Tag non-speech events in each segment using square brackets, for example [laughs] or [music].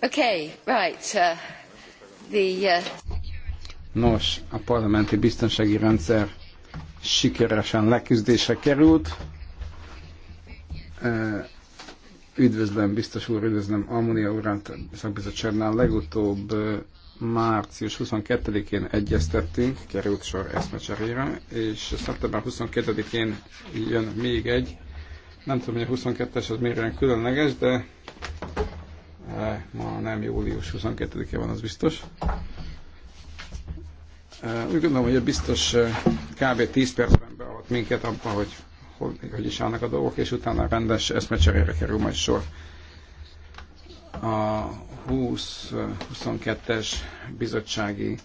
Uh, uh, Nos, a parlamenti biztonsági rendszer sikeresen leküzdésre került. Üdvözlöm, biztos úr, üdvözlöm Almunia urát szakbizottságnál. Legutóbb március 22-én egyeztettünk, került sor eszmecserére, és szeptember 22-én jön még egy. Nem tudom, hogy a 22-es az miért olyan különleges, de nem július 22-e van, az biztos. Úgy gondolom, hogy a biztos kb. 10 percben beavat minket abban, hogy hogy is állnak a dolgok, és utána rendes eszmecserére kerül majd sor. A 20-22-es bizottsági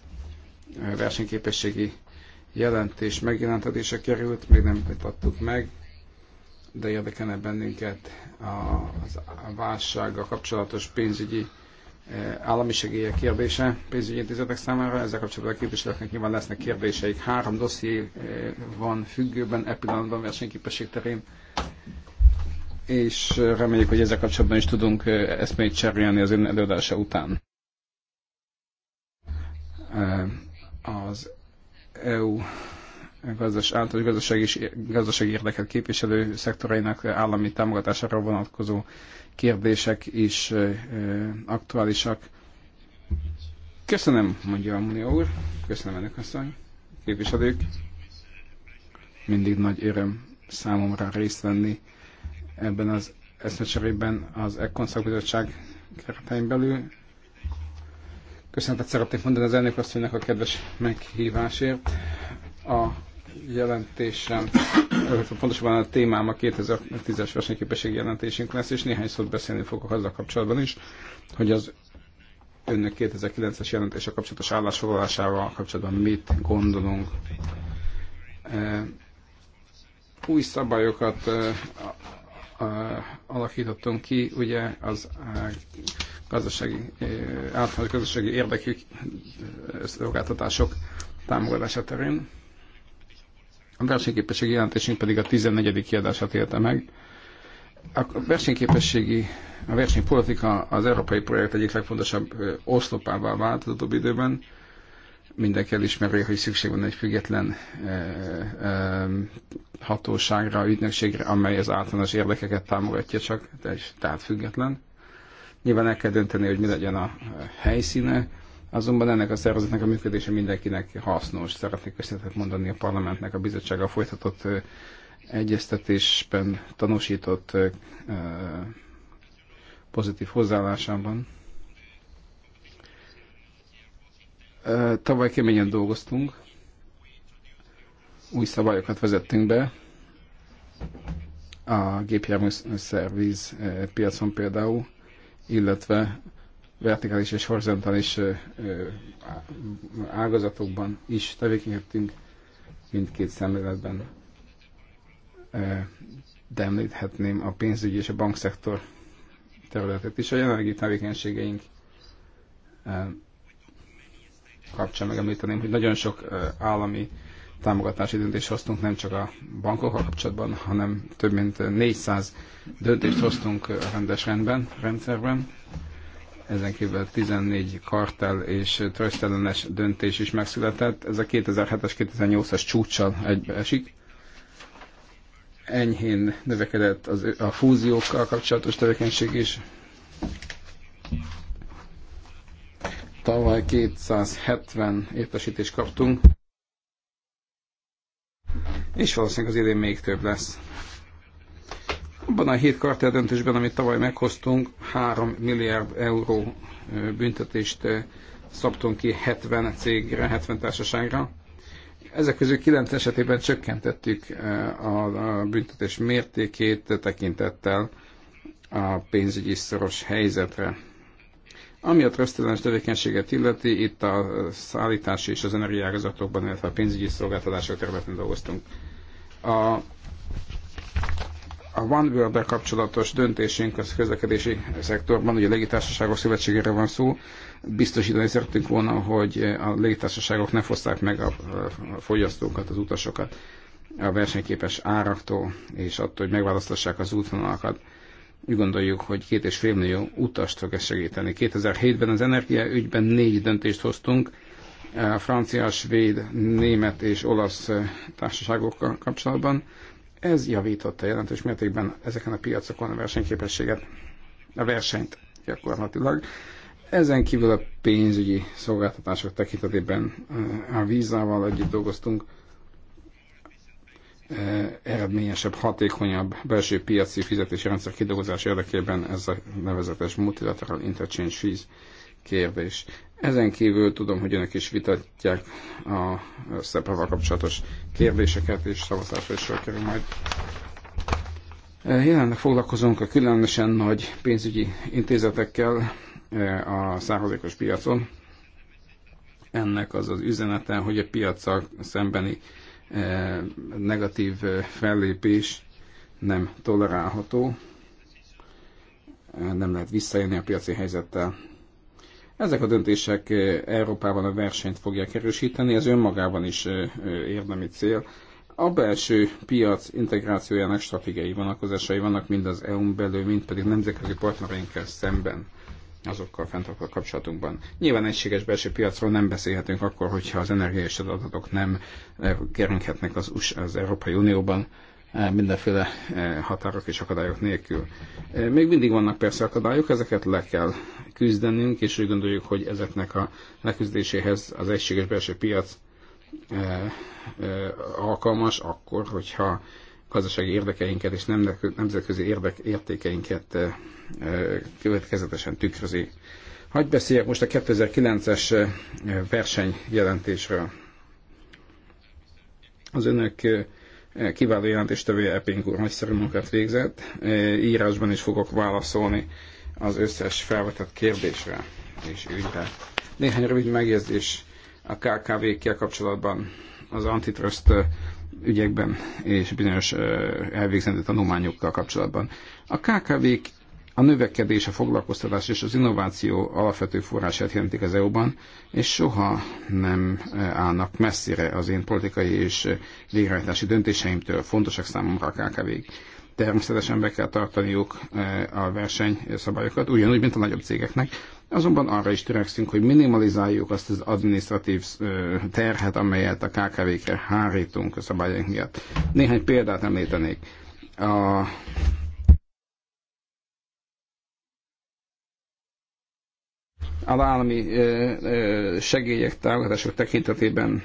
versenyképességi jelentés megjelentetése került, még nem adtuk meg, de érdekelne bennünket a, a válsággal kapcsolatos pénzügyi Eh, állami segélyek kérdése pénzügyi intézetek számára. Ezzel kapcsolatban a képviselőknek nyilván lesznek kérdéseik. Három dosszié eh, van függőben, e pillanatban versenyképesség terén, és eh, reméljük, hogy ezzel kapcsolatban is tudunk eszmét cserélni az ön előadása után. Az EU gazdas, általános gazdasági, gazdasági érdeket képviselő szektorainak állami támogatására vonatkozó kérdések is aktuálisak. Köszönöm, mondja Amunia úr. Köszönöm ennek asszony. Képviselők, mindig nagy öröm számomra részt venni ebben az eszmecserében az Ekkon szakbizottság keretein belül. Köszönetet szeretnék mondani az elnök asszonynak a kedves meghívásért. A jelentésem, pontosabban a témám a 2010-es versenyképességi jelentésünk lesz, és néhány szót beszélni fogok azzal kapcsolatban is, hogy az önök 2009-es jelentése kapcsolatos állásfoglalásával kapcsolatban mit gondolunk. E, új szabályokat e, alakítottunk ki, ugye az e, gazdasági, általános gazdasági érdekű szolgáltatások támogatása terén. A versenyképességi jelentésünk pedig a 14. kiadását érte meg. A versenyképességi, a versenypolitika az európai projekt egyik legfontosabb oszlopává vált az utóbbi időben. Mindenki elismeri, hogy szükség van egy független e, e, hatóságra, ügynökségre, amely az általános érdekeket támogatja csak, de is, tehát független. Nyilván el kell dönteni, hogy mi legyen a helyszíne, Azonban ennek a szervezetnek a működése mindenkinek hasznos. Szeretnék köszönetet mondani a parlamentnek, a bizottsággal folytatott egyeztetésben tanúsított pozitív hozzáállásában. Tavaly keményen dolgoztunk, új szabályokat vezettünk be, a gépjármű szerviz piacon például, illetve vertikális és horizontális ágazatokban is tevékenykedtünk mindkét szemléletben. De említhetném a pénzügyi és a bankszektor területet is. A jelenlegi tevékenységeink kapcsán megemlíteném, hogy nagyon sok állami támogatási döntést hoztunk, nem csak a bankokkal kapcsolatban, hanem több mint 400 döntést hoztunk a rendes rendben, rendszerben ezen kívül 14 kartel és trösztellenes döntés is megszületett. Ez a 2007-es, 2008-as csúcssal egybeesik. Enyhén növekedett az, a fúziókkal kapcsolatos tevékenység is. Tavaly 270 értesítést kaptunk, és valószínűleg az idén még több lesz. Abban a hét kartel döntésben, amit tavaly meghoztunk, 3 milliárd euró büntetést szabtunk ki 70 cégre, 70 társaságra. Ezek közül 9 esetében csökkentettük a büntetés mértékét tekintettel a pénzügyi szoros helyzetre. Ami a trösztelenes tevékenységet illeti, itt a szállítási és az energiágazatokban, illetve a pénzügyi szolgáltatások területén dolgoztunk. A a One world kapcsolatos döntésünk az közlekedési szektorban, ugye a légitársaságok szövetségére van szó, biztosítani szerettünk volna, hogy a légitársaságok ne foszták meg a fogyasztókat, az utasokat a versenyképes áraktól, és attól, hogy megválasztassák az útvonalakat. Úgy gondoljuk, hogy két és fél millió utast fog ez segíteni. 2007-ben az energiaügyben négy döntést hoztunk, a francia, svéd, német és olasz társaságokkal kapcsolatban. Ez javította jelentős mértékben ezeken a piacokon a versenyképességet, a versenyt gyakorlatilag. Ezen kívül a pénzügyi szolgáltatások tekintetében eh, a vízával együtt dolgoztunk, eh, eredményesebb, hatékonyabb belső piaci fizetési rendszer kidolgozás érdekében ez a nevezetes multilateral interchange fees kérdés. Ezen kívül tudom, hogy önök is vitatják a szepaval kapcsolatos kérdéseket, és szavazásra is sor kerül majd. Jelenleg foglalkozunk a különösen nagy pénzügyi intézetekkel eh, a szárazékos piacon. Ennek az az üzenete, hogy a piacsal szembeni eh, negatív eh, fellépés nem tolerálható, nem lehet visszaélni a piaci helyzettel, ezek a döntések eh, Európában a versenyt fogják erősíteni, ez önmagában is eh, eh, érdemi cél. A belső piac integrációjának stratégiai vonatkozásai vannak mind az EU-n belül, mind pedig nemzetközi partnereinkkel szemben azokkal a kapcsolatunkban. Nyilván egységes belső piacról nem beszélhetünk akkor, hogyha az energiás adatok nem kerülhetnek az, az Európai Unióban mindenféle eh, határok és akadályok nélkül. Eh, még mindig vannak persze akadályok, ezeket le kell küzdenünk, és úgy gondoljuk, hogy ezeknek a leküzdéséhez az egységes belső piac eh, alkalmas akkor, hogyha gazdasági érdekeinket és nemzetközi érdek értékeinket következetesen tükrözi. Hagy beszéljek most a 2009-es versenyjelentésről. Az önök Eh, kiváló jelentéstevője Epping úr nagyszerű munkát végzett. Eh, írásban is fogok válaszolni az összes felvetett kérdésre és ügyre. Néhány rövid megjegyzés a KKV-kkel kapcsolatban az antitrust eh, ügyekben és bizonyos elvégzendő tanulmányokkal kapcsolatban. A KKV-k a növekedés, a foglalkoztatás és az innováció alapvető forrását jelentik az EU-ban, és soha nem eh, állnak messzire az én politikai és eh, végrehajtási döntéseimtől. Fontosak számomra a KKV-k. Természetesen be kell tartaniuk eh, a versenyszabályokat, ugyanúgy, mint a nagyobb cégeknek, azonban arra is törekszünk, hogy minimalizáljuk azt az administratív terhet, amelyet a KKV-kre hárítunk a szabályaink miatt. Néhány példát említenék. A az állami segélyek, támogatások tekintetében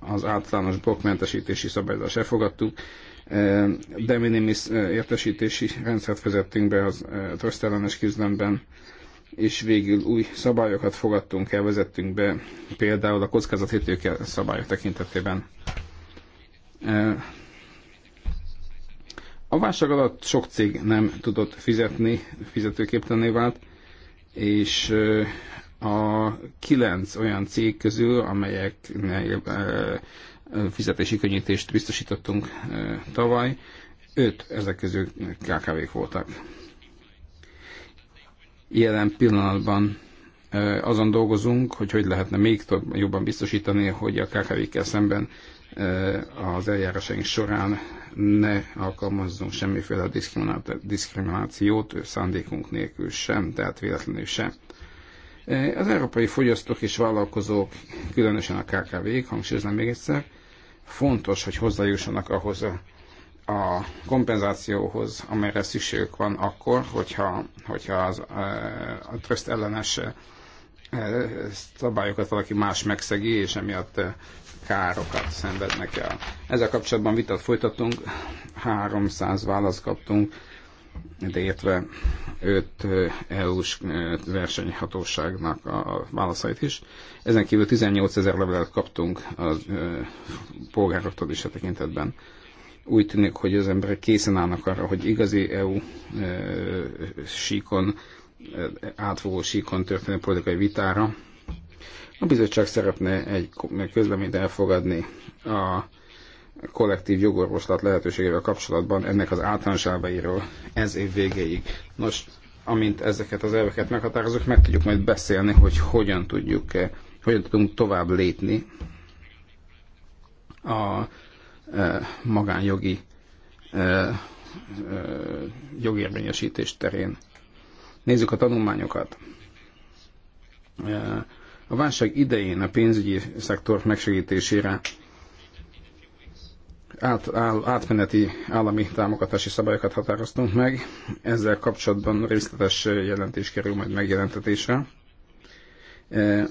az általános blokkmentesítési szabályozást elfogadtuk, de minimis értesítési rendszert vezettünk be az trösztellenes küzdelemben, és végül új szabályokat fogadtunk el, vezettünk be, például a kockázathétőke szabályok tekintetében. A válság alatt sok cég nem tudott fizetni, fizetőképtelené vált, és a kilenc olyan cég közül, amelyek fizetési könnyítést biztosítottunk tavaly, öt ezek közül kkv voltak. Jelen pillanatban azon dolgozunk, hogy hogy lehetne még több, jobban biztosítani, hogy a KKV-kkel szemben az eljárásaink során ne alkalmazzunk semmiféle diszkriminációt szándékunk nélkül sem, tehát véletlenül sem. E, az európai fogyasztók és vállalkozók, különösen a KKV-k, hangsúlyozom még egyszer, fontos, hogy hozzájussanak ahhoz a, a kompenzációhoz, amelyre szükségük van akkor, hogyha, hogyha az, e, a tröszt ellenes e, szabályokat valaki más megszegi, és emiatt károkat szenvednek el. Ezzel kapcsolatban vitat folytatunk, 300 választ kaptunk, értve 5 EU-s versenyhatóságnak a válaszait is. Ezen kívül 18 ezer levelet kaptunk a polgároktól is a tekintetben. Úgy tűnik, hogy az emberek készen állnak arra, hogy igazi EU síkon, átfogó síkon történő politikai vitára a bizottság szeretne egy közleményt elfogadni a kollektív jogorvoslat lehetőségével kapcsolatban ennek az általános elveiről ez év végéig. Nos, amint ezeket az elveket meghatározunk, meg tudjuk majd beszélni, hogy hogyan tudjuk, hogyan tudunk tovább lépni a e, magánjogi e, e, jogérvényesítés terén. Nézzük a tanulmányokat. A válság idején a pénzügyi szektor megsegítésére át, áll, átmeneti állami támogatási szabályokat határoztunk meg. Ezzel kapcsolatban részletes jelentés kerül majd megjelentetésre. E,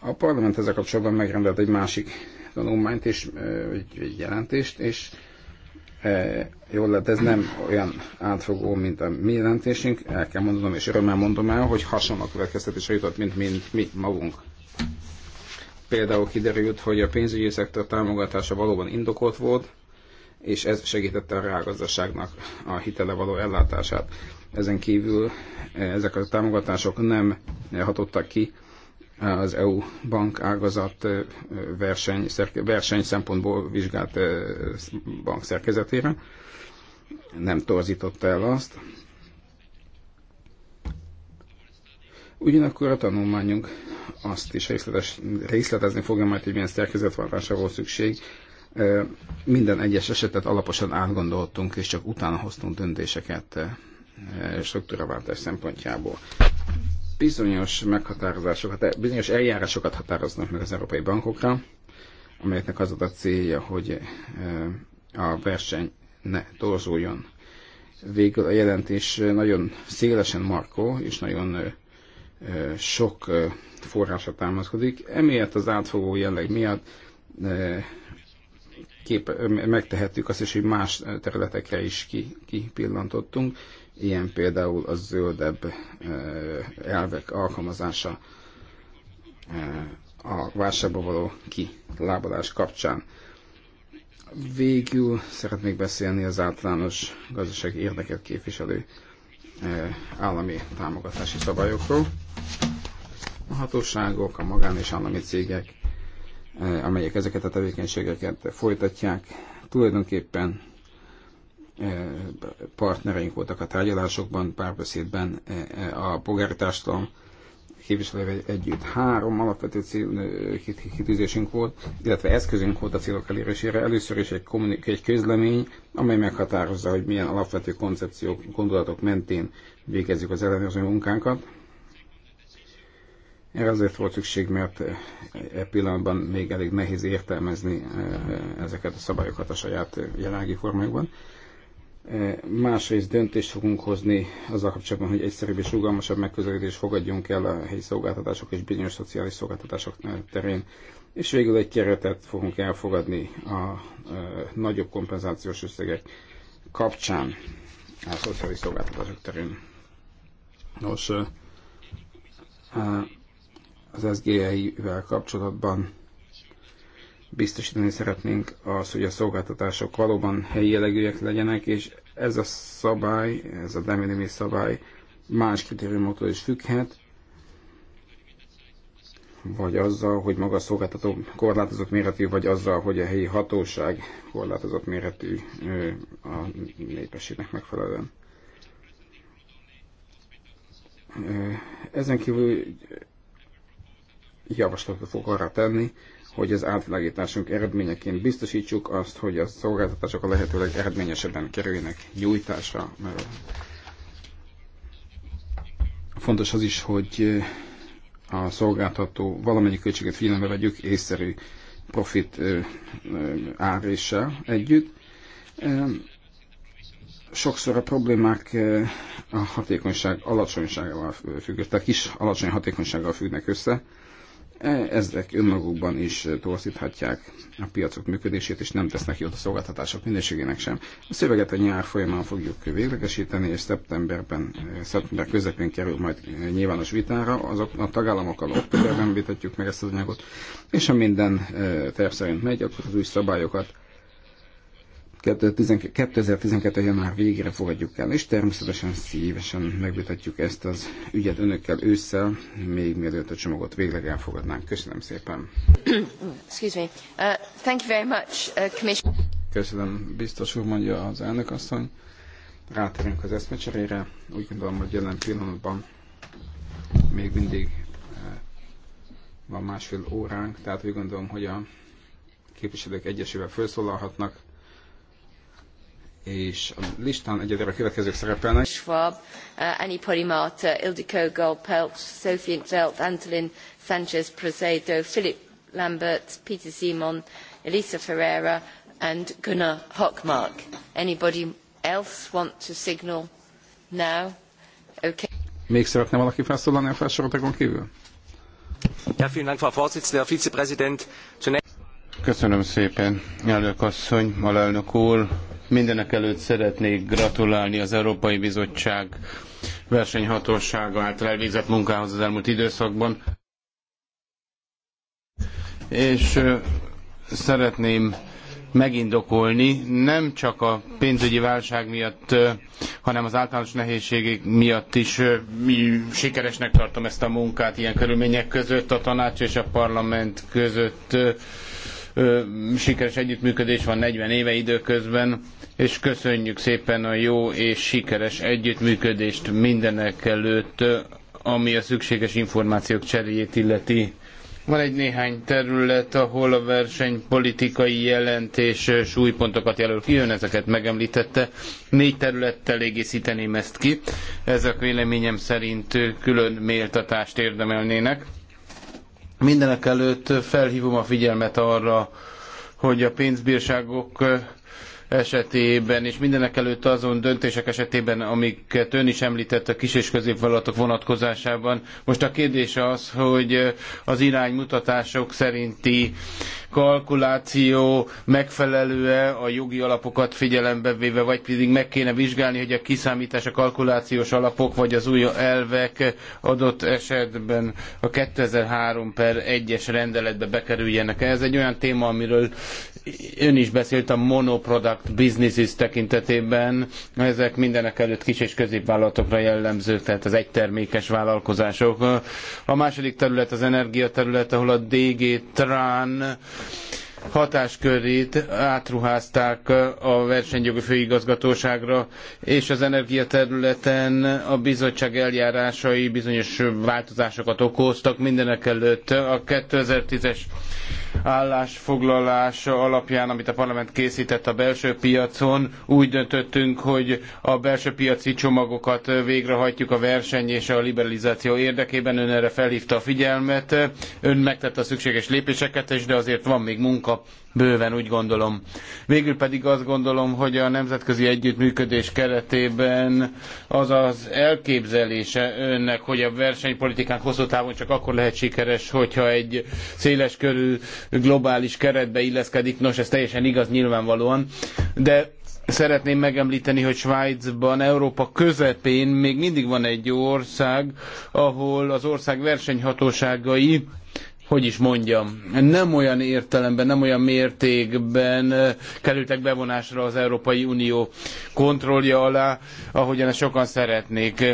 a parlament ezzel kapcsolatban megrendelt egy másik tanulmányt és e, egy, egy jelentést, és e, jól lett, ez nem olyan átfogó, mint a mi jelentésünk. El kell mondanom, és örömmel mondom el, hogy hasonló következtetésre jutott, mint, mint mi magunk. Például kiderült, hogy a pénzügyi szektor támogatása valóban indokolt volt, és ez segítette a reálgazdaságnak a hitele való ellátását. Ezen kívül eh, ezek a támogatások nem hatottak ki az EU bank ágazat eh, verseny, verseny szempontból vizsgált eh, bank szerkezetére, nem torzította el azt, Ugyanakkor a tanulmányunk azt is részletes, részletezni fogja majd, hogy milyen szerkezetváltásra volt szükség. Minden egyes esetet alaposan átgondoltunk, és csak utána hoztunk döntéseket struktúraváltás szempontjából. Bizonyos meghatározásokat, bizonyos eljárásokat határoznak meg az európai bankokra, amelyeknek az a célja, hogy a verseny ne torzuljon. Végül a jelentés nagyon szélesen markó, és nagyon sok forrása támaszkodik. Emiatt az átfogó jelleg miatt kép, megtehettük azt is, hogy más területekre is kipillantottunk, ilyen például a zöldebb elvek alkalmazása a válságba való kilábalás kapcsán. Végül szeretnék beszélni az általános gazdasági érdeket képviselő állami támogatási szabályokról. A hatóságok, a magán és állami cégek, eh, amelyek ezeket a tevékenységeket folytatják, tulajdonképpen eh, partnereink voltak a tárgyalásokban, párbeszédben eh, a polgári társadalom képviselővel együtt három alapvető cél, kitűzésünk volt, illetve eszközünk volt a célok elérésére. Először is egy, kommunik- egy közlemény, amely meghatározza, hogy milyen alapvető koncepciók, gondolatok mentén végezzük az ellenőrző munkánkat. Erre azért volt szükség, mert eh, e pillanatban még elég nehéz értelmezni eh, ezeket a szabályokat a saját eh, jelenlegi formájukban. Másrészt döntést fogunk hozni azzal kapcsolatban, hogy egyszerűbb és rugalmasabb megközelítést fogadjunk el a helyi szolgáltatások és bizonyos szociális szolgáltatások terén. És végül egy keretet fogunk elfogadni a nagyobb kompenzációs összegek kapcsán a szociális szolgáltatások terén. Nos, az SGI-vel kapcsolatban biztosítani szeretnénk az, hogy a szolgáltatások valóban helyi jellegűek legyenek, és ez a szabály, ez a de minimis szabály más kritériumoktól is függhet, vagy azzal, hogy maga a szolgáltató korlátozott méretű, vagy azzal, hogy a helyi hatóság korlátozott méretű a népességnek megfelelően. Ezen kívül javaslatot fog arra tenni, hogy az átlagításunk eredményeként biztosítsuk azt, hogy a szolgáltatások a lehetőleg eredményesebben kerüljenek nyújtásra. Mert fontos az is, hogy a szolgáltató valamennyi költséget figyelembe vegyük észszerű profit áréssel együtt. Sokszor a problémák a hatékonyság alacsonyságával függ, tehát kis alacsony hatékonysággal függnek össze ezek önmagukban is torzíthatják a piacok működését, és nem tesznek jót a szolgáltatások minőségének sem. A szöveget a nyár folyamán fogjuk véglegesíteni, és szeptemberben, szeptember közepén kerül majd nyilvános vitára. Azok a tagállamokkal októberben vitatjuk meg ezt az anyagot, és ha minden eh, terv szerint megy, akkor az új szabályokat 2012. január végére fogadjuk el, és természetesen szívesen megvitatjuk ezt az ügyet önökkel ősszel, még mielőtt a csomagot végleg elfogadnánk. Köszönöm szépen. Excuse me. Uh, thank you very much, uh, Köszönöm, biztos úr, mondja az elnök asszony. Rátérünk az eszmecserére. Úgy gondolom, hogy jelen pillanatban még mindig van másfél óránk, tehát úgy gondolom, hogy a képviselők egyesével felszólalhatnak és a listán egyedül a következők szerepelnek. Schwab, uh, Annie Polimata, uh, Ildikó Golpelt, Sophie Intveld, Antolin Sanchez Prezedo, Philip Lambert, Peter Simon, Elisa Ferreira and Gunnar Hockmark. Anybody else want to signal now? Okay. Még szeretne valaki felszólalni a felsoroltakon kívül? Ja, vielen Dank, Frau Vorsitzende, Herr Vizepräsident. Köszönöm szépen, elnök asszony, alelnök úr, Mindenek előtt szeretnék gratulálni az Európai Bizottság versenyhatósága által elvégzett munkához az elmúlt időszakban. És szeretném megindokolni nem csak a pénzügyi válság miatt, hanem az általános nehézségek miatt is mi sikeresnek tartom ezt a munkát ilyen körülmények között a tanács és a parlament között sikeres együttműködés van 40 éve időközben, és köszönjük szépen a jó és sikeres együttműködést mindenek előtt, ami a szükséges információk cseréjét illeti. Van egy néhány terület, ahol a versenypolitikai jelentés súlypontokat jelöl ki, ön ezeket megemlítette. Négy területtel egészíteném ezt ki. Ezek véleményem szerint külön méltatást érdemelnének. Mindenek előtt felhívom a figyelmet arra, hogy a pénzbírságok esetében, és mindenek előtt azon döntések esetében, amiket ön is említett a kis és középvállalatok vonatkozásában. Most a kérdés az, hogy az iránymutatások szerinti kalkuláció megfelelő-e a jogi alapokat figyelembe véve, vagy pedig meg kéne vizsgálni, hogy a kiszámítás a kalkulációs alapok, vagy az új elvek adott esetben a 2003 per 1-es rendeletbe bekerüljenek. Ez egy olyan téma, amiről ön is beszélt a monoproduct Conduct Businesses tekintetében. Ezek mindenek előtt kis és középvállalatokra jellemzők, tehát az egytermékes vállalkozások. A második terület az energiaterület, ahol a DG Trán hatáskörét átruházták a versenyjogi főigazgatóságra, és az energiaterületen a bizottság eljárásai bizonyos változásokat okoztak mindenekelőtt A 2010-es állásfoglalása alapján, amit a parlament készített a belső piacon, úgy döntöttünk, hogy a belső piaci csomagokat végrehajtjuk a verseny és a liberalizáció érdekében. Ön erre felhívta a figyelmet, ön megtette a szükséges lépéseket, és de azért van még munka bőven úgy gondolom. Végül pedig azt gondolom, hogy a nemzetközi együttműködés keretében az az elképzelése önnek, hogy a versenypolitikánk hosszú távon csak akkor lehet sikeres, hogyha egy széles körű globális keretbe illeszkedik. Nos, ez teljesen igaz nyilvánvalóan, de Szeretném megemlíteni, hogy Svájcban, Európa közepén még mindig van egy ország, ahol az ország versenyhatóságai hogy is mondjam, nem olyan értelemben, nem olyan mértékben eh, kerültek bevonásra az Európai Unió kontrollja alá, ahogyan ezt sokan szeretnék.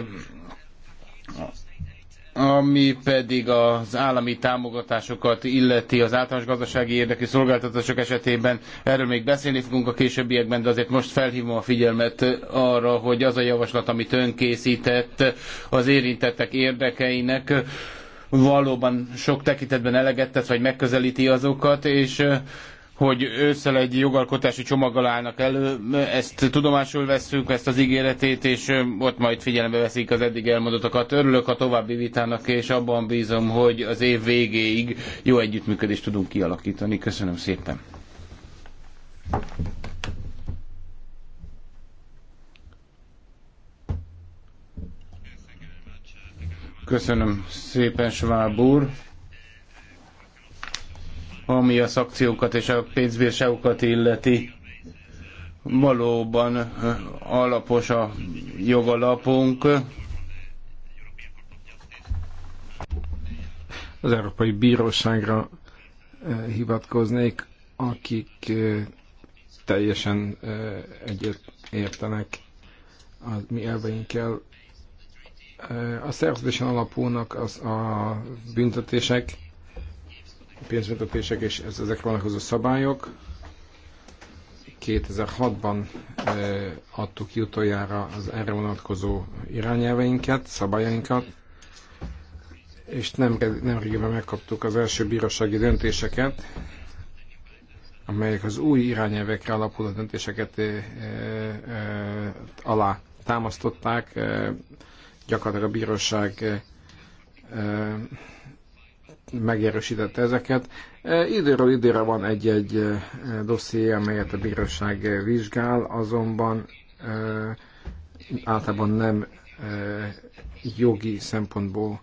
Ami pedig az állami támogatásokat illeti az általános gazdasági érdekű szolgáltatások esetében, erről még beszélni fogunk a későbbiekben, de azért most felhívom a figyelmet arra, hogy az a javaslat, amit ön készített az érintettek érdekeinek, valóban sok tekintetben eleget tesz, vagy megközelíti azokat, és hogy ősszel egy jogalkotási csomaggal állnak elő, ezt tudomásul vesszük, ezt az ígéretét, és ott majd figyelembe veszik az eddig elmondottakat. Örülök a további vitának, és abban bízom, hogy az év végéig jó együttműködést tudunk kialakítani. Köszönöm szépen! Köszönöm szépen, Schwab úr. Ami a szakciókat és a pénzbírságokat illeti, valóban alapos a jogalapunk. Az Európai Bíróságra hivatkoznék, akik teljesen egyet értenek az mi elveinkkel, a szerződésen alapulnak az, a büntetések, a pénzbüntetések és ez, ezek vonatkozó szabályok. 2006-ban adtuk ki utoljára az erre vonatkozó irányelveinket, szabályainkat, és nem, nemrégiben megkaptuk az első bírósági döntéseket, amelyek az új irányelvekre alapuló döntéseket e, e, alá támasztották, gyakorlatilag a bíróság eh, eh, megerősítette ezeket. Eh, időről időre van egy-egy dosszié, amelyet a bíróság vizsgál, azonban általában nem jogi szempontból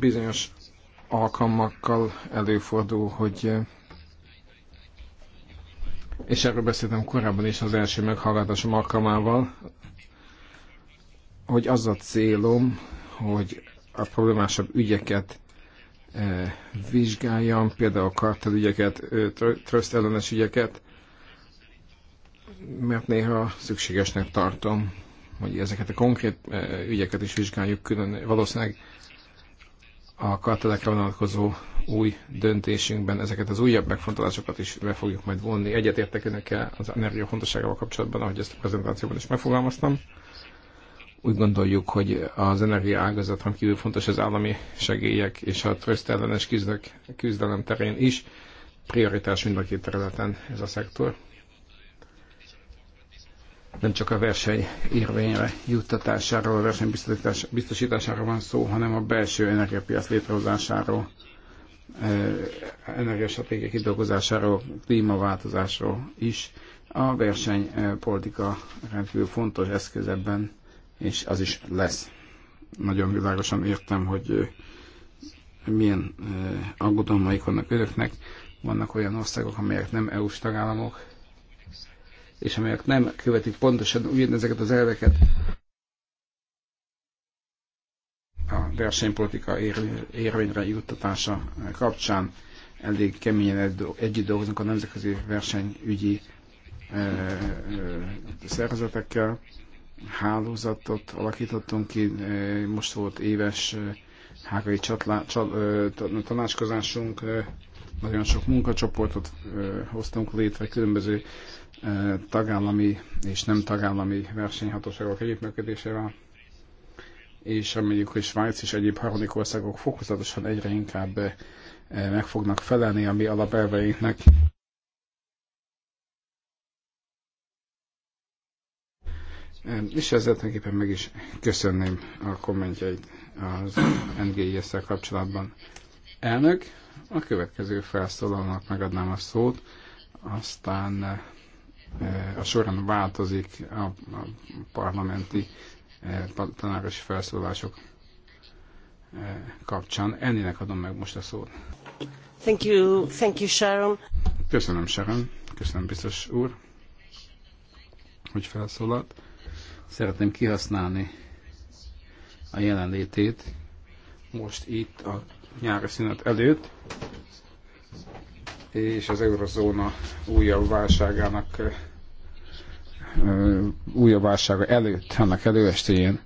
bizonyos alkalmakkal előfordul, hogy és erről beszéltem korábban is az első meghallgatásom alkalmával, hogy az a célom, hogy a problémásabb ügyeket eh, vizsgáljam, például a ügyeket, eh, tröszt ellenes ügyeket, mert néha szükségesnek tartom, hogy ezeket a konkrét eh, ügyeket is vizsgáljuk külön. Valószínűleg a kartelekre vonatkozó új döntésünkben ezeket az újabb megfontolásokat is be fogjuk majd vonni. Egyetértek önökkel az energia fontosságával kapcsolatban, ahogy ezt a prezentációban is megfogalmaztam. Úgy gondoljuk, hogy az energia ágazat rendkívül fontos az állami segélyek és a tröszt ellenes küzdelem terén is. Prioritás mind a két területen ez a szektor. Nem csak a verseny érvényre juttatásáról, a verseny biztosításáról van szó, hanem a belső energiapiac létrehozásáról eh, energiastratégiai kidolgozásáról, klímaváltozásról is. A versenypolitika eh, rendkívül fontos eszköz ebben és az is lesz. Nagyon világosan értem, hogy milyen aggodalmaik vannak önöknek. Vannak olyan országok, amelyek nem EU-s tagállamok, és amelyek nem követik pontosan ugyanezeket az elveket, a versenypolitika érvényre juttatása kapcsán elég keményen együtt dolgozunk a nemzetközi versenyügyi szervezetekkel, hálózatot alakítottunk ki, e, most volt éves e, hágai e, tanácskozásunk, nagyon sok munkacsoportot hoztunk létre, különböző tagállami és nem tagállami versenyhatóságok együttműködésével, és amelyik hogy Svájc és egyéb harmadik országok fokozatosan egyre inkább meg fognak felelni a mi alapelveinknek. És ezzel tulajdonképpen meg is köszönném a kommentjeit az NGIS-szel kapcsolatban. Elnök, a következő felszólalónak megadnám a szót, aztán eh, a során változik a, parlamenti eh, tanáros felszólások eh, kapcsán. Ennének adom meg most a szót. Thank you, thank you Sharon. Köszönöm Sharon, köszönöm biztos úr, hogy felszólalt Szeretném kihasználni a jelenlétét most itt a nyári szünet előtt, és az eurozóna újabb válságának újabb válsága előtt, annak előestéjén.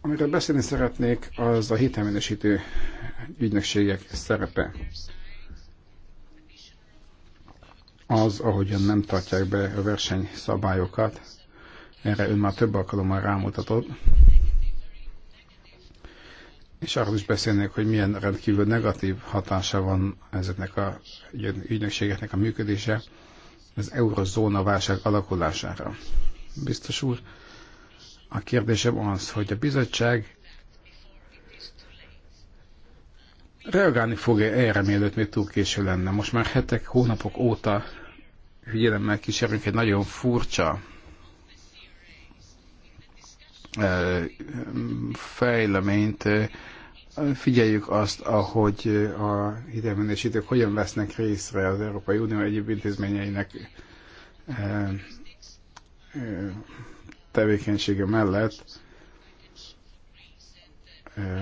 Amiről beszélni szeretnék, az a hitelminősítő ügynökségek szerepe az, ahogyan nem tartják be a versenyszabályokat, erre ön már több alkalommal rámutatott, és arról is beszélnék, hogy milyen rendkívül negatív hatása van ezeknek a ügynökségeknek a működése az eurozóna válság alakulására. Biztos úr, a kérdésem az, hogy a bizottság reagálni fog-e erre, mielőtt még túl késő lenne. Most már hetek, hónapok óta figyelemmel kísérünk egy nagyon furcsa fejleményt, figyeljük azt, ahogy a hitelmenésítők hogyan vesznek részre az Európai Unió egyéb intézményeinek tevékenysége mellett,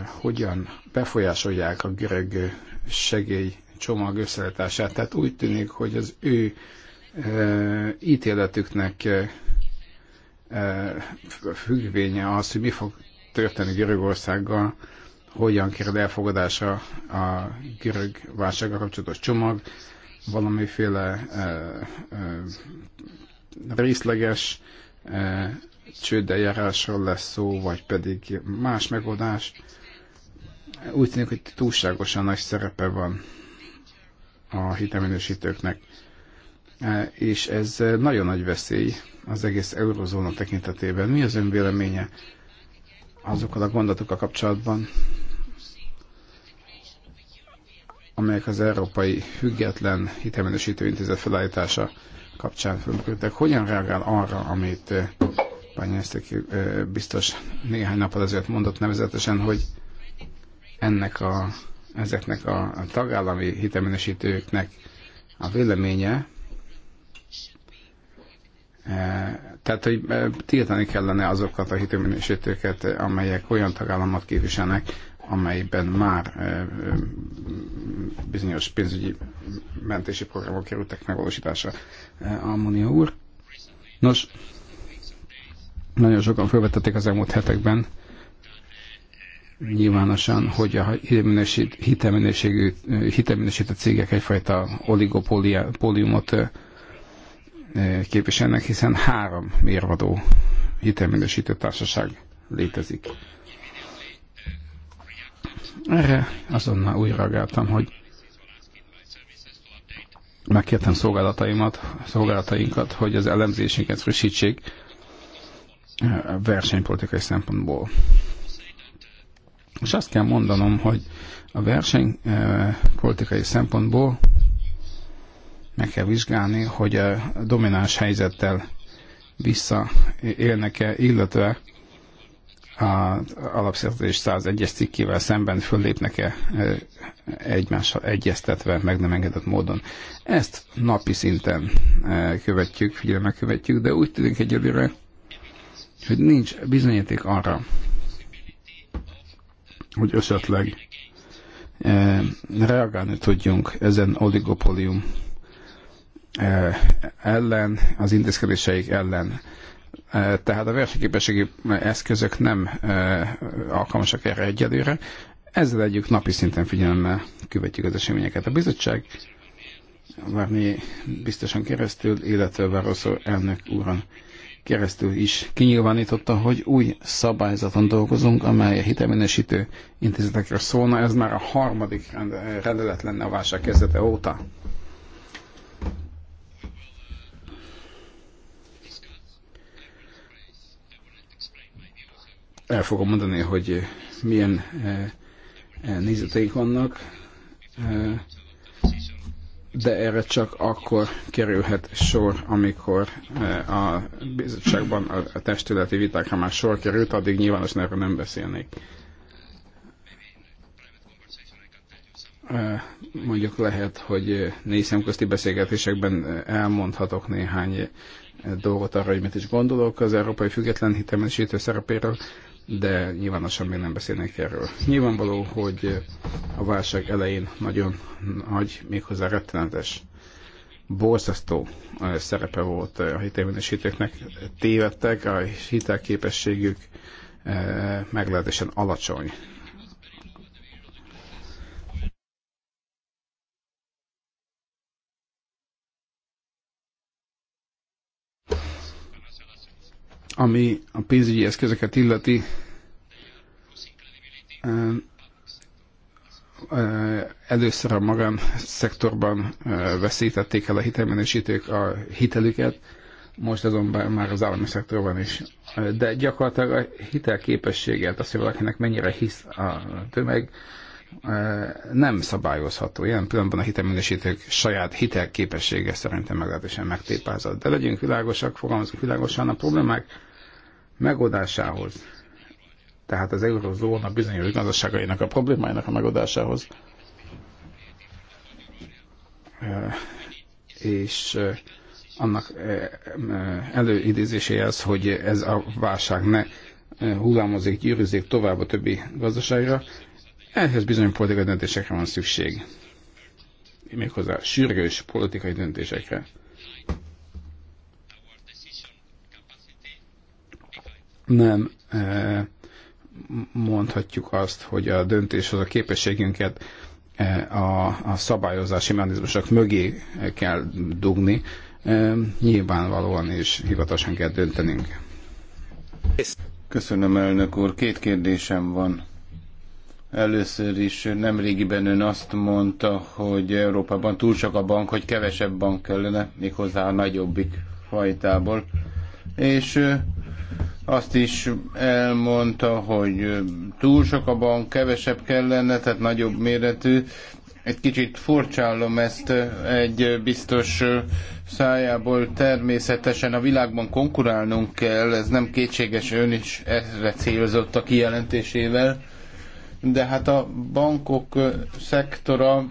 hogyan befolyásolják a görög segélycsomag összeállítását. Tehát úgy tűnik, hogy az ő ítéletüknek függvénye az, hogy mi fog történni Görögországgal, hogyan kerül elfogadása a görög válsággal kapcsolatos csomag, valamiféle részleges csődeljárásról lesz szó, vagy pedig más megoldás. Úgy tűnik, hogy túlságosan nagy szerepe van a hitelminősítőknek E, és ez nagyon nagy veszély az egész eurozóna tekintetében. Mi az ön véleménye azokkal a gondolatokkal kapcsolatban, amelyek az Európai Független Hitelminősítő Intézet felállítása kapcsán fölmerültek. Hogyan reagál arra, amit e, Pányászteki e, biztos néhány nap azért mondott nevezetesen, hogy ennek a, ezeknek a tagállami hitelminősítőknek a véleménye Eh, tehát, hogy eh, tiltani kellene azokat a hitőminősítőket, amelyek olyan tagállamot képviselnek, amelyben már eh, bizonyos pénzügyi mentési programok kerültek megvalósításra. Almonia úr. Nos, nagyon sokan felvetették az elmúlt hetekben nyilvánosan, hogy a hitelminőségű, hitelminősített cégek egyfajta oligopóliumot Eh, képviselnek, hiszen három mérvadó hitelminősítő társaság létezik. Erre azonnal úgy reagáltam, hogy megkértem szolgálataimat, szolgálatainkat, hogy az elemzésünket frissítsék eh, versenypolitikai szempontból. És azt kell mondanom, hogy a versenypolitikai eh, szempontból meg kell vizsgálni, hogy a domináns helyzettel visszaélnek-e, illetve az alapszerződés 101-es cikkével szemben föllépnek-e e, egymással egyeztetve, meg nem engedett módon. Ezt napi szinten e, követjük, figyelemmel követjük, de úgy tűnik egyelőre, hogy nincs bizonyíték arra, hogy esetleg e, reagálni tudjunk ezen oligopólium Eh, ellen, az intézkedéseik ellen. Eh, tehát a versenyképességi eszközök nem eh, alkalmasak erre egyelőre. Ezzel együtt napi szinten figyelemmel követjük az eseményeket. A bizottság Várni biztosan keresztül, illetve Városzó elnök úron keresztül is kinyilvánította, hogy új szabályzaton dolgozunk, amely a hitelminősítő intézetekre szólna. Ez már a harmadik rendelet lenne a válság kezdete óta. el fogom mondani, hogy eh, milyen eh, eh, nézeteik vannak, de erre csak akkor kerülhet sor, amikor a bizottságban a testületi vitákra már sor került, addig nyilvános erről nem beszélnék. Mondjuk lehet, hogy négy szemközti beszélgetésekben elmondhatok néhány dolgot arra, hogy mit is gondolok az európai független hitelmesítő szerepéről, de nyilvánosan még nem beszélnek erről. Nyilvánvaló, hogy a válság elején nagyon nagy, méghozzá rettenetes, borzasztó szerepe volt a hitelminősítőknek. Tévedtek, a hitelképességük meglehetősen alacsony Ami a pénzügyi eszközöket illeti, először a szektorban veszítették el a hitelminősítők a hitelüket, most azonban már az állami szektorban is. De gyakorlatilag a hitelképességet, azt, hogy valakinek mennyire hisz a tömeg, nem szabályozható. Ilyen pillanatban a hitelminősítők saját hitelképessége szerintem meglehetősen megtépázott. De legyünk világosak, fogalmazunk világosan, a problémák megoldásához. Tehát az eurozóna bizonyos gazdaságainak a problémáinak a megoldásához. És annak előidézése az, hogy ez a válság ne hullámozik, gyűrűzik tovább a többi gazdaságra, ehhez bizony politikai döntésekre van szükség. Méghozzá sürgős politikai döntésekre. nem mondhatjuk azt, hogy a döntés az a képességünket a, a szabályozási mechanizmusok mögé kell dugni, nyilvánvalóan és hivatalosan kell döntenünk. Köszönöm, elnök úr. Két kérdésem van. Először is nemrégiben ön azt mondta, hogy Európában túl sok a bank, hogy kevesebb bank kellene, méghozzá a nagyobbik fajtából. És azt is elmondta, hogy túl sok a bank, kevesebb kellene, tehát nagyobb méretű. Egy kicsit furcsálom ezt egy biztos szájából. Természetesen a világban konkurálnunk kell, ez nem kétséges, ön is erre célzott a kijelentésével. De hát a bankok szektora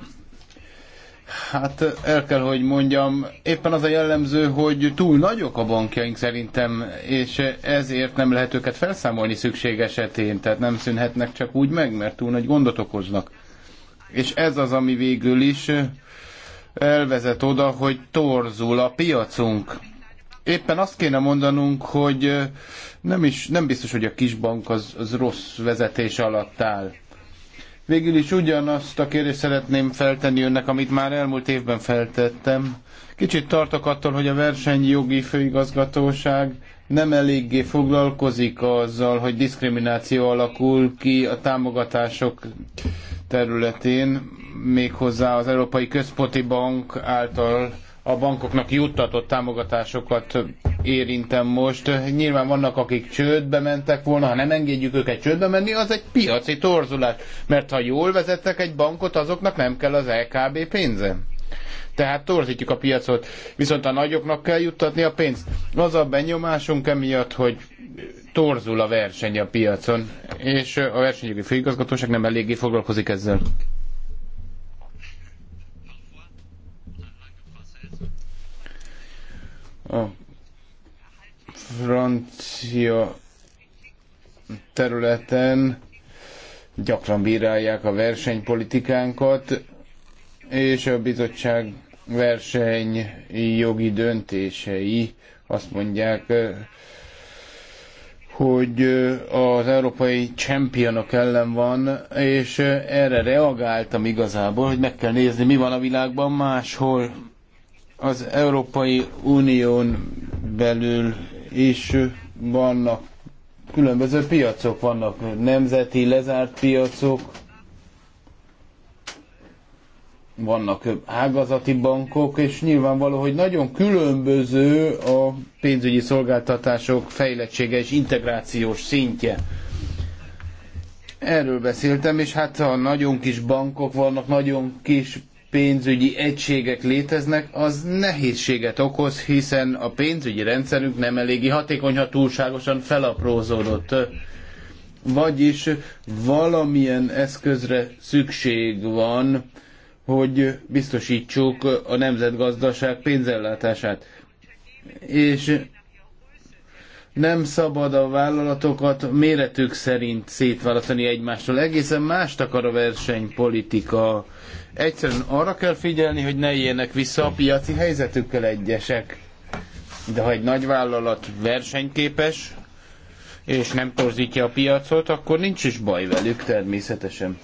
Hát el kell, hogy mondjam, éppen az a jellemző, hogy túl nagyok a bankjaink szerintem, és ezért nem lehet őket felszámolni szükség esetén, tehát nem szűnhetnek csak úgy meg, mert túl nagy gondot okoznak. És ez az, ami végül is elvezet oda, hogy torzul a piacunk. Éppen azt kéne mondanunk, hogy nem, is, nem biztos, hogy a kisbank az, az rossz vezetés alatt áll Végül is ugyanazt a kérdést szeretném feltenni önnek, amit már elmúlt évben feltettem. Kicsit tartok attól, hogy a versenyjogi főigazgatóság nem eléggé foglalkozik azzal, hogy diszkrimináció alakul ki a támogatások területén, méghozzá az Európai Központi Bank által a bankoknak juttatott támogatásokat érintem most. Nyilván vannak, akik csődbe mentek volna, ha nem engedjük őket csődbe menni, az egy piaci torzulás. Mert ha jól vezettek egy bankot, azoknak nem kell az LKB pénze. Tehát torzítjuk a piacot, viszont a nagyoknak kell juttatni a pénzt. Az a benyomásunk emiatt, hogy torzul a verseny a piacon, és a versenyügyi főigazgatóság nem eléggé foglalkozik ezzel. A francia területen gyakran bírálják a versenypolitikánkat, és a bizottság verseny jogi döntései azt mondják, hogy az európai championok ellen van, és erre reagáltam igazából, hogy meg kell nézni, mi van a világban máshol. Az Európai Unión belül és vannak különböző piacok, vannak nemzeti lezárt piacok, vannak ágazati bankok, és nyilvánvaló, hogy nagyon különböző a pénzügyi szolgáltatások fejlettsége és integrációs szintje. Erről beszéltem, és hát ha nagyon kis bankok vannak, nagyon kis pénzügyi egységek léteznek, az nehézséget okoz, hiszen a pénzügyi rendszerünk nem eléggé hatékony, ha túlságosan felaprózódott. Vagyis valamilyen eszközre szükség van, hogy biztosítsuk a nemzetgazdaság pénzellátását. És nem szabad a vállalatokat méretük szerint szétválasztani egymástól. Egészen mást akar a versenypolitika. Egyszerűen arra kell figyelni, hogy ne éljenek vissza a piaci helyzetükkel egyesek. De ha egy nagy vállalat versenyképes, és nem torzítja a piacot, akkor nincs is baj velük természetesen.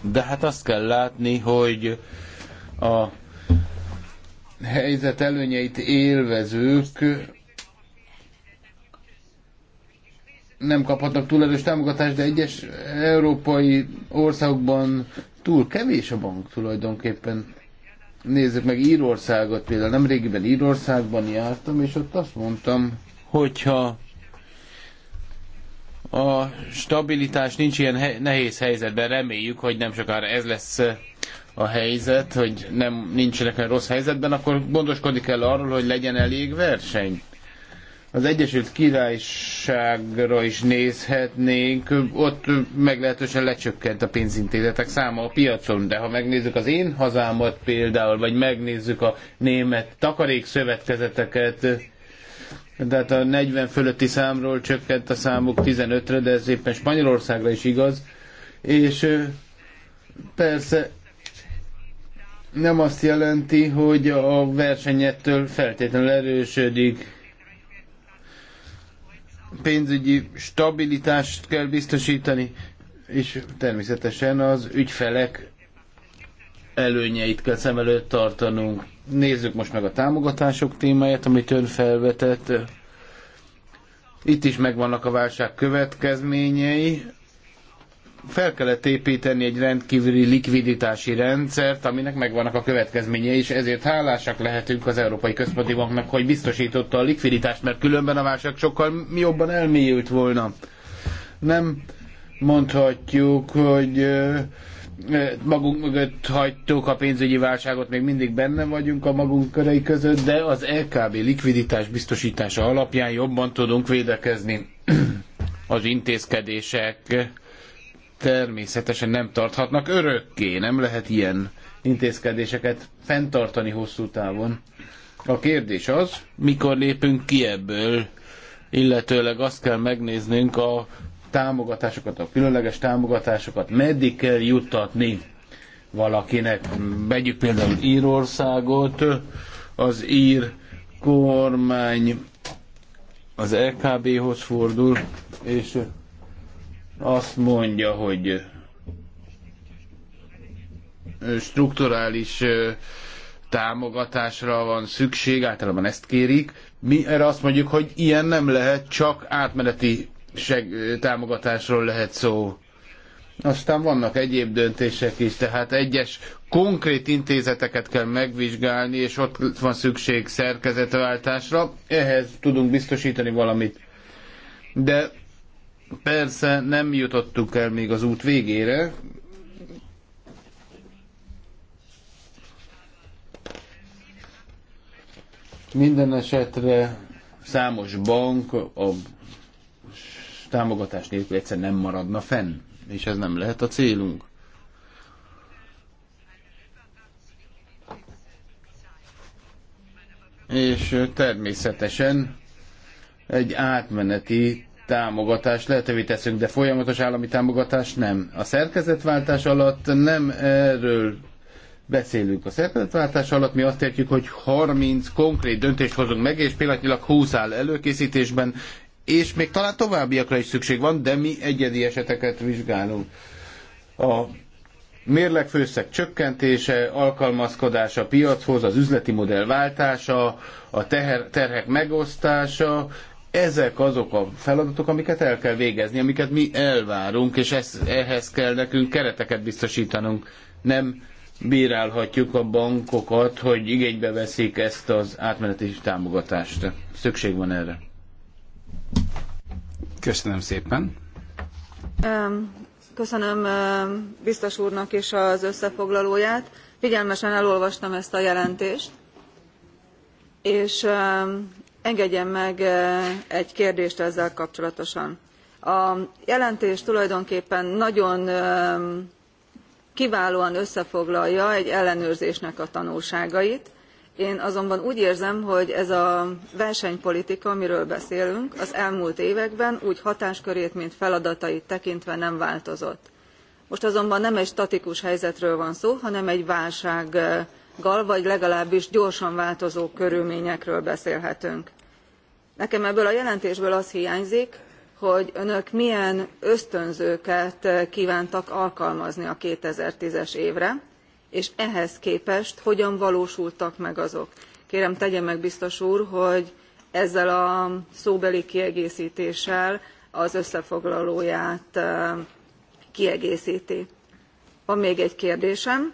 De hát azt kell látni, hogy a helyzet előnyeit élvezők nem kaphatnak túl erős támogatást, de egyes európai országokban túl kevés a bank tulajdonképpen. Nézzük meg Írországot például, nem régiben Írországban jártam, és ott azt mondtam, hogyha a stabilitás nincs ilyen nehéz helyzetben, reméljük, hogy nem sokára ez lesz eh, a helyzet, hogy nem nincsenek olyan rossz helyzetben, akkor gondoskodni kell arról, hogy legyen elég verseny az Egyesült Királyságra is nézhetnénk, ott meglehetősen lecsökkent a pénzintézetek száma a piacon, de ha megnézzük az én hazámat például, vagy megnézzük a német takarékszövetkezeteket, tehát a 40 fölötti számról csökkent a számuk 15-re, de ez éppen Spanyolországra is igaz, és persze nem azt jelenti, hogy a versenyettől feltétlenül erősödik, pénzügyi stabilitást kell biztosítani, és természetesen az ügyfelek előnyeit kell szem előtt tartanunk. Nézzük most meg a támogatások témáját, amit ön felvetett. Itt is megvannak a válság következményei, fel kellett építeni egy rendkívüli likviditási rendszert, aminek megvannak a következményei, és ezért hálásak lehetünk az Európai Központi Banknak, hogy biztosította a likviditást, mert különben a válság sokkal jobban elmélyült volna. Nem mondhatjuk, hogy magunk mögött hagytuk a pénzügyi válságot, még mindig benne vagyunk a magunk körei között, de az LKB likviditás biztosítása alapján jobban tudunk védekezni az intézkedések természetesen nem tarthatnak örökké, nem lehet ilyen intézkedéseket fenntartani hosszú távon. A kérdés az, mikor lépünk ki ebből, illetőleg azt kell megnéznünk a támogatásokat, a különleges támogatásokat, meddig kell juttatni valakinek. Vegyük például Írországot, az ír kormány az LKB-hoz e fordul, és azt mondja, hogy strukturális támogatásra van szükség, általában ezt kérik. Mi erre azt mondjuk, hogy ilyen nem lehet, csak átmeneti seg- támogatásról lehet szó. Aztán vannak egyéb döntések is, tehát egyes konkrét intézeteket kell megvizsgálni, és ott van szükség szerkezetváltásra. Ehhez tudunk biztosítani valamit. De Persze nem jutottuk el még az út végére, Minden esetre számos bank a támogatás nélkül egyszer nem maradna fenn, és ez nem lehet a célunk. És természetesen egy átmeneti támogatást lehetővé teszünk, de folyamatos állami támogatást nem. A szerkezetváltás alatt nem erről beszélünk. A szerkezetváltás alatt mi azt értjük, hogy 30 konkrét döntést hozunk meg, és pillanatnyilag 20 áll előkészítésben, és még talán továbbiakra is szükség van, de mi egyedi eseteket vizsgálunk. A főszeg csökkentése, alkalmazkodása a piachoz, az üzleti modell váltása, a teher, terhek megosztása, ezek azok a feladatok, amiket el kell végezni, amiket mi elvárunk, és ez, ehhez kell nekünk kereteket biztosítanunk. Nem bírálhatjuk a bankokat, hogy igénybe veszik ezt az átmeneti támogatást. Szükség van erre. Köszönöm szépen. Köszönöm biztos úrnak is az összefoglalóját. Figyelmesen elolvastam ezt a jelentést, és engedjen meg eh, egy kérdést ezzel kapcsolatosan. a jelentés tulajdonképpen nagyon eh, kiválóan összefoglalja egy ellenőrzésnek a tanulságait én azonban úgy érzem hogy ez a versenypolitika amiről beszélünk az elmúlt években úgy hatáskörét mint feladatait tekintve nem változott. most azonban nem egy statikus helyzetről van szó hanem egy válság eh, gal vagy legalábbis gyorsan változó körülményekről beszélhetünk. nekem ebből a jelentésből az hiányzik hogy önök milyen ösztönzőket kvántak alkalmazni a two thousand and ten es évre és ehhez képest hogyan valósultak meg azok. kérem tegye meg biztos úr hogy ezzel a szóbeli kiegésztéssel az összefoglalóját eh, kiegészti. van még egy kérdésem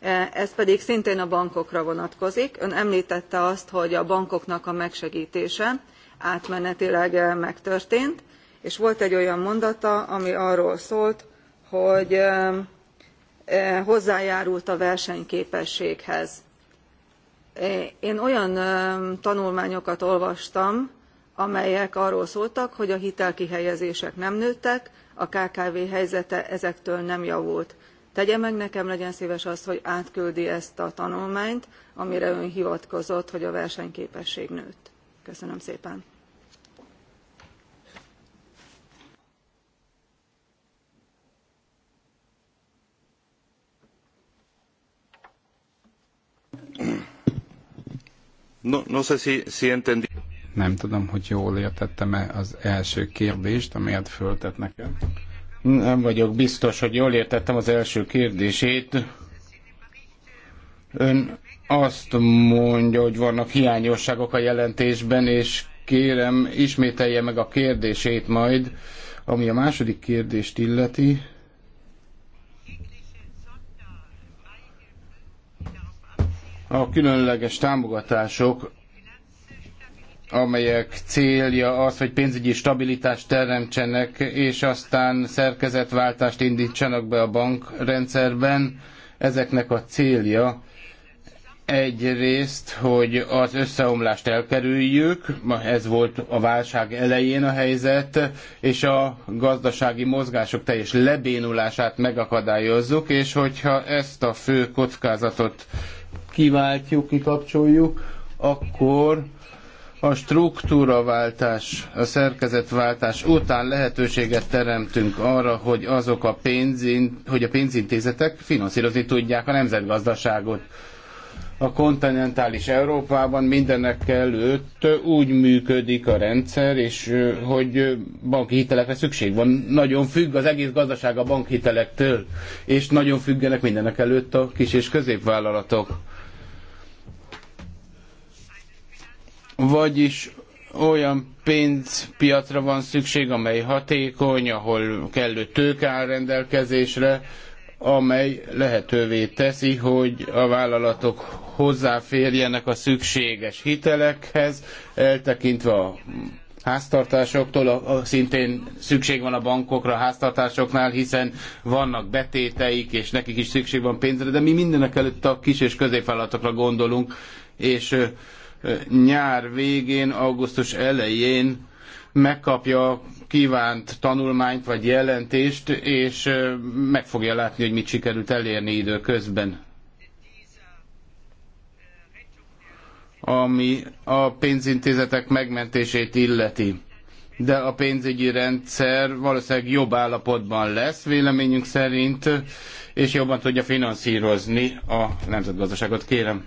E, ez pedig szintén a bankokra vonatkozik. ön emltette azt hogy a bankoknak a megsegtése átmenetileg e, megtörtént és volt egy olyan mondata ami arról szólt hogy e, hozzájárult a versenyképességhez. én olyan tanulmányokat olvastam amelyek arról szóltak hogy a hitelkihelyezések nem nőttek a kkv helyzete ezektől nem javult tegye meg nekem legyen szves azt hogy átküldi ezt a tanulmányt amire ön hivatkozott hogy a versenyképesség nőtt. köszönöm szépen. No, no sé si, si entendí. Nem tudom, hogy jól értettem-e az első kérdést, amelyet föltett nekem. Nem vagyok biztos, hogy jól értettem az első kérdését. Ön azt mondja, hogy vannak hiányosságok a jelentésben, és kérem, ismételje meg a kérdését majd, ami a második kérdést illeti. A különleges támogatások amelyek célja az, hogy pénzügyi stabilitást teremtsenek, és aztán szerkezetváltást indítsanak be a bankrendszerben. Ezeknek a célja egyrészt, hogy az összeomlást elkerüljük, ez volt a válság elején a helyzet, és a gazdasági mozgások teljes lebénulását megakadályozzuk, és hogyha ezt a fő kockázatot kiváltjuk, kikapcsoljuk, akkor a struktúraváltás, a szerkezetváltás után lehetőséget teremtünk arra, hogy azok a pénzint, hogy a pénzintézetek finanszírozni tudják a nemzetgazdaságot. A kontinentális Európában mindenekelőtt előtt úgy működik a rendszer, és hogy banki hitelekre szükség van. Nagyon függ az egész gazdaság a bankhitelektől, és nagyon függenek mindenekelőtt előtt a kis és középvállalatok Vagyis olyan pénzpiacra van szükség, amely hatékony, ahol kellő tőke áll rendelkezésre, amely lehetővé teszi, hogy a vállalatok hozzáférjenek a szükséges hitelekhez, eltekintve a háztartásoktól, a, szintén szükség van a bankokra, a háztartásoknál, hiszen vannak betéteik, és nekik is szükség van pénzre, de mi mindenekelőtt a kis és középvállalatokra gondolunk, és nyár végén, augusztus elején megkapja a kívánt tanulmányt vagy jelentést, és meg fogja látni, hogy mit sikerült elérni időközben. Ami a pénzintézetek megmentését illeti. De a pénzügyi rendszer valószínűleg jobb állapotban lesz, véleményünk szerint, és jobban tudja finanszírozni a nemzetgazdaságot. Kérem.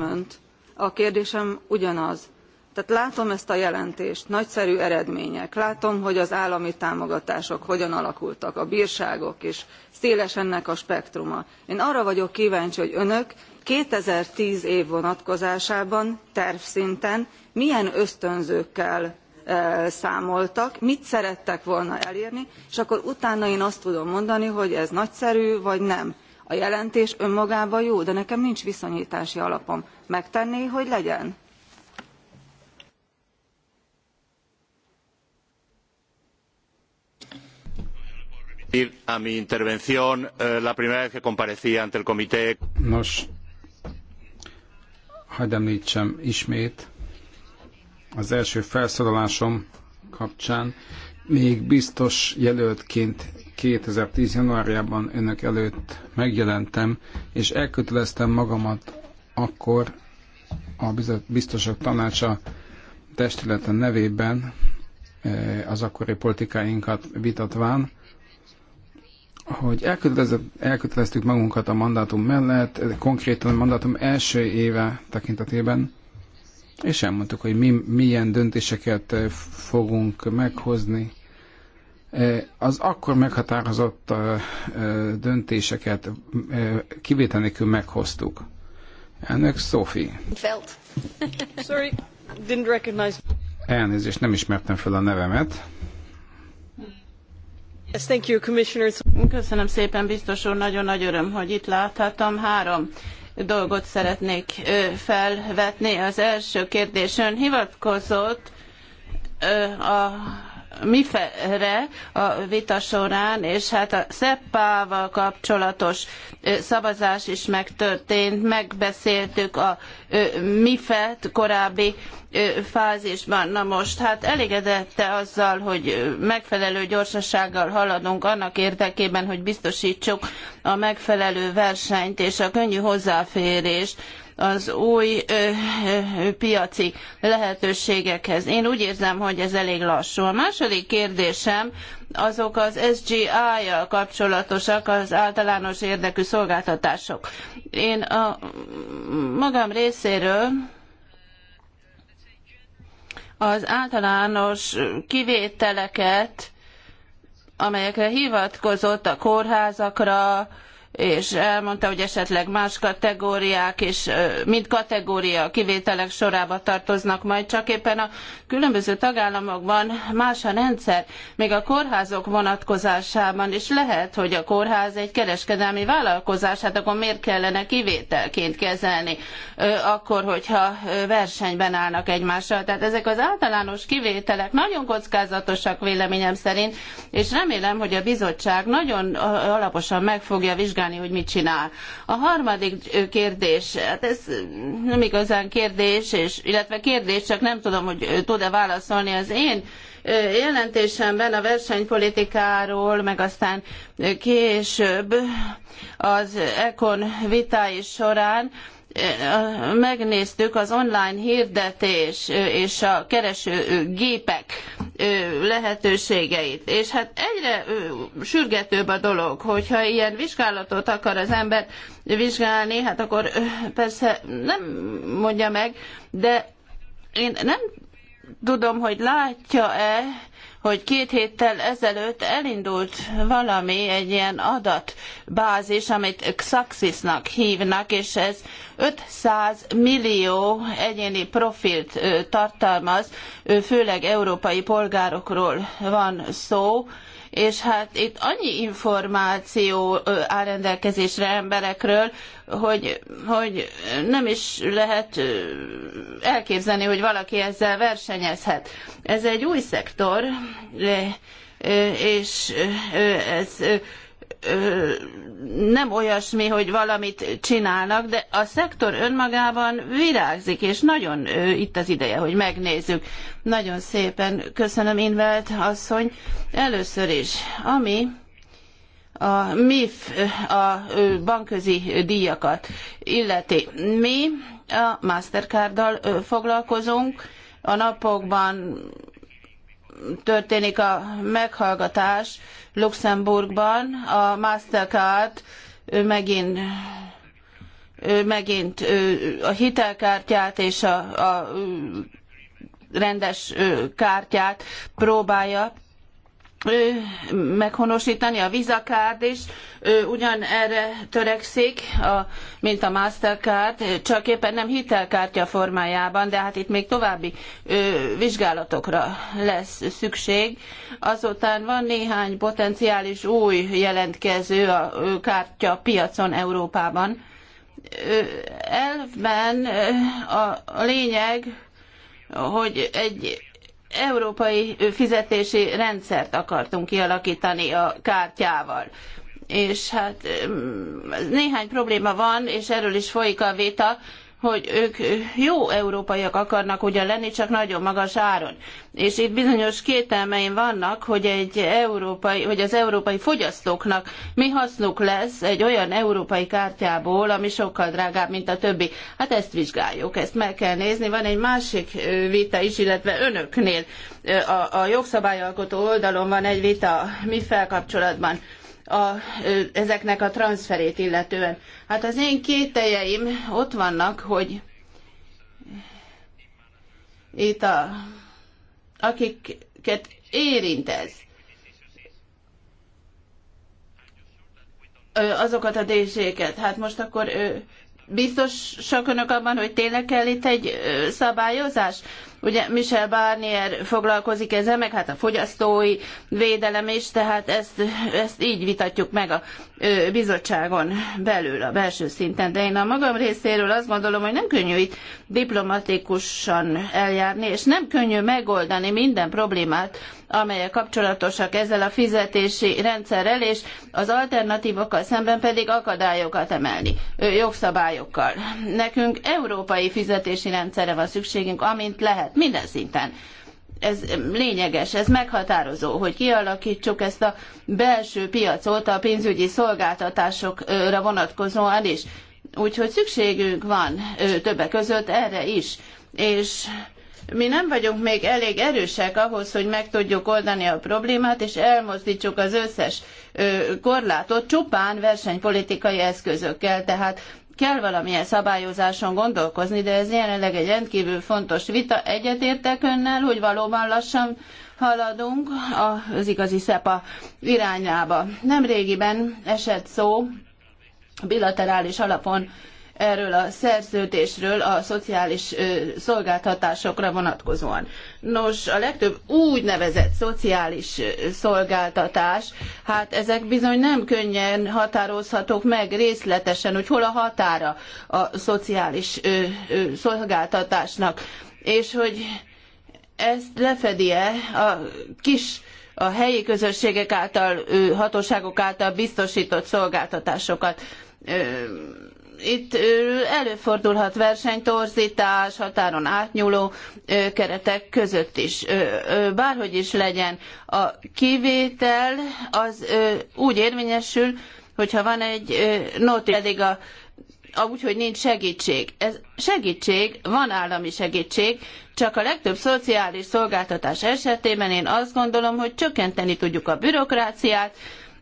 Ment a kérdésem ugyanaz tehát látom ezt a jelentést nagyszerű eredmények látom hogy az állami támogatások hogyan alakultak a brságok is széles ennek a spektruma. én arra vagyok kváncsi hogy önök two thousand and ten év vonatkozásában tervszinten milyen ösztönzőkkel e, számoltak mit szerettek volna elérni és akkor utána én azt tudom mondani hogy ez nagyszerű vagy nem a jelentés önmagában jó de nekem nincs viszonytási alapom megtenné hogy legyen? a mi intervención eh, la primera vez que comparecí ante el comité. Nos, hadd említsem ismét az első felszólalásom kapcsán még biztos jelöltként 2010. januárjában önök előtt megjelentem, és elköteleztem magamat akkor a biztosok tanácsa testületen nevében eh, az akkori politikáinkat vitatván, hogy elköteleztük magunkat a mandátum mellett, konkrétan a mandátum első éve tekintetében, és elmondtuk, hogy mi, milyen döntéseket eh, fogunk meghozni az akkor meghatározott döntéseket kivétel nélkül meghoztuk. Elnök Sophie. Felt. [laughs] Sorry, didn't recognize. Elnézést, nem ismertem fel a nevemet. Yes, thank you, Commissioners. Köszönöm szépen, biztos úr, nagyon nagy öröm, hogy itt láthatom. Három dolgot szeretnék felvetni. Az első kérdésön hivatkozott a mife a vita során, és hát a SZEPPÁ-val kapcsolatos szavazás is megtörtént, megbeszéltük a MIFE-t korábbi fázisban. Na most hát elégedette azzal, hogy megfelelő gyorsasággal haladunk annak érdekében, hogy biztosítsuk a megfelelő versenyt és a könnyű hozzáférést az új ö, ö, piaci lehetőségekhez. Én úgy érzem, hogy ez elég lassú. A második kérdésem azok az SGI-jal kapcsolatosak, az általános érdekű szolgáltatások. Én a magam részéről az általános kivételeket, amelyekre hivatkozott a kórházakra, és elmondta, hogy esetleg más kategóriák is, mint kategória kivételek sorába tartoznak majd, csak éppen a különböző tagállamokban más a rendszer, még a kórházok vonatkozásában is lehet, hogy a kórház egy kereskedelmi vállalkozás, hát akkor miért kellene kivételként kezelni, akkor, hogyha versenyben állnak egymással. Tehát ezek az általános kivételek nagyon kockázatosak véleményem szerint, és remélem, hogy a bizottság nagyon alaposan meg fogja vizsgálni, vizsgálni, hogy mit csinál. A harmadik kérdés, hát ez nem igazán kérdés, és, illetve kérdés, csak nem tudom, hogy tud-e válaszolni az én jelentésemben a versenypolitikáról, meg aztán később az Econ vitái során megnéztük az online hirdetés és a kereső gépek lehetőségeit. És hát egyre sürgetőbb a dolog, hogyha ilyen vizsgálatot akar az ember vizsgálni, hát akkor persze nem mondja meg, de én nem tudom, hogy látja-e, hogy két héttel ezelőtt elindult valami, egy ilyen adatbázis, amit Xaxisnak hívnak, és ez 500 millió egyéni profilt tartalmaz, főleg európai polgárokról van szó, és hát itt annyi információ áll rendelkezésre emberekről, hogy, hogy nem is lehet elképzelni, hogy valaki ezzel versenyezhet. Ez egy új szektor, és ez nem olyasmi, hogy valamit csinálnak, de a szektor önmagában virágzik, és nagyon itt az ideje, hogy megnézzük. Nagyon szépen köszönöm, Invelt asszony. Először is, ami a MIF, a bankközi díjakat illeti. Mi a Mastercarddal foglalkozunk, a napokban történik a meghallgatás Luxemburgban, a Mastercard megint megint a hitelkártyát és a, a rendes kártyát próbálja meghonosítani, a Visa Card is ugyan erre törekszik, a, mint a Mastercard, csak éppen nem hitelkártya formájában, de hát itt még további vizsgálatokra lesz szükség. Azután van néhány potenciális új jelentkező a kártya piacon Európában. Elvben a lényeg, hogy egy európai fizetési rendszert akartunk kialakítani a kártyával és hát mm, néhány probléma van, és erről is folyik a vita, hogy ők jó európaiak akarnak ugyan lenni, csak nagyon magas áron. És itt bizonyos kételmeim vannak, hogy, egy európai, hogy az európai fogyasztóknak mi hasznuk lesz egy olyan európai kártyából, ami sokkal drágább, mint a többi. Hát ezt vizsgáljuk, ezt meg kell nézni. Van egy másik vita is, illetve önöknél a, a jogszabályalkotó oldalon van egy vita mi felkapcsolatban a, ezeknek a transferét illetően. Hát az én kételjeim ott vannak, hogy itt a, akiket érint ez, azokat a DC-ket. Hát most akkor biztosak önök abban, hogy tényleg kell itt egy szabályozás? Ugye Michel Barnier foglalkozik ezzel, meg hát a fogyasztói védelem is, tehát ezt, ezt így vitatjuk meg a ö, bizottságon belül, a belső szinten. De én a magam részéről azt gondolom, hogy nem könnyű itt diplomatikusan eljárni, és nem könnyű megoldani minden problémát, amelyek kapcsolatosak ezzel a fizetési rendszerrel, és az alternatívokkal szemben pedig akadályokat emelni jogszabályokkal. Nekünk európai fizetési rendszerre van szükségünk, amint lehet, minden szinten ez lényeges, ez meghatározó, hogy kialakítsuk ezt a belső piacot a pénzügyi szolgáltatásokra vonatkozóan is. Úgyhogy szükségünk van többek között erre is. És mi nem vagyunk még elég erősek ahhoz, hogy meg tudjuk oldani a problémát, és elmozdítsuk az összes korlátot csupán versenypolitikai eszközökkel. Tehát kell valamilyen szabályozáson gondolkozni, de ez jelenleg egy rendkívül fontos vita. Egyetértek önnel, hogy valóban lassan haladunk az igazi SEPA irányába. Nemrégiben esett szó bilaterális alapon erről a szerződésről a szociális szolgáltatásokra vonatkozóan. Nos, a legtöbb úgynevezett szociális szolgáltatás, hát ezek bizony nem könnyen határozhatók meg részletesen, hogy hol a határa a szociális szolgáltatásnak, és hogy ezt lefedi-e a kis a helyi közösségek által, hatóságok által biztosított szolgáltatásokat itt előfordulhat versenytorzítás, határon átnyúló keretek között is. Bárhogy is legyen a kivétel, az úgy érvényesül, hogyha van egy noti, pedig a úgy, hogy nincs segítség. Ez segítség, van állami segítség, csak a legtöbb szociális szolgáltatás esetében én azt gondolom, hogy csökkenteni tudjuk a bürokráciát,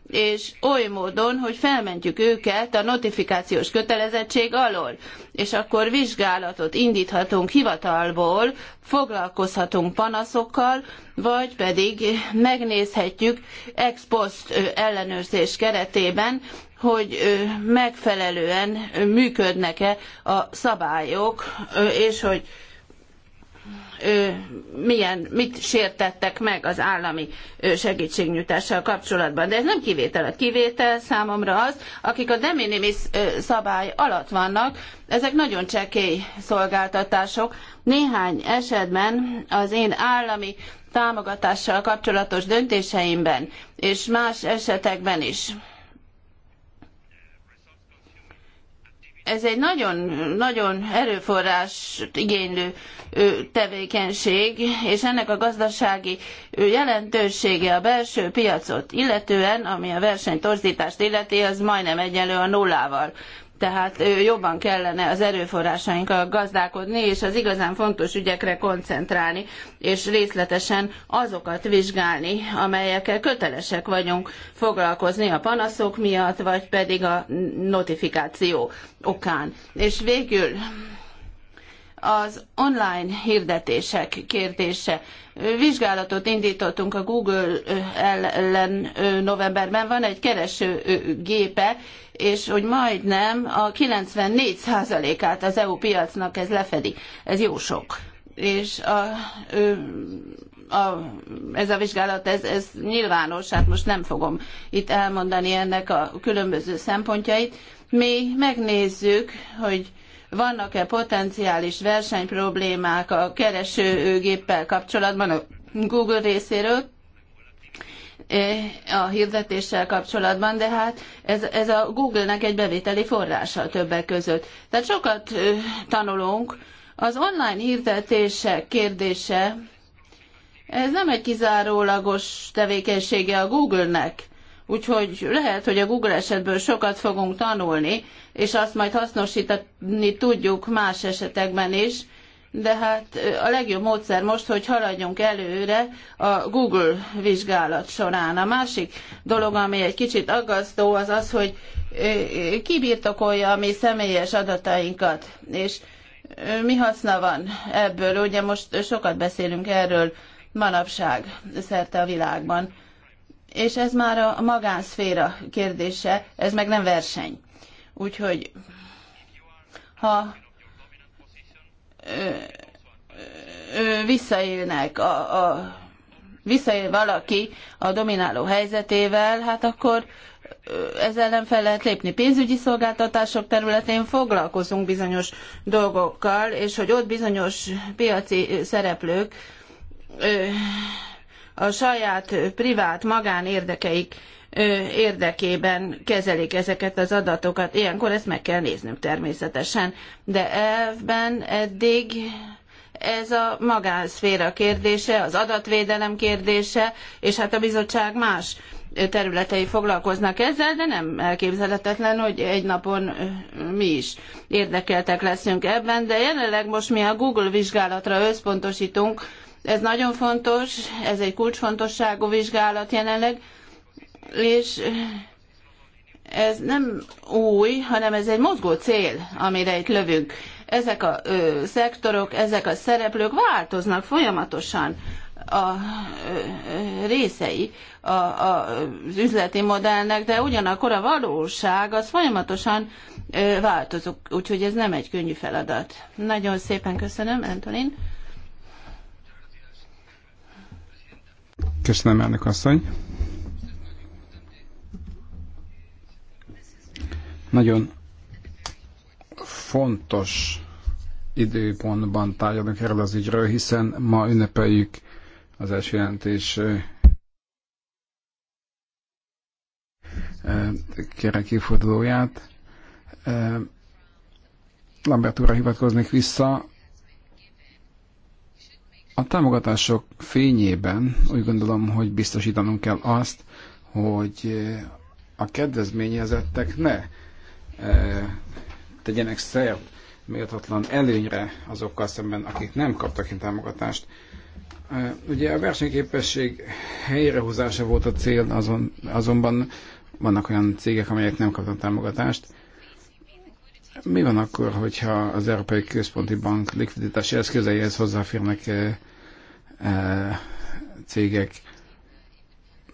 és oly módon, hogy felmentjük őket a notifikációs kötelezettség alól, és akkor vizsgálatot indíthatunk hivatalból, foglalkozhatunk panaszokkal, vagy pedig megnézhetjük ex post ellenőrzés keretében, hogy megfelelően működnek-e a szabályok, és hogy milyen, mit sértettek meg az állami segítségnyújtással kapcsolatban. De ez nem kivétel. A kivétel számomra az, akik a de minimis szabály alatt vannak, ezek nagyon csekély szolgáltatások. Néhány esetben az én állami támogatással kapcsolatos döntéseimben és más esetekben is ez egy nagyon, nagyon erőforrás igénylő tevékenység, és ennek a gazdasági jelentősége a belső piacot illetően, ami a versenytorzítást illeti, az majdnem egyenlő a nullával tehát jobban kellene az erőforrásainkkal gazdálkodni, és az igazán fontos ügyekre koncentrálni, és részletesen azokat vizsgálni, amelyekkel kötelesek vagyunk foglalkozni a panaszok miatt, vagy pedig a notifikáció okán. És végül az online hirdetések kérdése. Vizsgálatot indítottunk a Google ellen novemberben, van egy keresőgépe, és hogy majdnem a 94%-át az EU piacnak ez lefedi. Ez jó sok. És a, a, ez a vizsgálat, ez, ez nyilvános, hát most nem fogom itt elmondani ennek a különböző szempontjait. Mi megnézzük, hogy vannak-e potenciális versenyproblémák a keresőgéppel kapcsolatban a Google részéről, eh, a hirdetéssel kapcsolatban, de hát ez, ez a Google-nek egy bevételi forrása a többek között. Tehát sokat eh, tanulunk. Az online hirdetések kérdése, ez nem egy kizárólagos tevékenysége a Google-nek. Úgyhogy lehet, hogy a Google esetből sokat fogunk tanulni, és azt majd hasznosítani tudjuk más esetekben is, de hát a legjobb módszer most, hogy haladjunk előre a Google vizsgálat során. A másik dolog, ami egy kicsit aggasztó, az az, hogy birtokolja a mi személyes adatainkat, és mi haszna van ebből? Ugye most sokat beszélünk erről manapság szerte a világban. És ez már a magánszféra kérdése, ez meg nem verseny. Úgyhogy ha ö, ö, visszaélnek a, a visszaél valaki a domináló helyzetével, hát akkor ezzel ellen fel lehet lépni. Pénzügyi szolgáltatások területén foglalkozunk bizonyos dolgokkal, és hogy ott bizonyos piaci szereplők a saját privát érdekeik érdekében kezelik ezeket az adatokat. Ilyenkor ezt meg kell néznünk természetesen. De elvben eddig ez a magánszféra kérdése, az adatvédelem kérdése, és hát a bizottság más területei foglalkoznak ezzel, de nem elképzelhetetlen, hogy egy napon mi is érdekeltek leszünk ebben, de jelenleg most mi a Google vizsgálatra összpontosítunk, ez nagyon fontos, ez egy kulcsfontosságú vizsgálat jelenleg, és ez nem új, hanem ez egy mozgó cél, amire itt lövünk. Ezek a ö, szektorok, ezek a szereplők változnak folyamatosan a ö, részei a, a, az üzleti modellnek, de ugyanakkor a valóság az folyamatosan ö, változik, úgyhogy ez nem egy könnyű feladat. Nagyon szépen köszönöm, Antonin. Köszönöm, elnök asszony. Nagyon fontos időpontban tárgyalunk erről az ügyről, hiszen ma ünnepeljük az első jelentés kerekifordulóját. Lambert úrra hivatkoznék vissza. A támogatások fényében úgy gondolom, hogy biztosítanunk kell azt, hogy a kedvezményezettek ne tegyenek szert méltatlan előnyre azokkal szemben, akik nem kaptak ilyen támogatást. Ugye a versenyképesség helyrehozása volt a cél, azon, azonban vannak olyan cégek, amelyek nem kaptak támogatást. Mi van akkor, hogyha az Európai Központi Bank likviditási eszközeihez hozzáférnek e, e, cégek?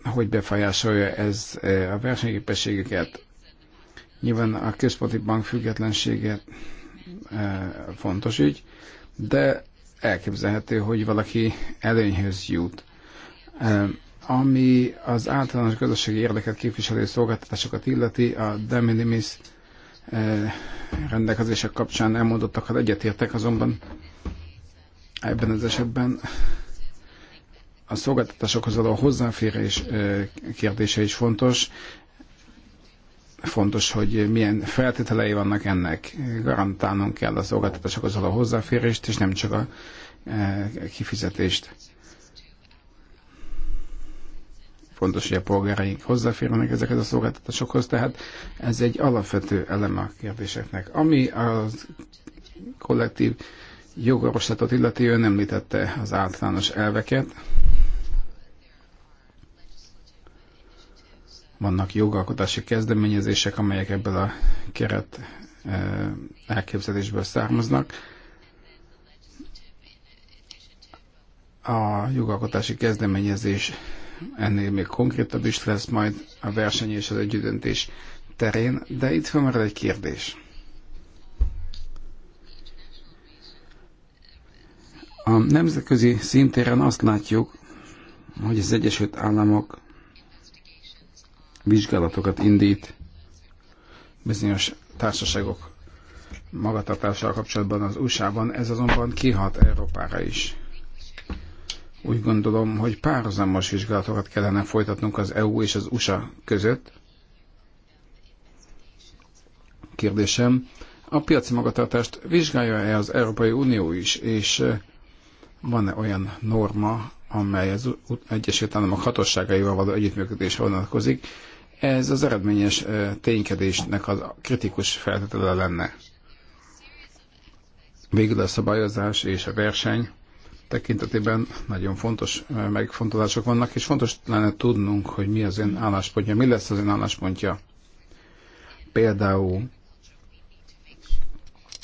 Hogy befolyásolja ez a versenyképességüket? Nyilván a központi bank függetlensége eh, fontos ügy, de elképzelhető, hogy valaki előnyhöz jut. Eh, ami az általános gazdasági érdeket képviselő szolgáltatásokat illeti, a de minimis eh, rendelkezések kapcsán elmondottakat egyetértek, azonban ebben az esetben a szolgáltatásokhoz való hozzáférés kérdése is fontos fontos, hogy milyen feltételei vannak ennek. Garantálnunk kell az oktatásokhoz való hozzáférést, és nem csak a e, kifizetést. Fontos, hogy a polgáraink hozzáférnek ezekhez a szolgáltatásokhoz, tehát ez egy alapvető eleme a kérdéseknek. Ami a kollektív jogorvoslatot illeti, nem említette az általános elveket, Vannak jogalkotási kezdeményezések, amelyek ebből a keret eh, elképzelésből származnak. A jogalkotási kezdeményezés ennél még konkrétabb is lesz majd a verseny és az együttöntés terén, de itt felmerül egy kérdés. A nemzetközi szintéren azt látjuk, hogy az Egyesült Államok vizsgálatokat indít bizonyos társaságok magatartással kapcsolatban az USA-ban, ez azonban kihat Európára is. Úgy gondolom, hogy párhuzamos vizsgálatokat kellene folytatnunk az EU és az USA között. Kérdésem, a piaci magatartást vizsgálja-e az Európai Unió is, és van-e olyan norma, amely az Egyesült Államok hatóságaival való együttműködésre vonatkozik, ez az eredményes ténykedésnek a kritikus feltétele lenne. Végül a szabályozás és a verseny tekintetében nagyon fontos megfontolások vannak, és fontos lenne tudnunk, hogy mi az én álláspontja, mi lesz az én álláspontja. Például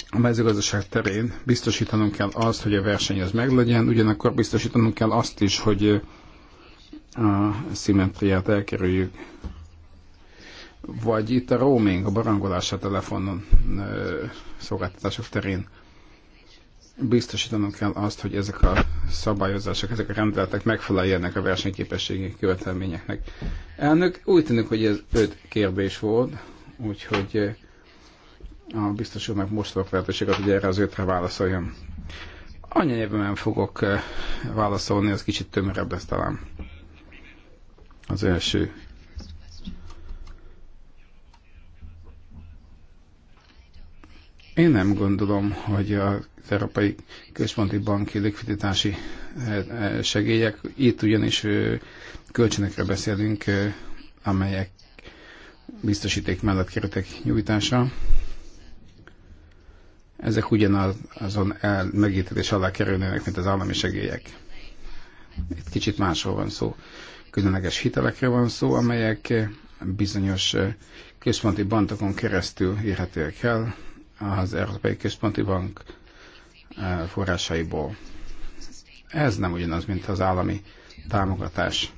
a mezőgazdaság terén biztosítanunk kell azt, hogy a verseny az meglegyen, ugyanakkor biztosítanunk kell azt is, hogy a szimmetriát elkerüljük vagy itt a roaming, a barangolás a telefonon szolgáltatások terén biztosítanunk kell azt, hogy ezek a szabályozások, ezek a rendeletek megfeleljenek a versenyképességi követelményeknek. Elnök, úgy tűnik, hogy ez öt kérdés volt, úgyhogy a biztos úrnak most adok lehetőséget, hogy erre az ötre válaszoljam. nem fogok válaszolni, az kicsit tömörebb lesz talán. Az első Én nem gondolom, hogy az Európai Központi Banki likviditási eh, eh, segélyek, itt ugyanis kölcsönökre beszélünk, amelyek biztosíték mellett kerültek nyújtásra. Ezek azon el, megítélés alá kerülnének, mint az állami segélyek. Itt kicsit másról van szó. Különleges hitelekre van szó, amelyek bizonyos központi bankokon keresztül érhetőek el, az Európai Központi Bank eh, forrásaiból. Ez nem ugyanaz, mint az állami támogatás.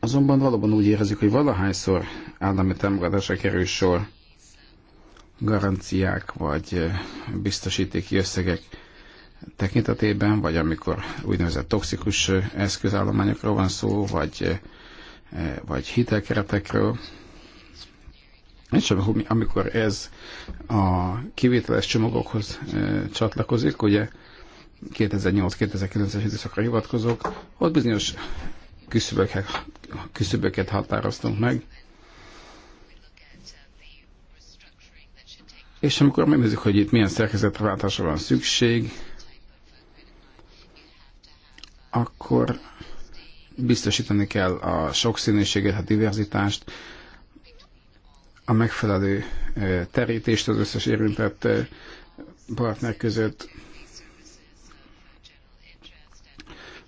Azonban valóban úgy érezik, hogy valahányszor állami támogatásra kerül sor garanciák vagy eh, biztosítéki összegek tekintetében, vagy amikor úgynevezett toxikus eh, eszközállományokról van szó, vagy, vagy hitelkeretekről, és amikor ez a kivételes csomagokhoz e, csatlakozik, ugye 2008-2009-es időszakra hivatkozók, ott bizonyos küszöböket, küszöböket határoztunk meg, És amikor megnézzük, hogy itt milyen szerkezetváltásra van szükség, akkor biztosítani kell a sokszínűséget, a diverzitást, a megfelelő terítést az összes érintett partner között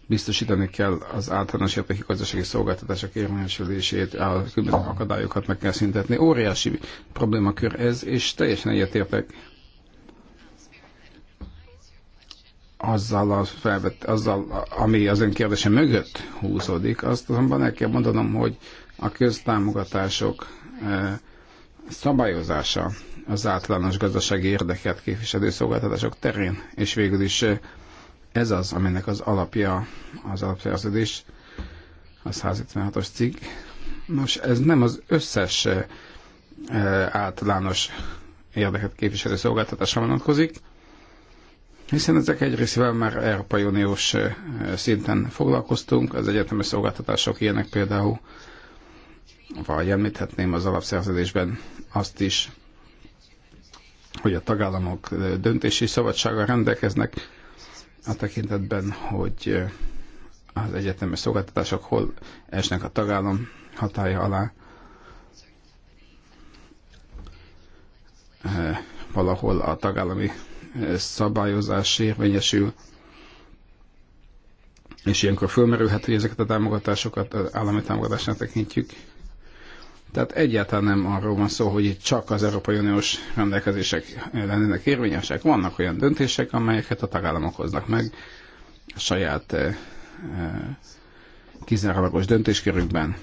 biztosítani kell az általános értékű gazdasági szolgáltatások érvényesülését, a különböző akadályokat meg kell szüntetni. Óriási problémakör ez, és teljesen egyetértek azzal, a felvett, azzal, ami az kérdése mögött húzódik, azt azonban el kell mondanom, hogy a köztámogatások szabályozása az általános gazdasági érdeket képviselő szolgáltatások terén, és végül is eh, ez az, aminek az alapja az alapszerződés, az 156-os cikk. Nos, ez nem az összes eh, eh, általános érdeket képviselő szolgáltatásra vonatkozik, hiszen ezek egy részével már Európai Uniós szinten foglalkoztunk, az egyetemes szolgáltatások ilyenek például, vagy említhetném az alapszerződésben azt is, hogy a tagállamok döntési szabadsággal rendelkeznek a tekintetben, hogy az egyetemes szolgáltatások hol esnek a tagállam hatája alá. Valahol a tagállami szabályozás érvényesül, és ilyenkor fölmerülhet, hogy ezeket a támogatásokat állami támogatásnak tekintjük, tehát egyáltalán nem arról van szó, hogy itt csak az Európai Uniós rendelkezések lennének érvényesek. Vannak olyan döntések, amelyeket a tagállamok hoznak meg a saját e, e, kizárólagos döntéskörükben.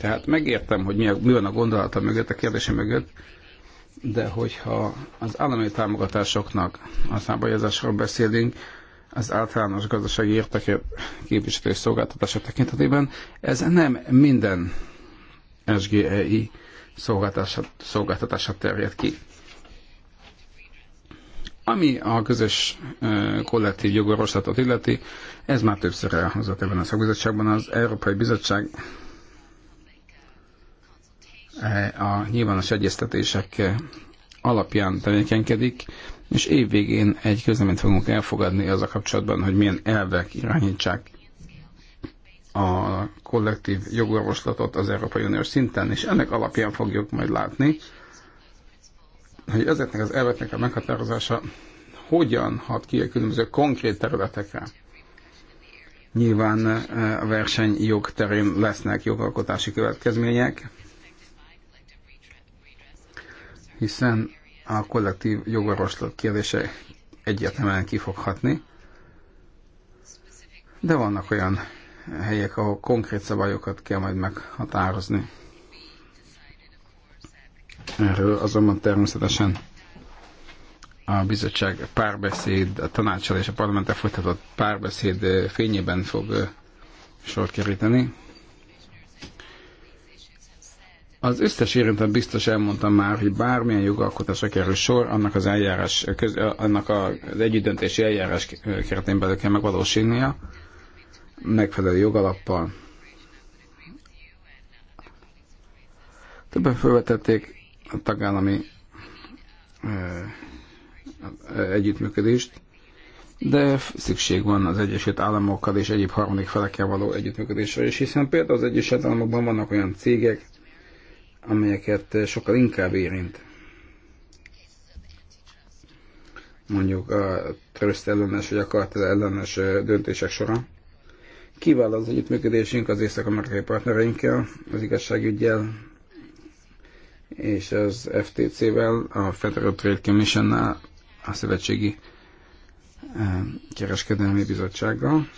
Tehát megértem, hogy mi, a, mi van a gondolata mögött, a kérdése mögött, de hogyha az állami támogatásoknak a számbajázásról beszélünk, az általános gazdasági értekért képviselő szolgáltatása tekintetében, ez nem minden SGEI szolgáltatását, szolgáltatását terjed ki. Ami a közös kollektív jogorvoslatot illeti, ez már többször elhangzott ebben a szakbizottságban. Az Európai Bizottság e, a nyilvános egyeztetések alapján tevékenykedik, és évvégén egy közleményt fogunk elfogadni az a kapcsolatban, hogy milyen elvek irányítsák a kollektív jogorvoslatot az Európai Uniós szinten, és ennek alapján fogjuk majd látni, hogy ezeknek az elveknek a meghatározása hogyan hat ki a különböző konkrét területekre. Nyilván eh, a versenyjog terén lesznek jogalkotási következmények, hiszen a kollektív jogorvoslat kérdése egyértelműen kifoghatni, fog hatni, de vannak olyan helyek, ahol konkrét szabályokat kell majd meghatározni. Erről azonban természetesen a bizottság párbeszéd, a tanácsal és a parlamenttel folytatott párbeszéd fényében fog sor keríteni. Az összes érintett biztos elmondta már, hogy bármilyen jogalkotásra kerül sor, annak az eljárás, köz, annak az együttdöntési eljárás keretén belül kell megvalósulnia megfelelő jogalappal. Többen felvetették a tagállami együttműködést, de szükség van az Egyesült Államokkal és egyéb harmadik felekkel való együttműködésre is, hiszen például az Egyesült Államokban vannak olyan cégek, amelyeket sokkal inkább érint. Mondjuk a tröszt ellenes vagy kartel ellenes döntések során kivel az együttműködésünk az észak-amerikai partnereinkkel, az igazságügyel és az FTC-vel, a Federal Trade commission a Szövetségi eh, Kereskedelmi Bizottsággal.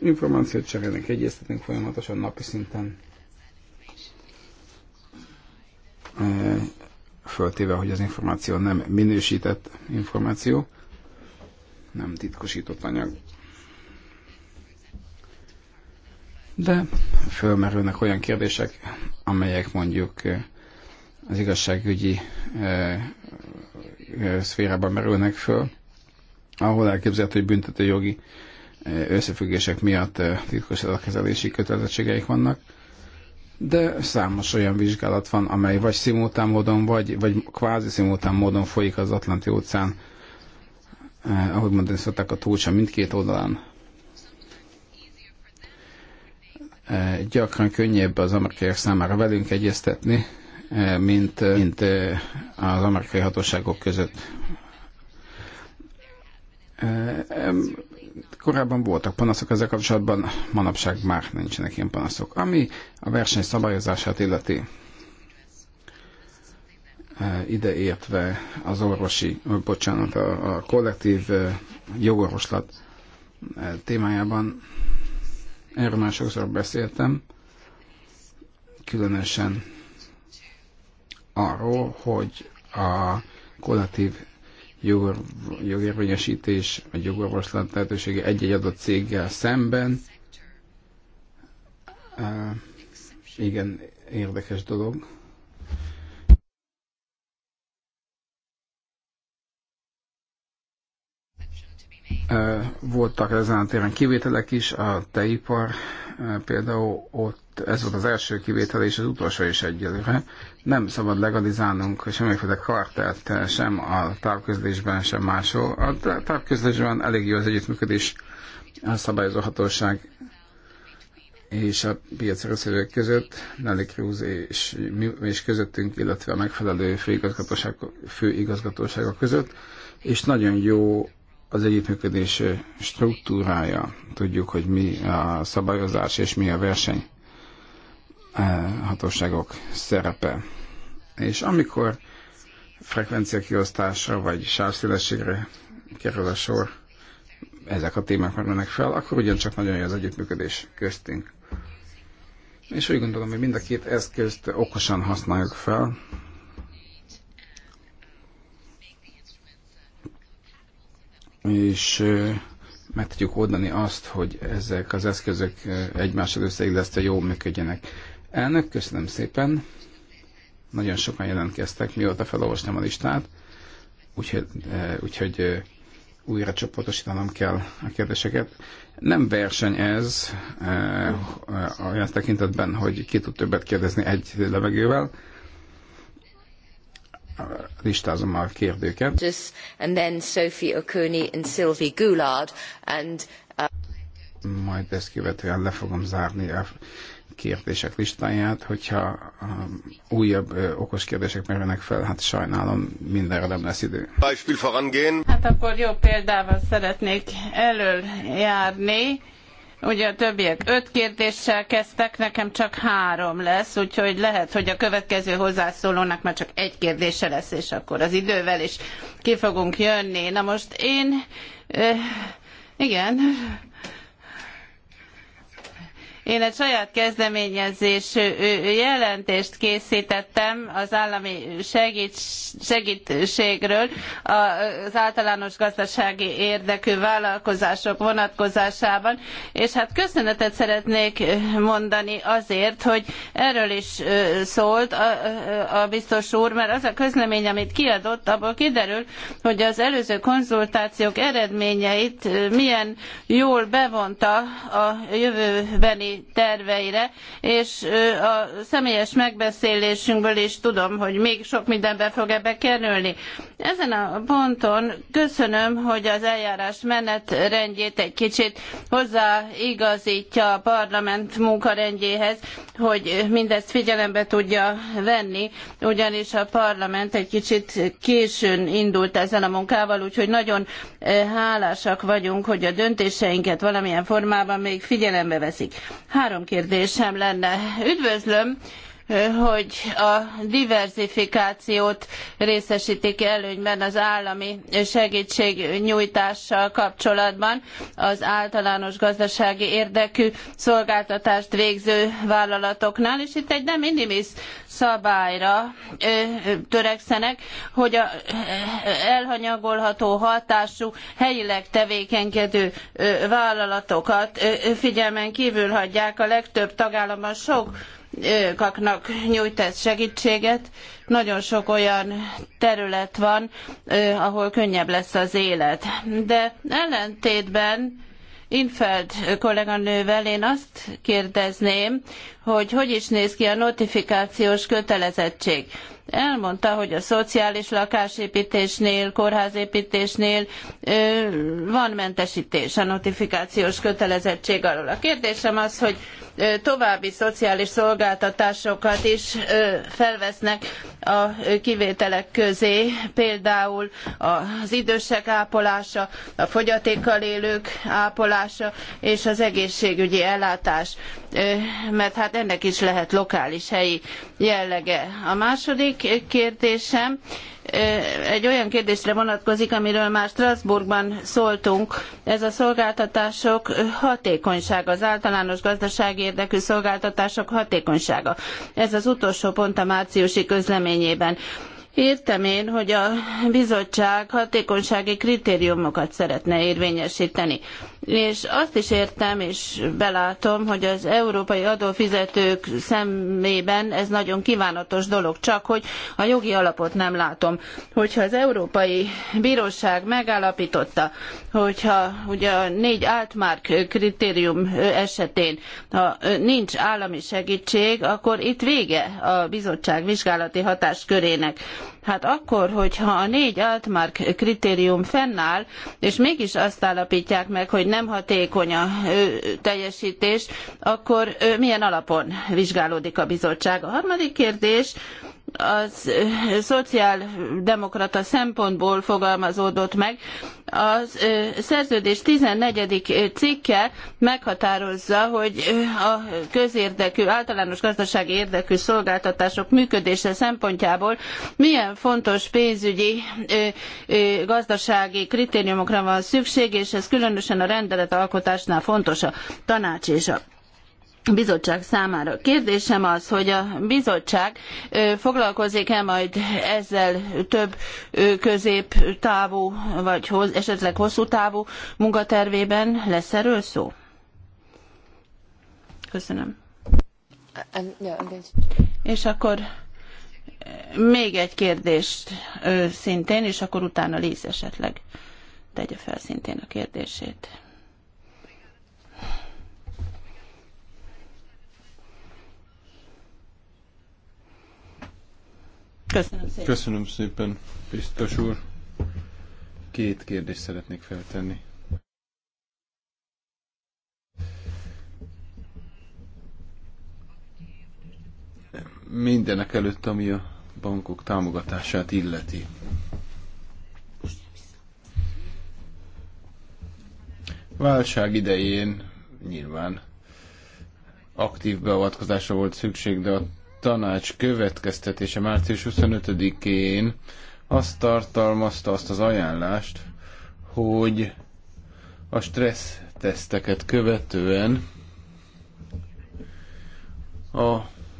Információt cserélnek, egyeztetünk folyamatosan napi szinten. Eh, föltéve, hogy az információ nem minősített információ, nem titkosított anyag de fölmerülnek olyan kérdések, amelyek mondjuk az igazságügyi szférában merülnek föl, ahol elképzelhető, hogy jogi összefüggések miatt titkos adatkezelési kötelezettségeik vannak, de számos olyan vizsgálat van, amely vagy szimultán módon, vagy, vagy kvázi szimultán módon folyik az Atlanti óceán, eh, ahogy mondani szokták, a túlcsa mindkét oldalán. gyakran könnyebb az amerikaiak számára velünk egyeztetni, eh, mint, eh, mint eh, az amerikai hatóságok között. Korábban voltak panaszok ezzel kapcsolatban, manapság már nincsenek ilyen panaszok. Ami a verseny szabályozását illeti, ideértve az orvosi, bocsánat, a, a kollektív jogorvoslat témájában erről már sokszor beszéltem, különösen arról, hogy a kollektív jogor, jogérvényesítés, vagy jogorvoslat lehetősége egy-egy adott céggel szemben. Uh, igen, érdekes dolog. Voltak ezen a téren kivételek is, a teipar például ott, ez volt az első kivétel és az utolsó is egyelőre. Nem szabad legalizálnunk semmiféle kartelt sem a távközlésben, sem máshol. A távközlésben elég jó az együttműködés a hatóság és a piacra szövők között, Nelly Cruz és, és közöttünk, illetve a megfelelő főigazgatóság, között, és nagyon jó az együttműködés struktúrája, tudjuk, hogy mi a szabályozás és mi a verseny eh, hatóságok szerepe. És amikor frekvencia kiosztásra vagy sávszélességre kerül a sor, ezek a témák merülnek fel, akkor ugyancsak nagyon jó az együttműködés köztünk. És úgy gondolom, hogy mind a két eszközt okosan használjuk fel, és meg tudjuk oldani azt, hogy ezek az eszközök egymással összeillesztve jól működjenek. Elnök, köszönöm szépen. Nagyon sokan jelentkeztek, mióta felolvastam a listát, úgyhogy, úgyhogy újra csoportosítanom kell a kérdéseket. Nem verseny ez olyan tekintetben, hogy ki tud többet kérdezni egy levegővel, listázom a kérdőket. And then Sophie Okuni and Sylvie Goulard and uh, majd ezt követően le fogom zárni a kérdések listáját, hogyha um, újabb ö, okos kérdések merülnek fel, hát sajnálom, mindenre nem lesz idő. Hát akkor jó példával szeretnék elől járni. Ugye a többiek öt kérdéssel kezdtek, nekem csak három lesz, úgyhogy lehet, hogy a következő hozzászólónak már csak egy kérdése lesz, és akkor az idővel is ki fogunk jönni. Na most én... Eh, igen, én egy saját kezdeményezés jelentést készítettem az állami segítségről az általános gazdasági érdekű vállalkozások vonatkozásában, és hát köszönetet szeretnék mondani azért, hogy erről is szólt a, a biztos úr, mert az a közlemény, amit kiadott, abból kiderül, hogy az előző konzultációk eredményeit milyen jól bevonta a jövőbeni terveire, és a személyes megbeszélésünkből is tudom, hogy még sok mindenbe fog ebbe kerülni. Ezen a ponton köszönöm, hogy az eljárás menetrendjét egy kicsit hozzáigazítja a parlament munkarendjéhez, hogy mindezt figyelembe tudja venni, ugyanis a parlament egy kicsit későn indult ezzel a munkával, úgyhogy nagyon hálásak vagyunk, hogy a döntéseinket valamilyen formában még figyelembe veszik. Három kérdésem lenne. Üdvözlöm hogy a diverzifikációt részesítik előnyben az állami segítségnyújtással kapcsolatban az általános gazdasági érdekű szolgáltatást végző vállalatoknál, és itt egy nem minimis szabályra törekszenek, hogy a elhanyagolható hatású, helyileg tevékenykedő vállalatokat figyelmen kívül hagyják a legtöbb tagállamban sok kaknak nyújt ez segítséget. Nagyon sok olyan terület van, ahol könnyebb lesz az élet. De ellentétben Infeld kolléganővel én azt kérdezném, hogy hogy is néz ki a notifikációs kötelezettség. Elmondta, hogy a szociális lakásépítésnél, kórházépítésnél van mentesítés a notifikációs kötelezettség alól. A kérdésem az, hogy további szociális szolgáltatásokat is felvesznek a kivételek közé, például az idősek ápolása, a fogyatékkal élők ápolása és az egészségügyi ellátás, mert hát ennek is lehet lokális helyi jellege. A második kérdésem, egy olyan kérdésre vonatkozik, amiről már Strasbourgban szóltunk. Ez a szolgáltatások hatékonysága, az általános gazdasági érdekű szolgáltatások hatékonysága. Ez az utolsó pont a márciusi közleményében. Értem én, hogy a bizottság hatékonysági kritériumokat szeretne érvényesíteni és azt is értem, és belátom, hogy az európai adófizetők szemében ez nagyon kívánatos dolog, csak hogy a jogi alapot nem látom. Hogyha az Európai Bíróság megállapította, hogyha ugye a négy átmárk kritérium esetén, ha nincs állami segítség, akkor itt vége a bizottság vizsgálati hatáskörének. Hát akkor, hogyha a négy Altmark kritérium fennáll, és mégis azt állapítják meg, hogy nem hatékony a teljesítés, akkor milyen alapon vizsgálódik a bizottság? A harmadik kérdés, az szociáldemokrata szempontból fogalmazódott meg. A szerződés 14. cikke meghatározza, hogy a közérdekű, általános gazdasági érdekű szolgáltatások működése szempontjából milyen fontos pénzügyi gazdasági kritériumokra van szükség, és ez különösen a rendeletalkotásnál fontos a tanács és a bizottság számára. Kérdésem az, hogy a bizottság foglalkozik-e majd ezzel több középtávú, vagy esetleg hosszú távú munkatervében? Lesz erről szó? Köszönöm. Um, és akkor még egy kérdést szintén, és akkor utána Liz esetleg tegye fel szintén a kérdését. Köszönöm szépen. Köszönöm szépen, biztos úr. Két kérdést szeretnék feltenni. Mindenek előtt, ami a bankok támogatását illeti. Válság idején nyilván aktív beavatkozásra volt szükség, de a tanács következtetése március 25-én azt tartalmazta azt az ajánlást, hogy a stressz teszteket követően a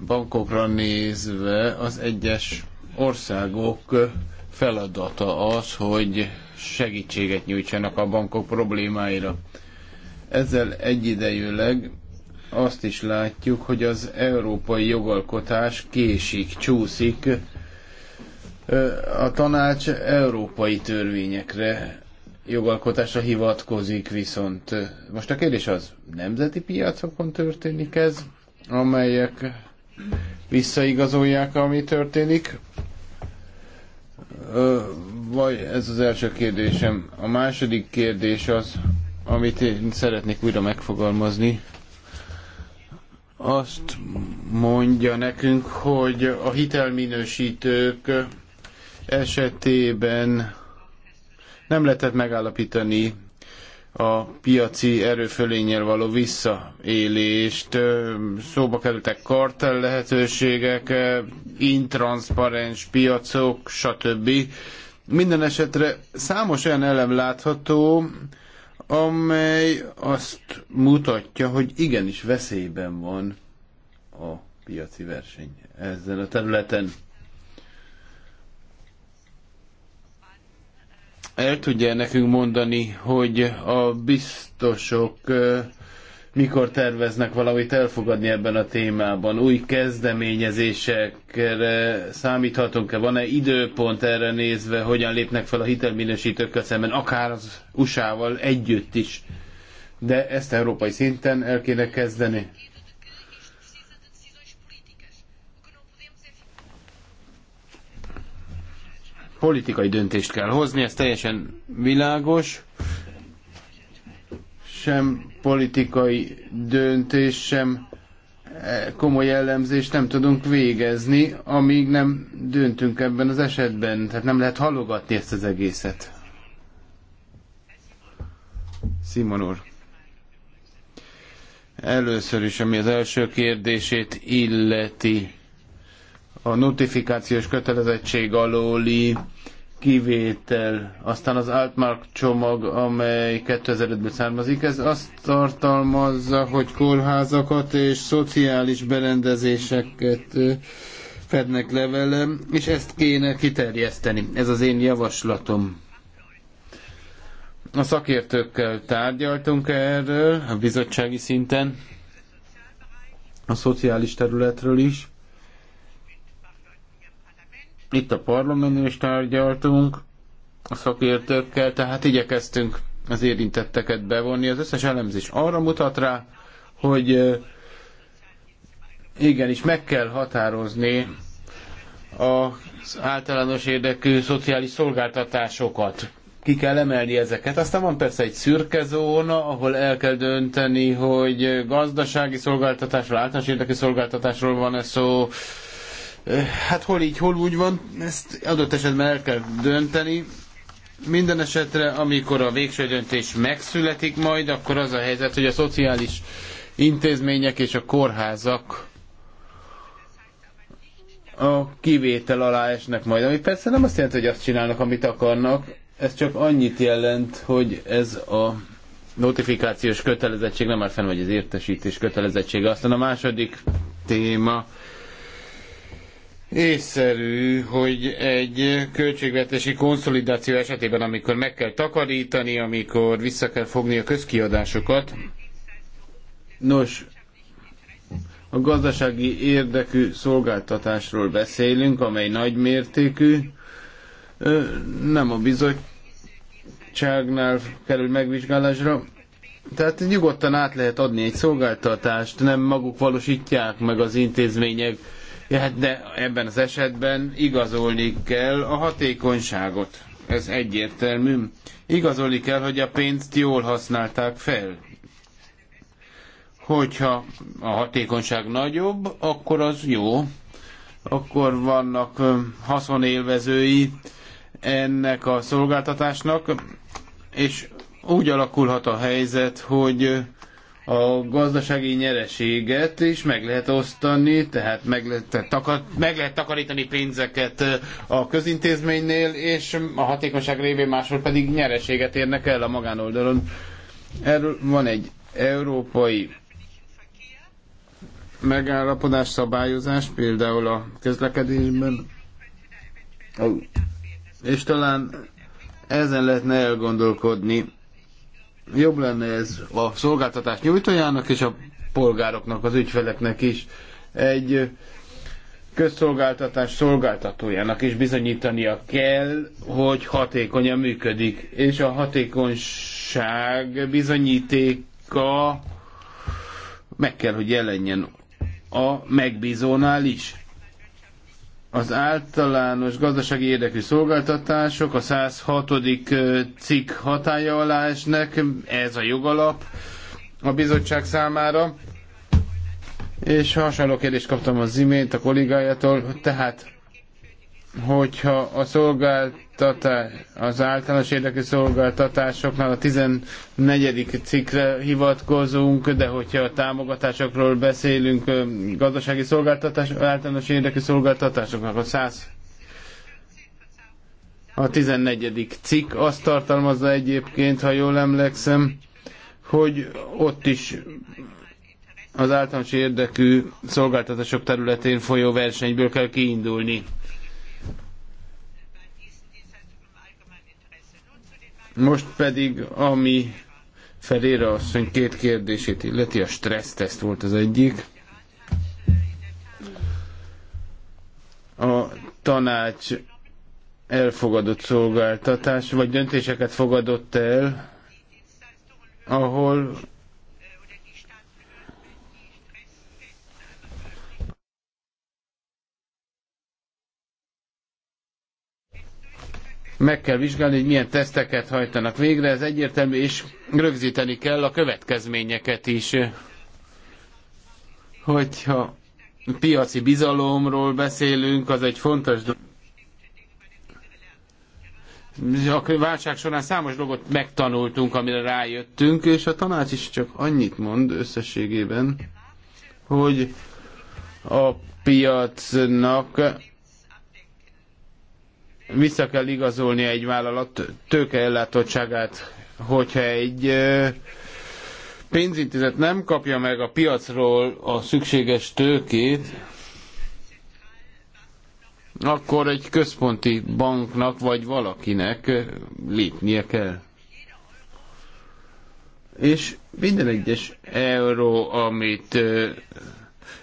bankokra nézve az egyes országok feladata az, hogy segítséget nyújtsanak a bankok problémáira. Ezzel egyidejűleg azt is látjuk, hogy az európai jogalkotás késik, csúszik. A tanács európai törvényekre, jogalkotásra hivatkozik, viszont most a kérdés az, nemzeti piacokon történik ez, amelyek visszaigazolják, ami történik? Vagy ez az első kérdésem. A második kérdés az, amit én szeretnék újra megfogalmazni, azt mondja nekünk, hogy a hitelminősítők esetében nem lehetett megállapítani a piaci erőfölényel való visszaélést. Szóba kerültek kartel lehetőségek, intranszparens piacok, stb. Minden esetre számos olyan elem látható, amely azt mutatja, hogy igenis veszélyben van a piaci verseny ezen a területen. El tudja nekünk mondani, hogy a biztosok mikor terveznek valamit elfogadni ebben a témában? Új kezdeményezésekre számíthatunk-e? Van-e időpont erre nézve, hogyan lépnek fel a hitelminősítőkkel szemben, akár az USA-val együtt is? De ezt európai szinten el kéne kezdeni. Politikai döntést kell hozni, ez teljesen világos sem politikai döntés, sem e, komoly ellenzést nem tudunk végezni, amíg nem döntünk ebben az esetben. Tehát nem lehet halogatni ezt az egészet. Simon úr. Először is, ami az első kérdését illeti, a notifikációs kötelezettség alóli kivétel, aztán az Altmark csomag, amely 2005-ben származik, ez azt tartalmazza, hogy kórházakat és szociális berendezéseket fednek levelem, és ezt kéne kiterjeszteni. Ez az én javaslatom. A szakértőkkel tárgyaltunk erről, a bizottsági szinten, a szociális területről is itt a parlamentben is tárgyaltunk a szakértőkkel, tehát igyekeztünk az érintetteket bevonni. Az összes elemzés arra mutat rá, hogy igenis meg kell határozni az általános érdekű szociális szolgáltatásokat. Ki kell emelni ezeket. Aztán van persze egy szürke zóna, ahol el kell dönteni, hogy gazdasági szolgáltatásról, általános érdekű szolgáltatásról van-e szó, hát hol így, hol úgy van, ezt adott esetben el kell dönteni. Minden esetre, amikor a végső döntés megszületik majd, akkor az a helyzet, hogy a szociális intézmények és a kórházak a kivétel alá esnek majd, ami persze nem azt jelenti, hogy azt csinálnak, amit akarnak, ez csak annyit jelent, hogy ez a notifikációs kötelezettség nem már fenn, hogy az értesítés kötelezettsége. Aztán a második téma, észszerű, hogy egy költségvetési konszolidáció esetében, amikor meg kell takarítani, amikor vissza kell fogni a közkiadásokat, nos, a gazdasági érdekű szolgáltatásról beszélünk, amely nagymértékű, nem a bizottságnál kerül megvizsgálásra, tehát nyugodtan át lehet adni egy szolgáltatást, nem maguk valósítják meg az intézmények, Ja, de ebben az esetben igazolni kell a hatékonyságot. Ez egyértelmű. Igazolni kell, hogy a pénzt jól használták fel. Hogyha a hatékonyság nagyobb, akkor az jó. Akkor vannak haszonélvezői ennek a szolgáltatásnak, és úgy alakulhat a helyzet, hogy a gazdasági nyereséget is meg lehet osztani, tehát meg lehet, takar, meg lehet takarítani pénzeket a közintézménynél, és a hatékonyság révén máshol pedig nyereséget érnek el a magánoldalon. Erről van egy európai megállapodás, szabályozás, például a közlekedésben, és talán ezen lehetne elgondolkodni jobb lenne ez a szolgáltatás nyújtójának és a polgároknak, az ügyfeleknek is. Egy közszolgáltatás szolgáltatójának is bizonyítania kell, hogy hatékonyan működik, és a hatékonyság bizonyítéka meg kell, hogy jelenjen a megbízónál is az általános gazdasági érdekű szolgáltatások a 106. cikk hatája alá esnek, ez a jogalap a bizottság számára. És hasonló kérdést kaptam az imént a kollégájától, tehát hogyha a szolgáltatás, az általános érdekű szolgáltatásoknál a 14. cikkre hivatkozunk, de hogyha a támogatásokról beszélünk, gazdasági szolgáltatás, általános érdekű szolgáltatásoknak a 100 a 14. cikk azt tartalmazza egyébként, ha jól emlékszem, hogy ott is az általános érdekű szolgáltatások területén folyó versenyből kell kiindulni. Most pedig, ami Ferére asszony két kérdését illeti, a stresszteszt volt az egyik. A tanács elfogadott szolgáltatás, vagy döntéseket fogadott el, ahol meg kell vizsgálni, hogy milyen teszteket hajtanak végre, ez egyértelmű, és rögzíteni kell a következményeket is. Hogyha piaci bizalomról beszélünk, az egy fontos dolog. A válság során számos dolgot megtanultunk, amire rájöttünk, és a tanács is csak annyit mond összességében, hogy a piacnak vissza kell igazolni egy vállalat tőkeellátottságát, hogyha egy pénzintézet nem kapja meg a piacról a szükséges tőkét, akkor egy központi banknak vagy valakinek lépnie kell. És minden egyes euró, amit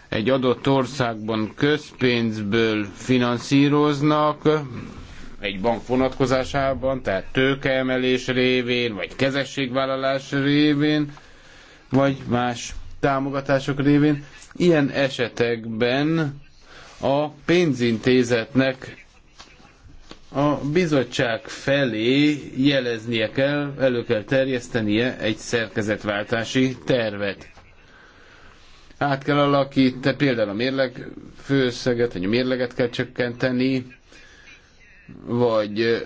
egy adott országban közpénzből finanszíroznak, egy bank vonatkozásában, tehát tőkeemelés révén, vagy kezességvállalás révén, vagy más támogatások révén. Ilyen esetekben a pénzintézetnek a bizottság felé jeleznie kell, elő kell terjesztenie egy szerkezetváltási tervet. Át kell alakítani például a mérleg főösszeget, vagy a mérleget kell csökkenteni, vagy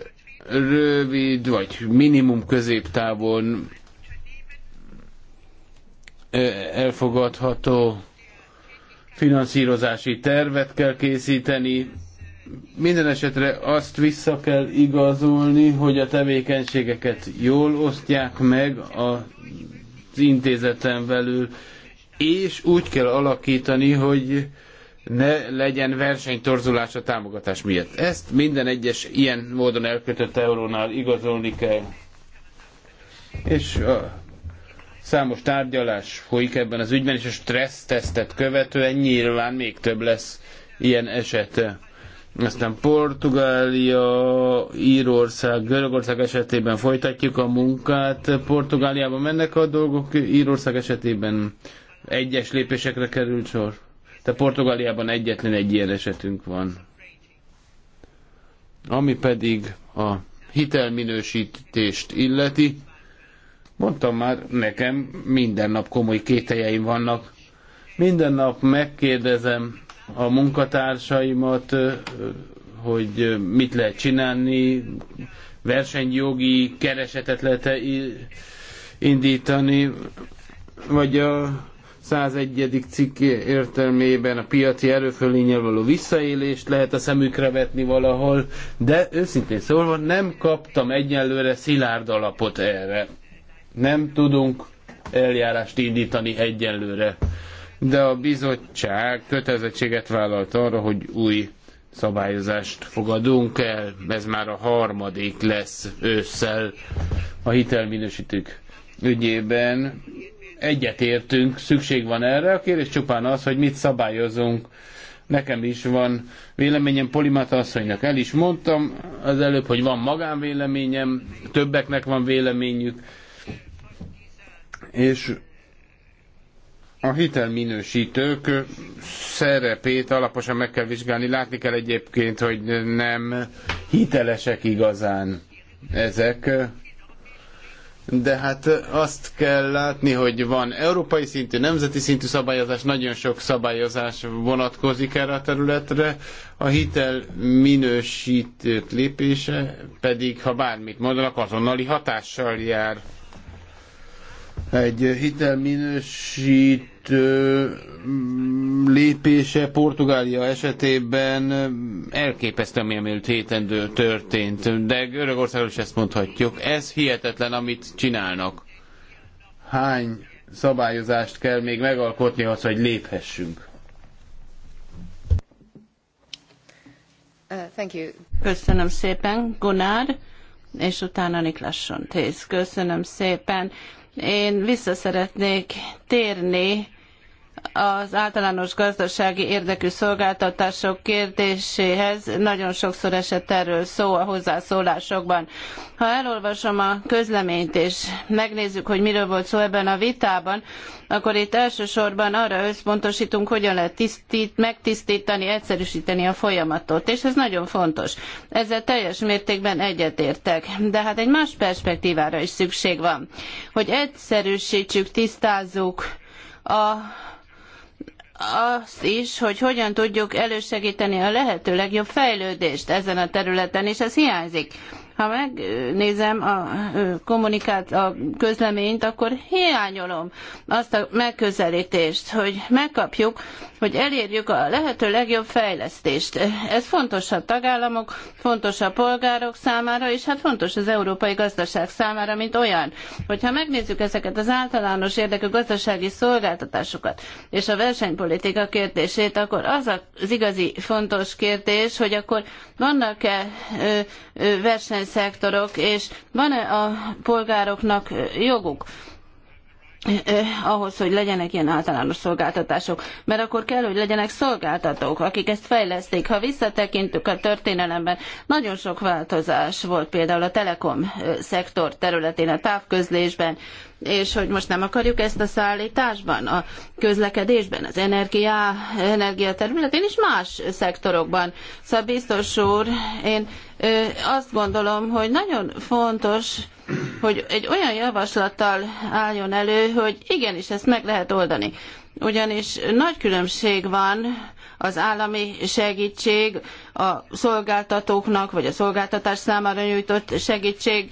rövid, vagy minimum középtávon elfogadható finanszírozási tervet kell készíteni. Minden esetre azt vissza kell igazolni, hogy a tevékenységeket jól osztják meg az intézeten belül, és úgy kell alakítani, hogy ne legyen versenytorzulás a támogatás miatt. Ezt minden egyes ilyen módon elkötött eurónál igazolni kell. És a számos tárgyalás folyik ebben az ügyben, és a stressztesztet követően nyilván még több lesz ilyen eset. Aztán Portugália, Írország, Görögország esetében folytatjuk a munkát. Portugáliában mennek a dolgok, Írország esetében egyes lépésekre került sor. De Portugáliában egyetlen egy ilyen esetünk van. Ami pedig a hitelminősítést illeti, mondtam már, nekem minden nap komoly kételjeim vannak. Minden nap megkérdezem a munkatársaimat, hogy mit lehet csinálni, versenyjogi keresetet lehet indítani, vagy a 101. cikk értelmében a piaci erőfölényel való visszaélést lehet a szemükre vetni valahol, de őszintén szólva nem kaptam egyenlőre szilárd alapot erre. Nem tudunk eljárást indítani egyenlőre. De a bizottság kötelezettséget vállalt arra, hogy új szabályozást fogadunk el. Ez már a harmadik lesz ősszel a hitelminősítők ügyében egyetértünk, szükség van erre. A kérdés csupán az, hogy mit szabályozunk. Nekem is van véleményem, Polimata asszonynak el is mondtam az előbb, hogy van magánvéleményem, többeknek van véleményük, és a hitelminősítők szerepét alaposan meg kell vizsgálni. Látni kell egyébként, hogy nem hitelesek igazán ezek de hát azt kell látni, hogy van európai szintű, nemzeti szintű szabályozás, nagyon sok szabályozás vonatkozik erre a területre, a hitel minősítő lépése pedig, ha bármit mondanak, azonnali hatással jár egy hitelminősítő mm, lépése Portugália esetében elképesztő, ami múlt héten történt, de Görögországról is ezt mondhatjuk. Ez hihetetlen, amit csinálnak. Hány szabályozást kell még megalkotni az, hogy léphessünk? Uh, Köszönöm szépen, Gunnar, és utána Niklasson Tész. Köszönöm szépen én vissza szeretnék térni az általános gazdasági érdekű szolgáltatások kérdéséhez nagyon sokszor esett erről szó a hozzászólásokban. Ha elolvasom a közleményt és megnézzük, hogy miről volt szó ebben a vitában, akkor itt elsősorban arra összpontosítunk, hogyan lehet tisztít, megtisztítani, egyszerűsíteni a folyamatot, és ez nagyon fontos. Ezzel teljes mértékben egyetértek, de hát egy más perspektívára is szükség van, hogy egyszerűsítsük, tisztázzuk a azt is, hogy hogyan tudjuk elősegíteni a lehető legjobb fejlődést ezen a területen, és ez hiányzik ha megnézem a kommunikált a közleményt, akkor hiányolom azt a megközelítést, hogy megkapjuk, hogy elérjük a lehető legjobb fejlesztést. Ez fontos a tagállamok, fontos a polgárok számára, és hát fontos az európai gazdaság számára, mint olyan. Hogyha megnézzük ezeket az általános érdekű gazdasági szolgáltatásokat és a versenypolitika kérdését, akkor az az igazi fontos kérdés, hogy akkor vannak-e versenyszabályok, szektorok, és van-e a polgároknak joguk eh, ahhoz, hogy legyenek ilyen általános szolgáltatások, mert akkor kell, hogy legyenek szolgáltatók, akik ezt fejleszték. Ha visszatekintünk a történelemben, nagyon sok változás volt például a telekom eh, szektor területén, a távközlésben, és hogy most nem akarjuk ezt a szállításban, a közlekedésben, az energiá, energia területén és más szektorokban. Szóval biztos úr, én azt gondolom, hogy nagyon fontos, hogy egy olyan javaslattal álljon elő, hogy igenis ezt meg lehet oldani. Ugyanis nagy különbség van az állami segítség a szolgáltatóknak, vagy a szolgáltatás számára nyújtott segítség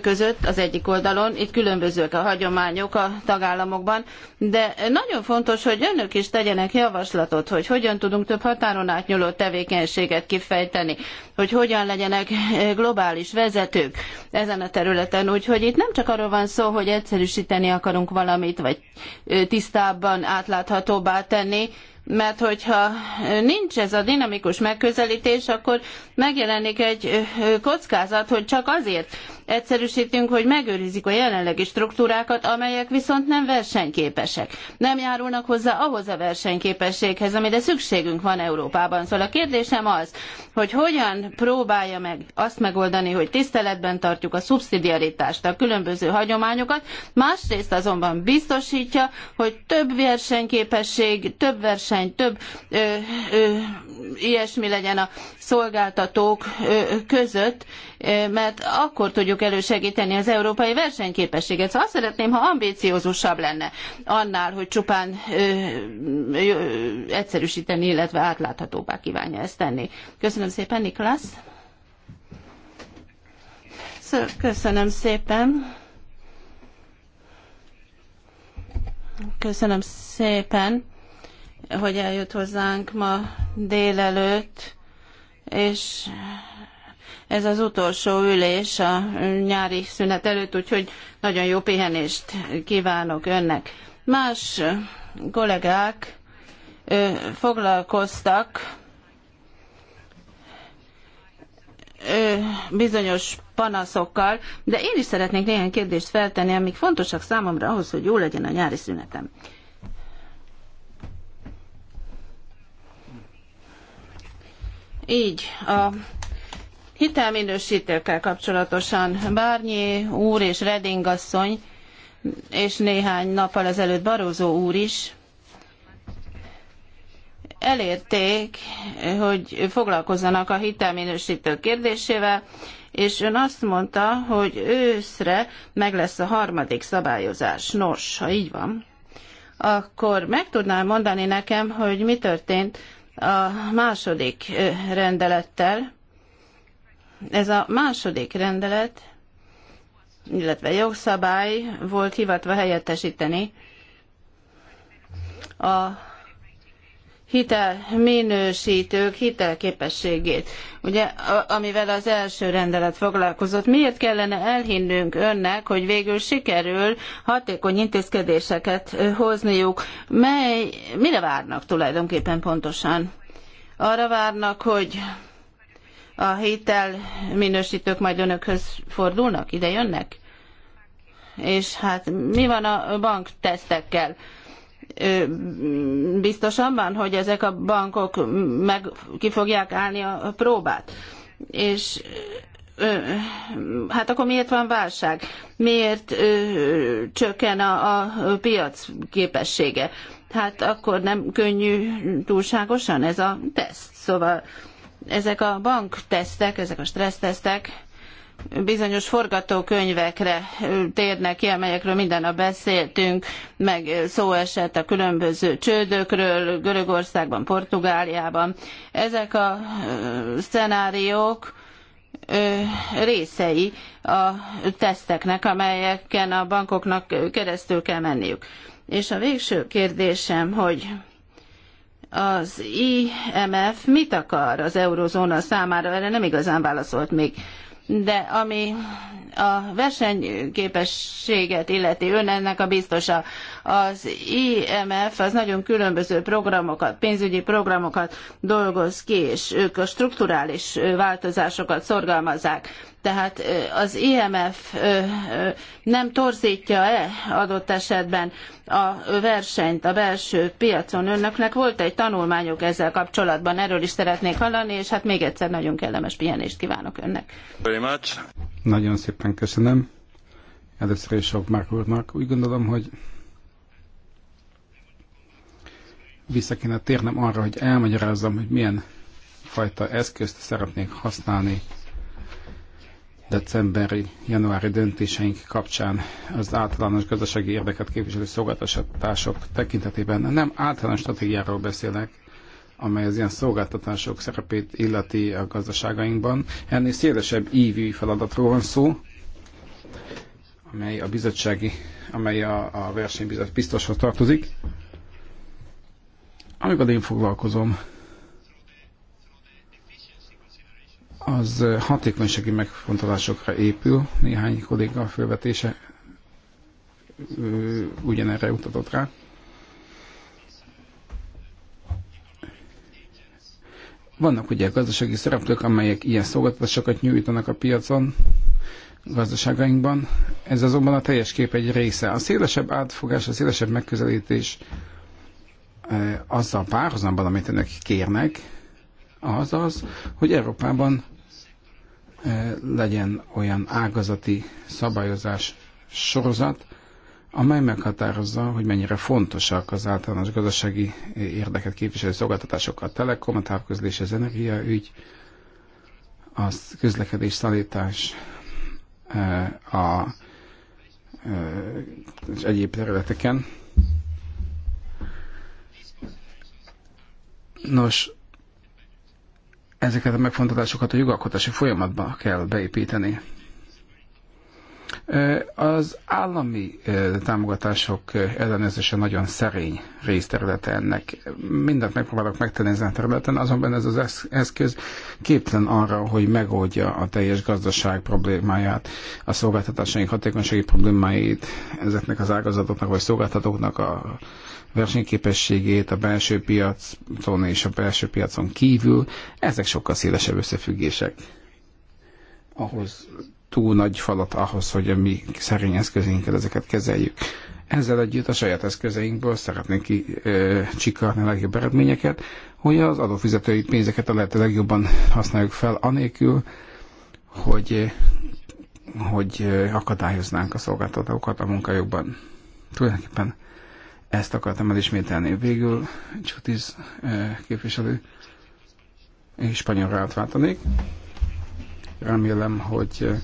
között az egyik oldalon. Itt különbözőek a hagyományok a tagállamokban, de nagyon fontos, hogy önök is tegyenek javaslatot, hogy hogyan tudunk több határon átnyúló tevékenységet kifejteni, hogy hogyan legyenek globális vezetők ezen a területen. Úgyhogy itt nem csak arról van szó, hogy egyszerűsíteni akarunk valamit, vagy tisztábban, átláthatóbbá tenni, mert hogyha nincs ez a dinamikus megközelítés, akkor megjelenik egy kockázat, hogy csak azért, egyszerűsítünk, hogy megőrizik a jelenlegi struktúrákat, amelyek viszont nem versenyképesek. Nem járulnak hozzá ahhoz a versenyképességhez, amire szükségünk van Európában. Szóval a kérdésem az, hogy hogyan próbálja meg azt megoldani, hogy tiszteletben tartjuk a szubszidiaritást, a különböző hagyományokat, másrészt azonban biztosítja, hogy több versenyképesség, több verseny, több ö, ö, ilyesmi legyen a szolgáltatók között, mert akkor tudjuk elősegíteni az európai versenyképességet. Szóval azt szeretném, ha ambíciózusabb lenne annál, hogy csupán egyszerűsíteni, illetve átláthatóbbá kívánja ezt tenni. Köszönöm szépen, Niklas. Köszönöm szépen. Köszönöm szépen hogy eljött hozzánk ma délelőtt, és ez az utolsó ülés a nyári szünet előtt, úgyhogy nagyon jó pihenést kívánok önnek. Más kollégák foglalkoztak bizonyos panaszokkal, de én is szeretnék néhány kérdést feltenni, amik fontosak számomra ahhoz, hogy jó legyen a nyári szünetem. Így a hitelminősítőkkel kapcsolatosan Bárnyé úr és Reding asszony, és néhány nappal ezelőtt Barózó úr is elérték, hogy foglalkozzanak a hitelminősítő kérdésével, és ön azt mondta, hogy őszre meg lesz a harmadik szabályozás. Nos, ha így van, akkor meg tudnál mondani nekem, hogy mi történt a második rendelettel. Ez a második rendelet, illetve jogszabály volt hivatva helyettesíteni a hitel minősítők hitelképességét, ugye, amivel az első rendelet foglalkozott. Miért kellene elhinnünk önnek, hogy végül sikerül hatékony intézkedéseket hozniuk? Mely, mire várnak tulajdonképpen pontosan? Arra várnak, hogy a hitel minősítők majd önökhöz fordulnak, ide jönnek? És hát mi van a banktesztekkel? biztos abban, hogy ezek a bankok meg ki fogják állni a próbát. És hát akkor miért van válság? Miért csökken a, a piac képessége? Hát akkor nem könnyű túlságosan ez a teszt. Szóval ezek a banktesztek, ezek a stressztesztek bizonyos forgatókönyvekre térnek ki, amelyekről minden nap beszéltünk, meg szó esett a különböző csődökről Görögországban, Portugáliában. Ezek a szenáriók részei a teszteknek, amelyeken a bankoknak keresztül kell menniük. És a végső kérdésem, hogy az IMF mit akar az eurozóna számára? Erre nem igazán válaszolt még de ami a versenyképességet illeti, ön ennek a biztosa. Az IMF az nagyon különböző programokat, pénzügyi programokat dolgoz ki, és ők a strukturális változásokat szorgalmazzák tehát az IMF e nem torzítja-e adott esetben a versenyt a belső piacon? Önöknek volt egy tanulmányok ezzel kapcsolatban, erről is szeretnék hallani, és hát még egyszer nagyon kellemes pihenést kívánok önnek. Nagyon szépen köszönöm. Először is sok Mark úrnak. Úgy gondolom, hogy vissza kéne térnem arra, hogy elmagyarázzam, hogy milyen fajta eszközt szeretnék használni decemberi, januári döntéseink kapcsán az általános gazdasági érdeket képviselő szolgáltatások tekintetében nem általános stratégiáról beszélek, amely az ilyen szolgáltatások szerepét illeti a gazdaságainkban. Ennél szélesebb ívű feladatról van szó, amely a bizottsági, amely a, a versenybiztos biztoshoz tartozik. Amikor én foglalkozom, az hatékonysági megfontolásokra épül, néhány kolléga felvetése ugyanerre utatott rá. Vannak ugye gazdasági szereplők, amelyek ilyen szolgáltatásokat nyújtanak a piacon, gazdaságainkban. Ez azonban a teljes kép egy része. A szélesebb átfogás, a szélesebb megközelítés azzal párhuzamban, amit ennek kérnek, az az, hogy Európában Eh, legyen olyan ágazati szabályozás sorozat, amely meghatározza, hogy mennyire fontosak az általános gazdasági eh, érdeket képviselő szolgáltatások, a telekom, a távközlés, az energiaügy, a közlekedés, szállítás, eh, a, és egyéb területeken. Nos, ezeket a megfontolásokat a jogalkotási folyamatba kell beépíteni. Az állami támogatások ellenőrzése nagyon szerény részterülete ennek. Mindent megpróbálok megtenni ezen a területen, azonban ez az eszköz képtelen arra, hogy megoldja a teljes gazdaság problémáját, a szolgáltatásaink hatékonysági problémáit, ezeknek az ágazatoknak vagy szolgáltatóknak a versenyképességét a belső piacon és a belső piacon kívül. Ezek sokkal szélesebb összefüggések ahhoz túl nagy falat ahhoz, hogy a mi szerény eszközénkkel ezeket kezeljük. Ezzel együtt a saját eszközeinkből szeretnénk ki ö, csikarni a legjobb eredményeket, hogy az adófizetői pénzeket a lehető legjobban használjuk fel, anélkül, hogy, hogy akadályoznánk a szolgáltatókat a munkajogban. Tulajdonképpen ezt akartam elismételni. Végül Csutis képviselő és spanyolra átváltanék. Remélem, hogy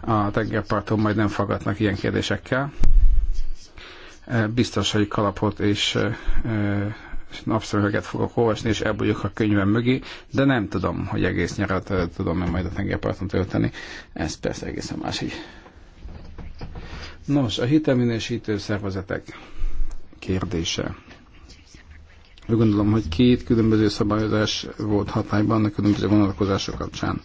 a tengerparton majd nem fogadnak ilyen kérdésekkel. Biztos, hogy kalapot és napszöveget fogok olvasni, és elbújok a könyvem mögé, de nem tudom, hogy egész nyarat tudom-e majd a tengerparton tölteni. Ez persze egészen más így. Nos, a hitelminősítő szervezetek kérdése. Úgy gondolom, hogy két különböző szabályozás volt hatályban a különböző vonatkozások kapcsán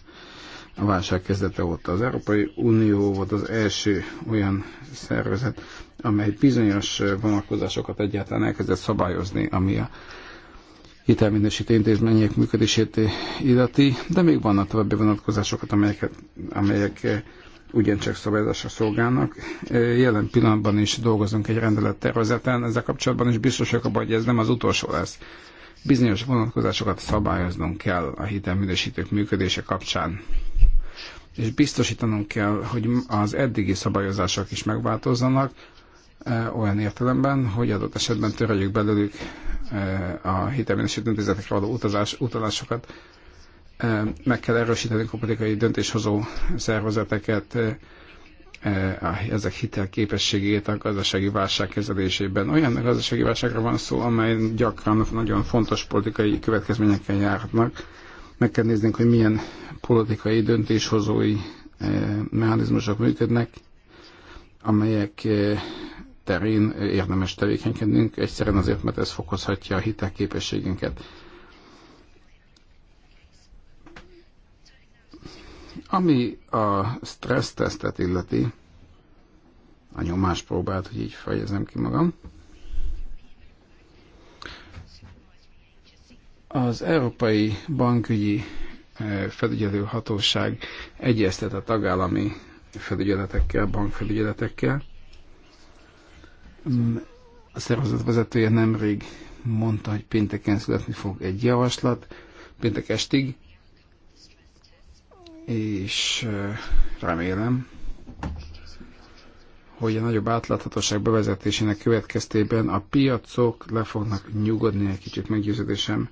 a válság kezdete óta. Az Európai Unió volt az első olyan szervezet, amely bizonyos vonatkozásokat egyáltalán elkezdett szabályozni, ami a hitelminősítő intézmények működését illeti, de még vannak további vonatkozásokat, amelyeket, amelyek ugyancsak szabályozásra szolgálnak. Jelen pillanatban is dolgozunk egy rendelettervezeten, ezzel kapcsolatban is biztosak abban, hogy ez nem az utolsó lesz. Bizonyos vonatkozásokat szabályoznunk kell a hitelminősítők működése kapcsán és biztosítanunk kell, hogy az eddigi szabályozások is megváltozzanak, e, olyan értelemben, hogy adott esetben töröljük belőlük e, a hitelminősítő intézetekre való utazás, utalásokat, e, meg kell erősítenünk a politikai döntéshozó szervezeteket, ezek hitelképességét a gazdasági válság kezelésében. Olyan gazdasági válságra van szó, amely gyakran nagyon fontos politikai következményekkel járhatnak, meg kell néznünk, hogy milyen politikai döntéshozói eh, mechanizmusok működnek, amelyek eh, terén érdemes tevékenykednünk, egyszerűen azért, mert ez fokozhatja a hitelképességünket. Ami a stressztesztet illeti, a nyomáspróbát, hogy így fejezem ki magam, Az Európai Bankügyi eh, Felügyelő Hatóság egyeztet a tagállami felügyeletekkel, bankfelügyeletekkel. Mm, a szervezet vezetője nemrég mondta, hogy pénteken születni fog egy javaslat, péntek estig, és eh, remélem, hogy a nagyobb átláthatóság bevezetésének következtében a piacok le fognak nyugodni, egy kicsit meggyőződésem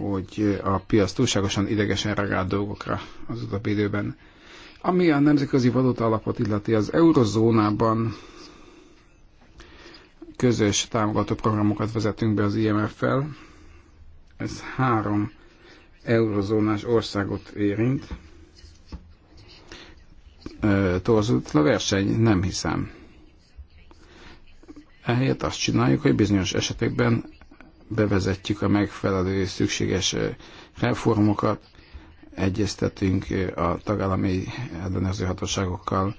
hogy a piac túlságosan idegesen reagált dolgokra az utóbbi időben. Ami a nemzetközi valóta alapot illeti, az eurozónában közös támogató programokat vezetünk be az IMF-fel. Ez három eurozónás országot érint. Torzult a verseny? Nem hiszem. Ehelyett azt csináljuk, hogy bizonyos esetekben bevezetjük a megfelelő szükséges reformokat, egyeztetünk a tagállami ellenőrző hatóságokkal,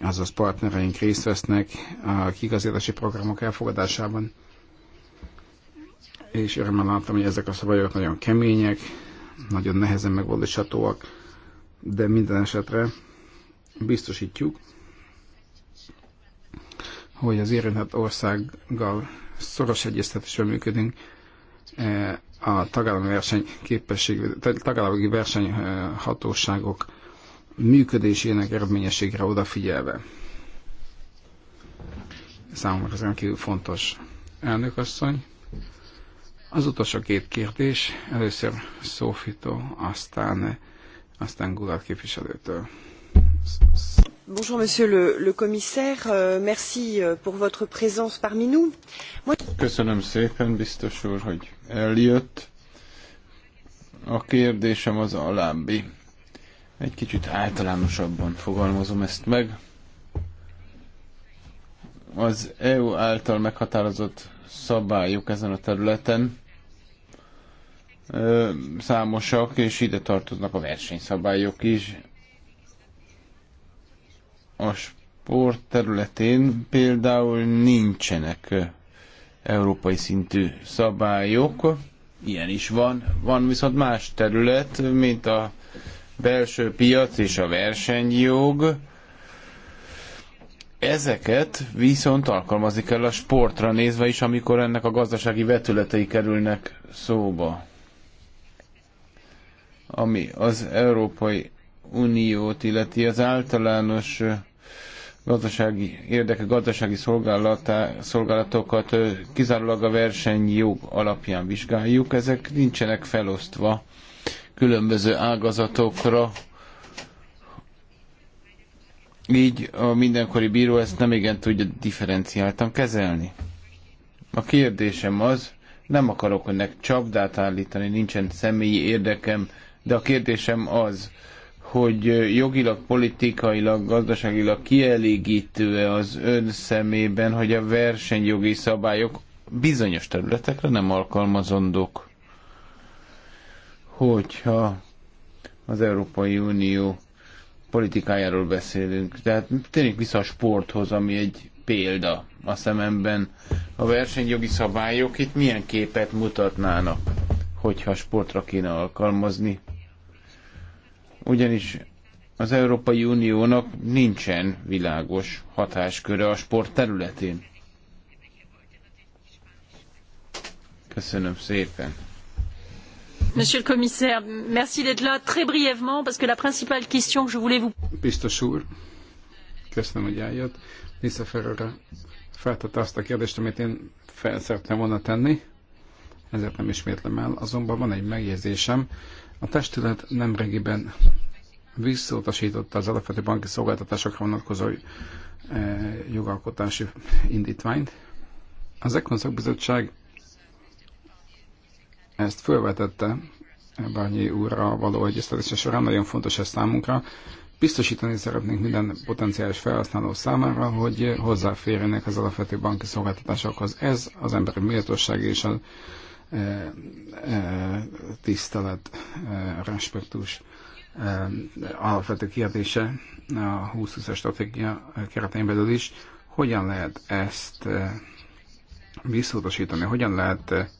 azaz partnereink részt vesznek a kigazítási programok elfogadásában. És örömmel láttam, hogy ezek a szabályok nagyon kemények, nagyon nehezen megvalósíthatóak, de minden esetre biztosítjuk, hogy az érintett országgal szoros egyeztetésben működünk e, a tagállami verseny képesség, tagállami versenyhatóságok e, működésének eredményességre odafigyelve. Számomra ez rendkívül fontos. Elnök asszony, az utolsó két kérdés, először Szófitó, aztán, aztán Gulat képviselőtől. Bonjour Monsieur le, le Commissaire, euh, merci euh, pour votre présence parmi nous. Köszönöm szépen, biztos úr, hogy eljött. A kérdésem az alábbi. Egy kicsit általánosabban fogalmazom ezt meg. Az EU által meghatározott szabályok ezen a területen számosak, és ide tartoznak a versenyszabályok is a sport területén például nincsenek európai szintű szabályok, ilyen is van. Van viszont más terület, mint a belső piac és a versenyjog. Ezeket viszont alkalmazni kell a sportra nézve is, amikor ennek a gazdasági vetületei kerülnek szóba. Ami az Európai Uniót illeti az általános gazdasági érdeke gazdasági szolgálatokat kizárólag a versenyjog alapján vizsgáljuk. Ezek nincsenek felosztva különböző ágazatokra. Így a mindenkori bíró ezt nem igen tudja differenciáltan kezelni. A kérdésem az, nem akarok önnek csapdát állítani, nincsen személyi érdekem, de a kérdésem az, hogy jogilag, politikailag, gazdaságilag kielégítő-e az ön szemében, hogy a versenyjogi szabályok bizonyos területekre nem alkalmazandók. Hogyha az Európai Unió politikájáról beszélünk. Tehát térjünk vissza a sporthoz, ami egy példa a szememben. A versenyjogi szabályok itt milyen képet mutatnának, hogyha sportra kéne alkalmazni? ugyanis az Európai Uniónak nincsen világos hatásköre a sport területén. Köszönöm szépen. Monsieur le commissaire, merci d'être là très brièvement parce que la principale question que je voulais vous Biztos úr, köszönöm, hogy eljött. Lisa Ferrara feltette azt a kérdést, amit én fel szerettem volna tenni, ezért nem ismétlem el. Azonban van egy megjegyzésem a testület nemrégiben visszautasította az alapvető banki szolgáltatásokra vonatkozó eh, jogalkotási indítványt. Az Ekon szakbizottság ezt felvetette Bányi úrra való egyeztetése során, nagyon fontos ez számunkra. Biztosítani szeretnénk minden potenciális felhasználó számára, hogy hozzáférjenek az alapvető banki szolgáltatásokhoz. Ez az emberi méltóság és a tisztelet, respektus alapvető kérdése a 2020-as stratégia keretein belül is, hogyan lehet ezt visszautasítani, hogyan lehet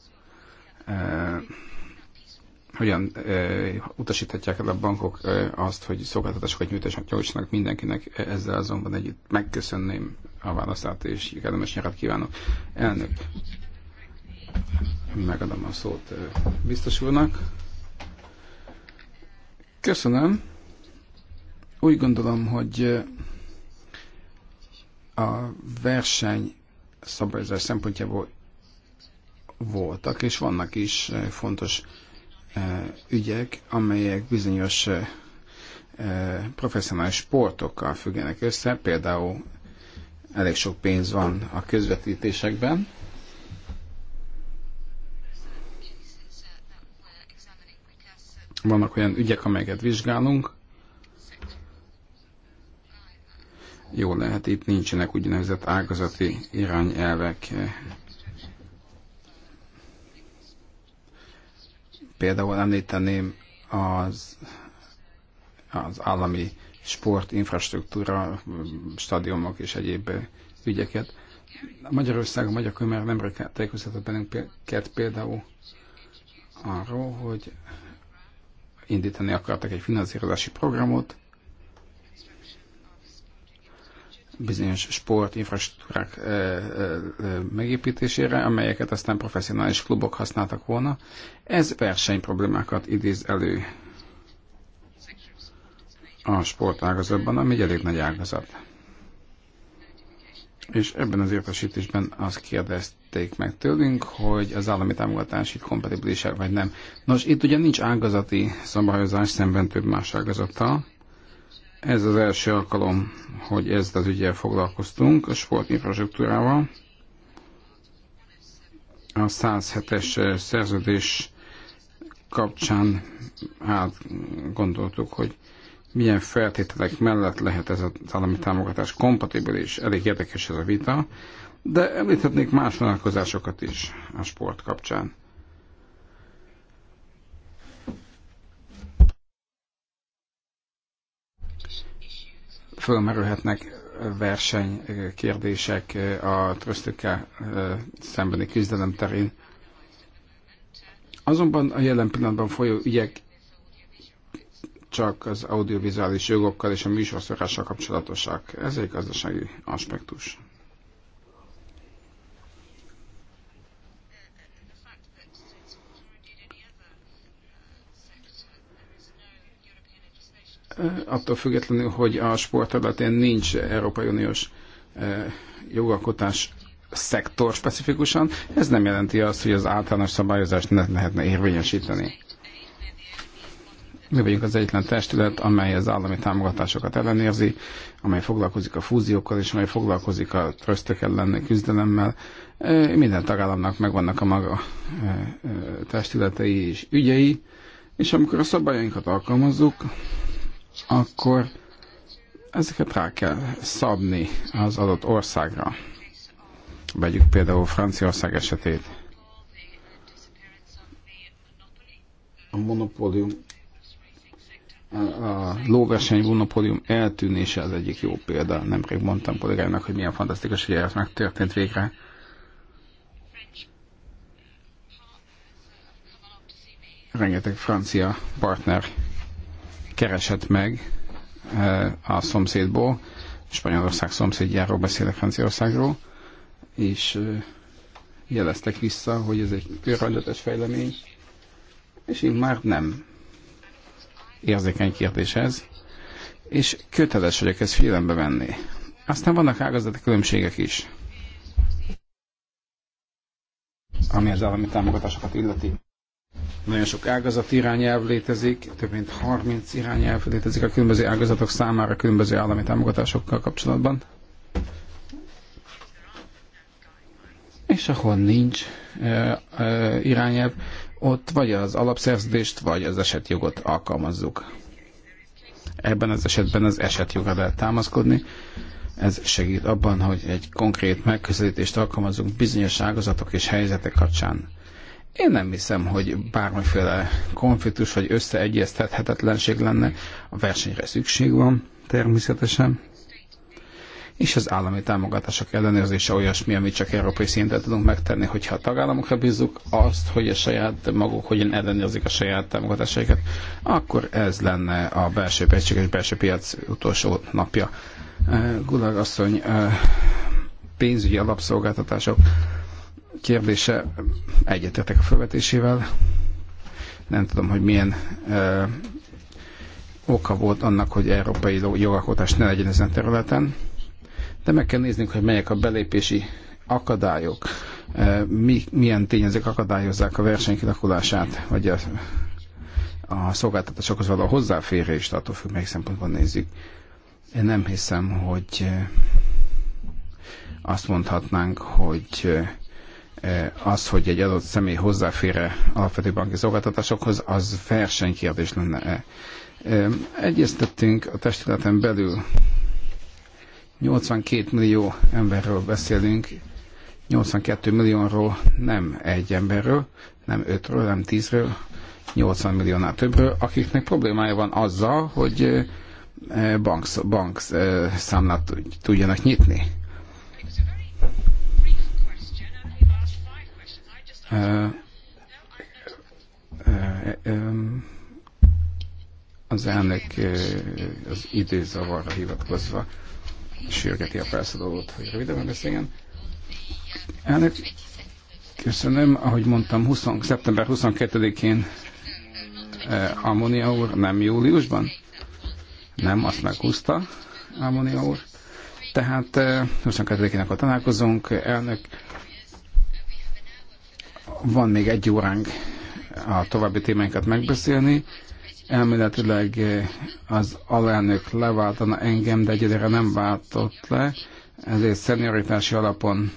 hogyan utasíthatják el a bankok azt, hogy szolgáltatásokat nyújtásnak nyújtsanak mindenkinek, ezzel azonban együtt megköszönném a választát, és kellemes nyarat kívánok. Elnök, Megadom a szót biztos úrnak. Köszönöm. Úgy gondolom, hogy a verseny szabályozás szempontjából voltak és vannak is fontos ügyek, amelyek bizonyos professzionális sportokkal függenek össze, például elég sok pénz van a közvetítésekben, Vannak olyan ügyek, amelyeket vizsgálunk. Jó lehet, itt nincsenek úgynevezett ágazati irányelvek. Például említeném az, az állami sport, infrastruktúra, stadionok és egyéb ügyeket. Magyarország a Magyar Kömer nem tájékoztatott bennünket például arról, hogy indítani akartak egy finanszírozási programot, bizonyos sport sportinfrastruktúrák megépítésére, amelyeket aztán professzionális klubok használtak volna. Ez problémákat idéz elő a sportágazatban, ami egy elég nagy ágazat. És ebben az értesítésben azt kérdezt, kérdezték meg tőlünk, hogy az állami támogatás itt kompatibilis vagy nem. Nos, itt ugye nincs ágazati szabályozás szemben több más ágazattal. Ez az első alkalom, hogy ezt az ügyel foglalkoztunk, a sportinfrastruktúrával. A 107-es szerződés kapcsán hát, gondoltuk, hogy milyen feltételek mellett lehet ez az állami támogatás kompatibilis. Elég érdekes ez a vita de említhetnék más vonatkozásokat is a sport kapcsán. Fölmerülhetnek versenykérdések a trösztökkel szembeni küzdelem terén. Azonban a jelen pillanatban folyó ügyek csak az audiovizuális jogokkal és a műsorszorással kapcsolatosak. Ez egy gazdasági aspektus. attól függetlenül, hogy a sport területén nincs Európai Uniós eh, jogalkotás szektor specifikusan, ez nem jelenti azt, hogy az általános szabályozást ne lehetne érvényesíteni. Mi vagyunk az egyetlen testület, amely az állami támogatásokat ellenérzi, amely foglalkozik a fúziókkal, és amely foglalkozik a trösztök ellen küzdelemmel. Eh, minden tagállamnak megvannak a maga eh, testületei és ügyei, és amikor a szabályainkat alkalmazzuk, akkor ezeket rá kell szabni az adott országra. Vegyük például Franciaország esetét. A monopólium, a lóverseny monopólium eltűnése az egyik jó példa. Nemrég mondtam kollégának, hogy milyen fantasztikus, hogy ez megtörtént végre. Rengeteg francia partner keresett meg eh, a szomszédból, Spanyolország szomszédjáról beszélek Franciaországról, és eh, jeleztek vissza, hogy ez egy körrendetes fejlemény, és én már nem érzékeny kérdés ez, és köteles vagyok ezt figyelembe venni. Aztán vannak ágazati különbségek is, ami az állami támogatásokat illeti. Nagyon sok ágazat irányelv létezik, több mint 30 irányelv létezik a különböző ágazatok számára különböző állami támogatásokkal kapcsolatban. És ahol nincs e, e, irányelv, ott vagy az alapszerződést, vagy az esetjogot alkalmazzuk. Ebben az esetben az esetjogra lehet támaszkodni. Ez segít abban, hogy egy konkrét megközelítést alkalmazunk bizonyos ágazatok és helyzetek kapcsán. Én nem hiszem, hogy bármiféle konfliktus vagy összeegyeztethetetlenség lenne. A versenyre szükség van, természetesen. És az állami támogatások ellenőrzése olyasmi, amit csak európai szinten tudunk megtenni, hogyha a tagállamokra bízzuk azt, hogy a saját maguk hogyan ellenőrzik a saját támogatásaikat, akkor ez lenne a belső és belső piac utolsó napja. Eh, Gulag asszony, eh, pénzügyi alapszolgáltatások, kérdése egyetértek a felvetésével. Nem tudom, hogy milyen ö, oka volt annak, hogy európai jogalkotás ne legyen ezen a területen, de meg kell néznünk, hogy melyek a belépési akadályok, ö, mi, milyen tényezők akadályozzák a verseny kilakulását, vagy a, a szolgáltatásokhoz való hozzáférést, attól függ, melyik szempontból nézzük. Én nem hiszem, hogy azt mondhatnánk, hogy Eh, az, hogy egy adott személy hozzáfér alapvető banki szolgáltatásokhoz, az versenykérdés lenne. Egyeztettünk a testületen belül 82 millió emberről beszélünk, 82 millióról nem egy emberről, nem ötről, nem tízről, 80 milliónál többről, akiknek problémája van azzal, hogy eh, bank, bank eh, számlát tudjanak nyitni. az elnök az időzavarra hivatkozva sürgeti a felszólalót, hogy röviden beszéljen. Elnök, köszönöm. Ahogy mondtam, 20, szeptember 22-én Ammonia úr, nem júliusban? Nem, azt meghúzta Ammonia úr. Tehát 22-én akkor találkozunk, elnök van még egy óránk a további témánkat megbeszélni. Elméletileg eh, az alelnök leváltana engem, de egyedülre nem váltott le, ezért szenioritási alapon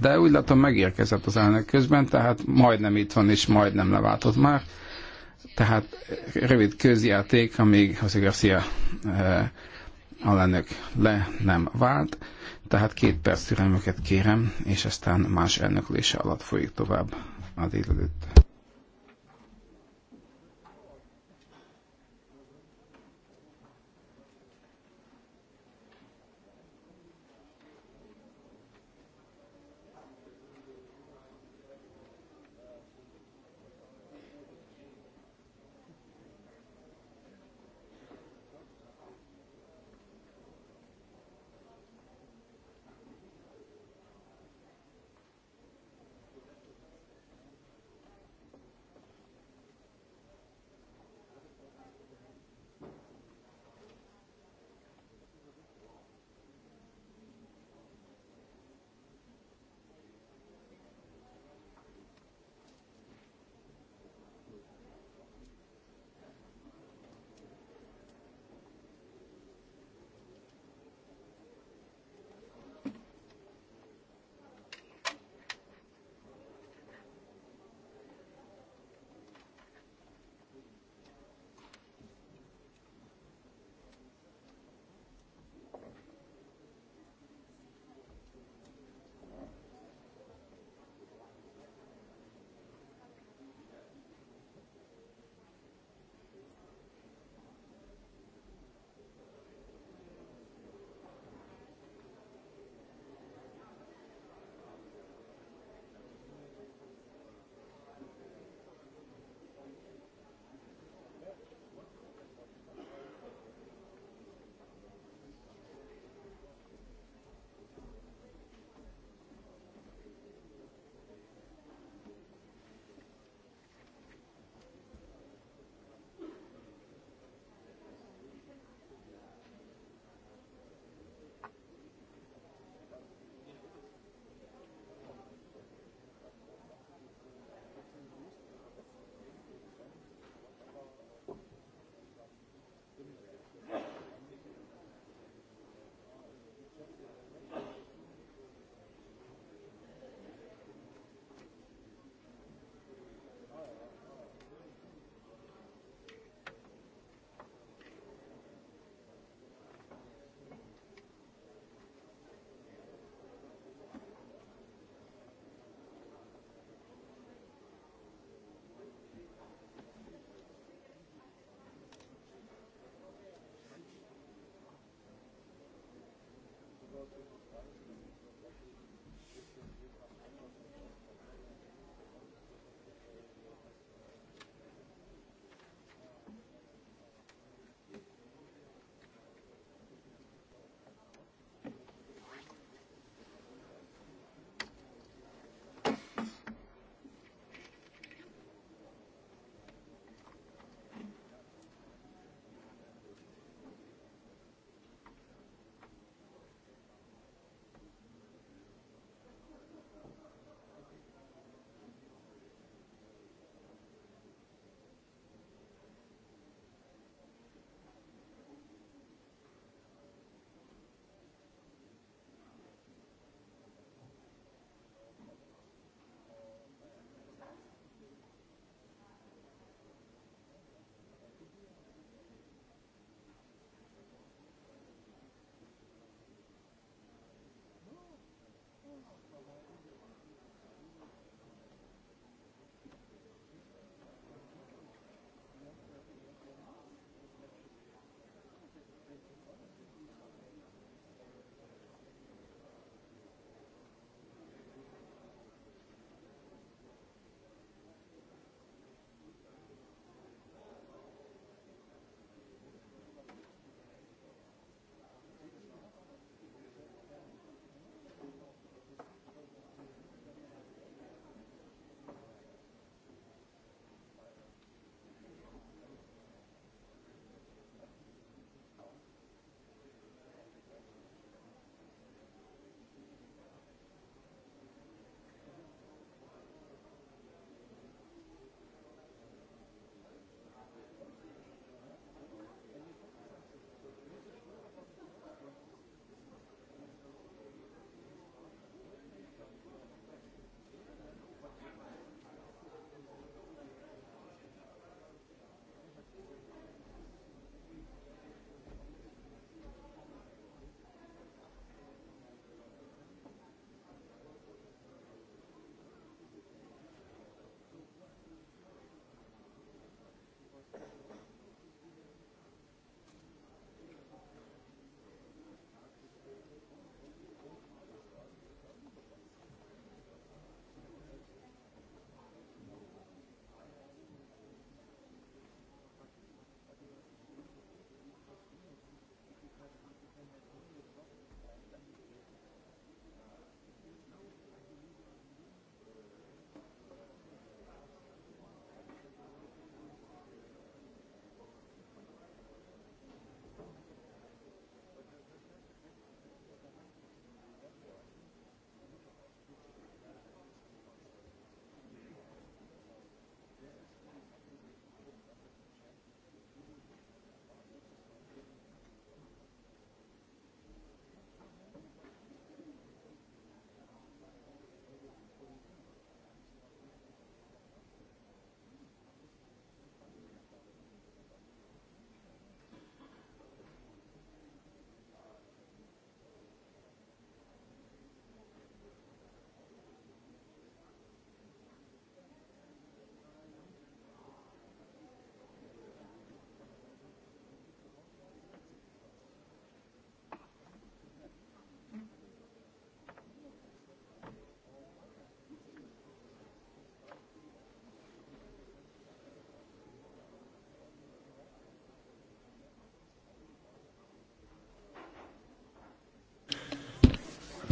de úgy látom megérkezett az elnök közben, tehát majdnem itt van és majdnem leváltott már. Tehát rövid közjáték, amíg az Garcia eh, alelnök le nem vált. Tehát két perc türelmüket kérem, és aztán más elnöklése alatt folyik tovább a délelőtt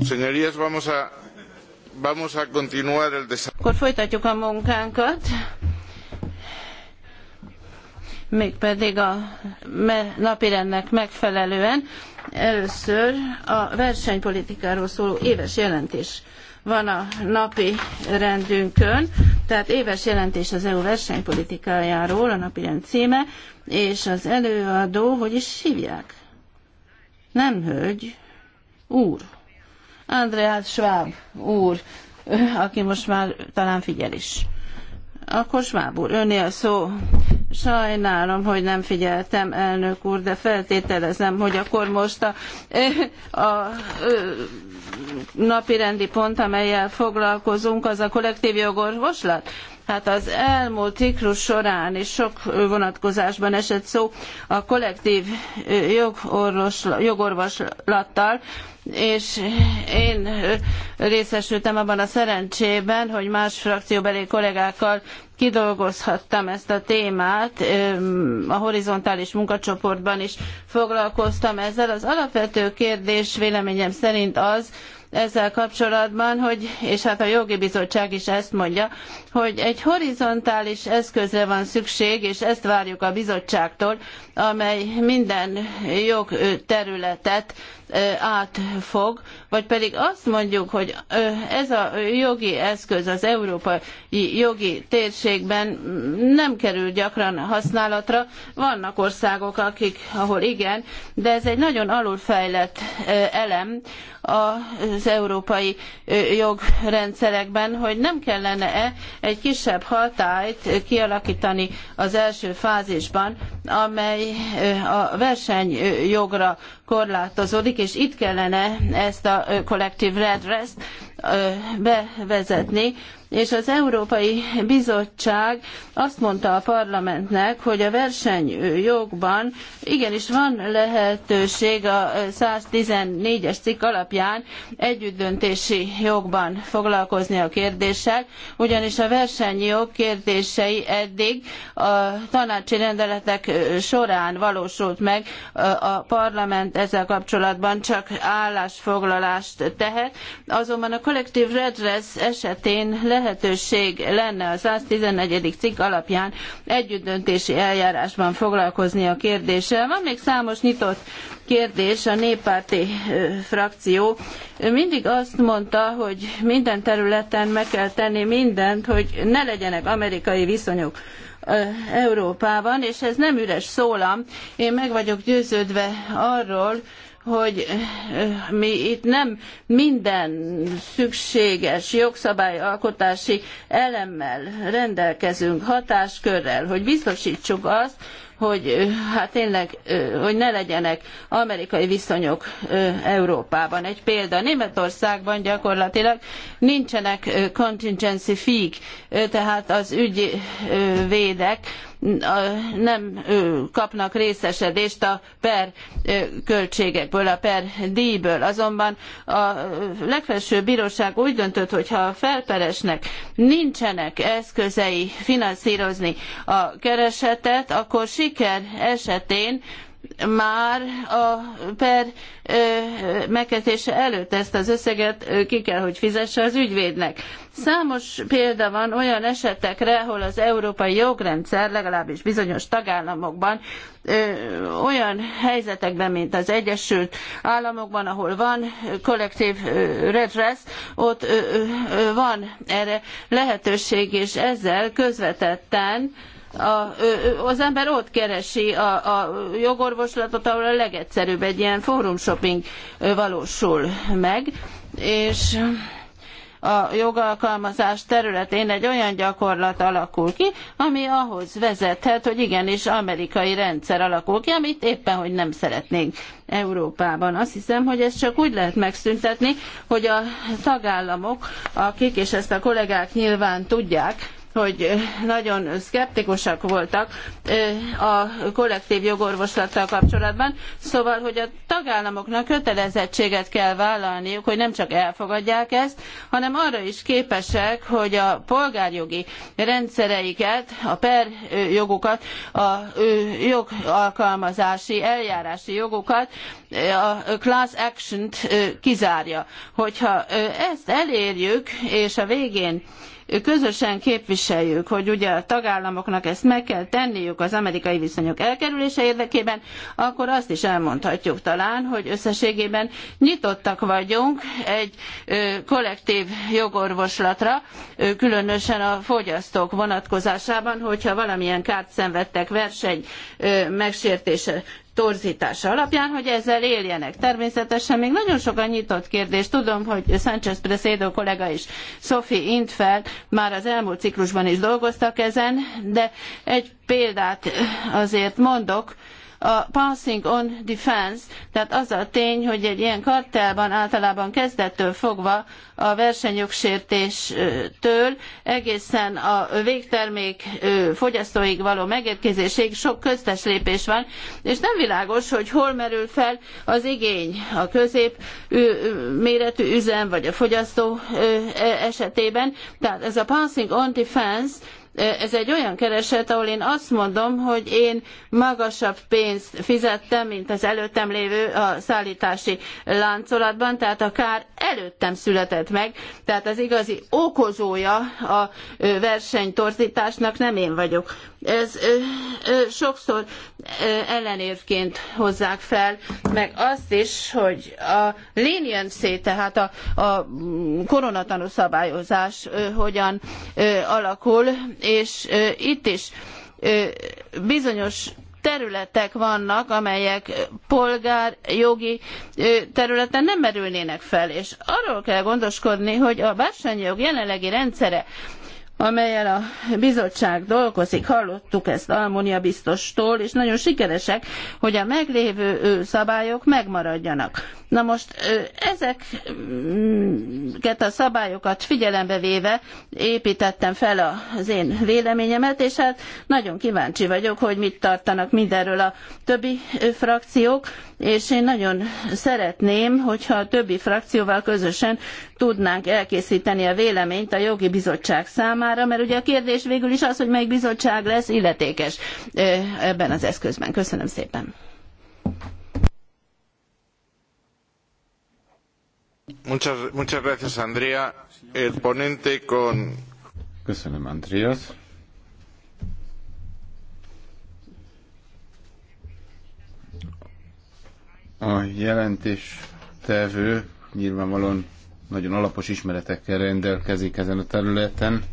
Señorías, vamos a, vamos a continuar el Akkor folytatjuk a munkánkat, mégpedig a napirendnek megfelelően. Először a versenypolitikáról szóló éves jelentés van a napi rendünkön, tehát éves jelentés az EU versenypolitikájáról, a napi rend címe, és az előadó, hogy is hívják? Nem hölgy, úr. Andreas Schwab úr, aki most már talán figyel is. Akkor Schwab úr, önnél szó. Sajnálom, hogy nem figyeltem, elnök úr, de feltételezem, hogy akkor most a, a, a napirendi pont, amelyel foglalkozunk, az a kollektív jogorvoslat. Hát az elmúlt ciklus során is sok vonatkozásban esett szó a kollektív jogorvoslattal, és én részesültem abban a szerencsében, hogy más frakcióbeli kollégákkal kidolgozhattam ezt a témát, a horizontális munkacsoportban is foglalkoztam ezzel. Az alapvető kérdés véleményem szerint az, ezzel kapcsolatban, hogy, és hát a jogi bizottság is ezt mondja, hogy egy horizontális eszközre van szükség, és ezt várjuk a bizottságtól, amely minden jogterületet átfog, vagy pedig azt mondjuk, hogy ez a jogi eszköz az európai jogi térségben nem kerül gyakran használatra. Vannak országok, akik, ahol igen, de ez egy nagyon alulfejlett elem az európai jogrendszerekben, hogy nem kellene-e egy kisebb hatályt kialakítani az első fázisban, amely a versenyjogra korlátozódik, és itt kellene ezt a collective redress-t bevezetni, és az Európai Bizottság azt mondta a parlamentnek, hogy a versenyjogban igenis van lehetőség a 114-es cikk alapján együttdöntési jogban foglalkozni a kérdéssel, ugyanis a versenyjog kérdései eddig a tanácsi rendeletek során valósult meg, a parlament ezzel kapcsolatban csak állásfoglalást tehet, azonban a kollektív redress esetén le lehetőség lenne a 111. cikk alapján együttdöntési eljárásban foglalkozni a kérdéssel. Van még számos nyitott kérdés. A néppárti frakció mindig azt mondta, hogy minden területen meg kell tenni mindent, hogy ne legyenek amerikai viszonyok. Európában, és ez nem üres szólam. Én meg vagyok győződve arról, hogy eh, mi itt nem minden szükséges jogszabályalkotási elemmel rendelkezünk, hatáskörrel, hogy biztosítsuk azt, hogy eh, hát tényleg, eh, hogy ne legyenek amerikai viszonyok Európában. Egy példa, Németországban gyakorlatilag nincsenek contingency fee tehát az ügyvédek nem kapnak részesedést a per költségekből, a per díjből. Azonban a legfelsőbb bíróság úgy döntött, hogy ha a felperesnek nincsenek eszközei finanszírozni a keresetet, akkor siker esetén már a per megkezdése előtt ezt az összeget ki kell, hogy fizesse az ügyvédnek. Számos példa van olyan esetekre, ahol az európai jogrendszer, legalábbis bizonyos tagállamokban, olyan helyzetekben, mint az Egyesült Államokban, ahol van kollektív redress, ott van erre lehetőség, és ezzel közvetetten a, az ember ott keresi a, a jogorvoslatot, ahol a legegyszerűbb egy ilyen fórum shopping valósul meg, és a jogalkalmazás területén egy olyan gyakorlat alakul ki, ami ahhoz vezethet, hogy igenis amerikai rendszer alakul ki, amit éppen, hogy nem szeretnénk Európában. Azt hiszem, hogy ezt csak úgy lehet megszüntetni, hogy a tagállamok, akik, és ezt a kollégák nyilván tudják, hogy eh, nagyon szkeptikusak voltak eh, a kollektív jogorvoslattal kapcsolatban, szóval, hogy a tagállamoknak kötelezettséget kell vállalniuk, hogy nem csak elfogadják ezt, hanem arra is képesek, hogy a polgárjogi rendszereiket, a per eh, jogukat, a jogalkalmazási, eljárási jogukat, a class action-t kizárja. Hogyha ezt elérjük, és a végén közösen képviseljük, hogy ugye a tagállamoknak ezt meg kell tenniük az amerikai viszonyok elkerülése érdekében, akkor azt is elmondhatjuk talán, hogy összességében nyitottak vagyunk egy kollektív jogorvoslatra, különösen a fogyasztók vonatkozásában, hogyha valamilyen kárt szenvedtek verseny megsértése torzítása alapján, hogy ezzel éljenek. Természetesen még nagyon sokan nyitott kérdés. Tudom, hogy Sánchez Presedo kollega és Sophie Intfeld már az elmúlt ciklusban is dolgoztak ezen, de egy példát azért mondok, a passing on defense, tehát az a tény, hogy egy ilyen kartelban általában kezdettől fogva a versenyjogsértéstől egészen a végtermék fogyasztóig való megérkezéséig sok köztes lépés van, és nem világos, hogy hol merül fel az igény a közép méretű üzem vagy a fogyasztó e, esetében. Tehát ez a passing on defense ez egy olyan kereset, ahol én azt mondom, hogy én magasabb pénzt fizettem, mint az előttem lévő a szállítási láncolatban, tehát a kár előttem született meg, tehát az igazi okozója a versenytorzításnak nem én vagyok ez sokszor ellenévként hozzák fel, meg azt is, hogy a leniency, tehát a, a koronatanú szabályozás hogyan alakul, és itt is bizonyos területek vannak, amelyek polgárjogi területen nem merülnének fel, és arról kell gondoskodni, hogy a versenyjog jelenlegi rendszere amelyel a bizottság dolgozik, hallottuk ezt Almonia biztostól, és nagyon sikeresek, hogy a meglévő szabályok megmaradjanak Na most ezeket a szabályokat figyelembe véve építettem fel az én véleményemet, és hát nagyon kíváncsi vagyok, hogy mit tartanak mindenről a többi frakciók, és én nagyon szeretném, hogyha a többi frakcióval közösen tudnánk elkészíteni a véleményt a jogi bizottság számára, mert ugye a kérdés végül is az, hogy melyik bizottság lesz illetékes ebben az eszközben. Köszönöm szépen. Muchas, muchas gracias, Andrea. El ponente con... Köszönöm, Andreas. A jelentés tevő nyilvánvalóan nagyon alapos ismeretekkel rendelkezik ezen a területen.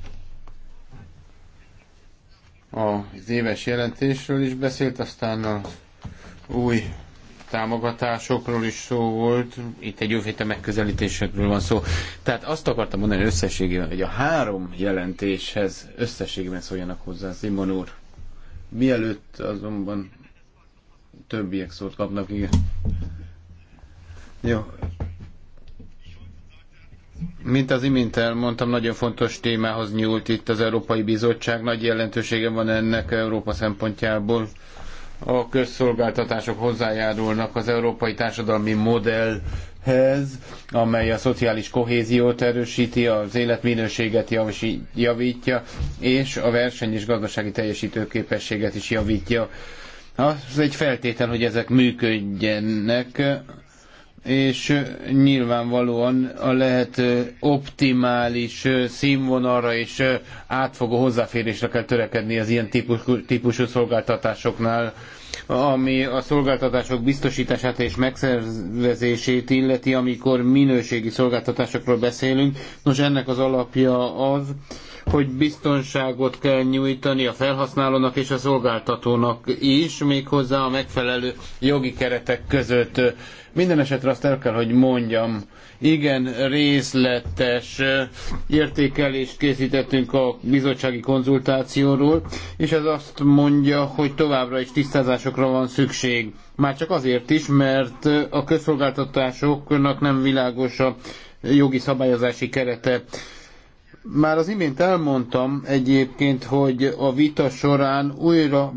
Az éves jelentésről is beszélt, aztán az új támogatásokról is szó volt, itt egy jövő megközelítésekről van szó. Tehát azt akartam mondani összességében, hogy a három jelentéshez összességében szóljanak hozzá Simon úr. Mielőtt azonban többiek szót kapnak, igen. Jó. Mint az imént elmondtam, nagyon fontos témához nyúlt itt az Európai Bizottság, nagy jelentősége van ennek Európa szempontjából a közszolgáltatások hozzájárulnak az európai társadalmi modellhez, amely a szociális kohéziót erősíti, az életminőséget javítja, és a verseny és gazdasági teljesítőképességet is javítja. Az egy feltétel, hogy ezek működjenek, és nyilvánvalóan a lehető optimális színvonalra és átfogó hozzáférésre kell törekedni az ilyen típusú szolgáltatásoknál ami a szolgáltatások biztosítását és megszervezését illeti, amikor minőségi szolgáltatásokról beszélünk. Nos, ennek az alapja az, hogy biztonságot kell nyújtani a felhasználónak és a szolgáltatónak is, méghozzá a megfelelő jogi keretek között. Minden esetre azt el kell, hogy mondjam, igen részletes értékelést készítettünk a bizottsági konzultációról, és ez azt mondja, hogy továbbra is tisztázásokra van szükség. Már csak azért is, mert a közszolgáltatásoknak nem világos a jogi szabályozási kerete. Már az imént elmondtam egyébként, hogy a vita során újra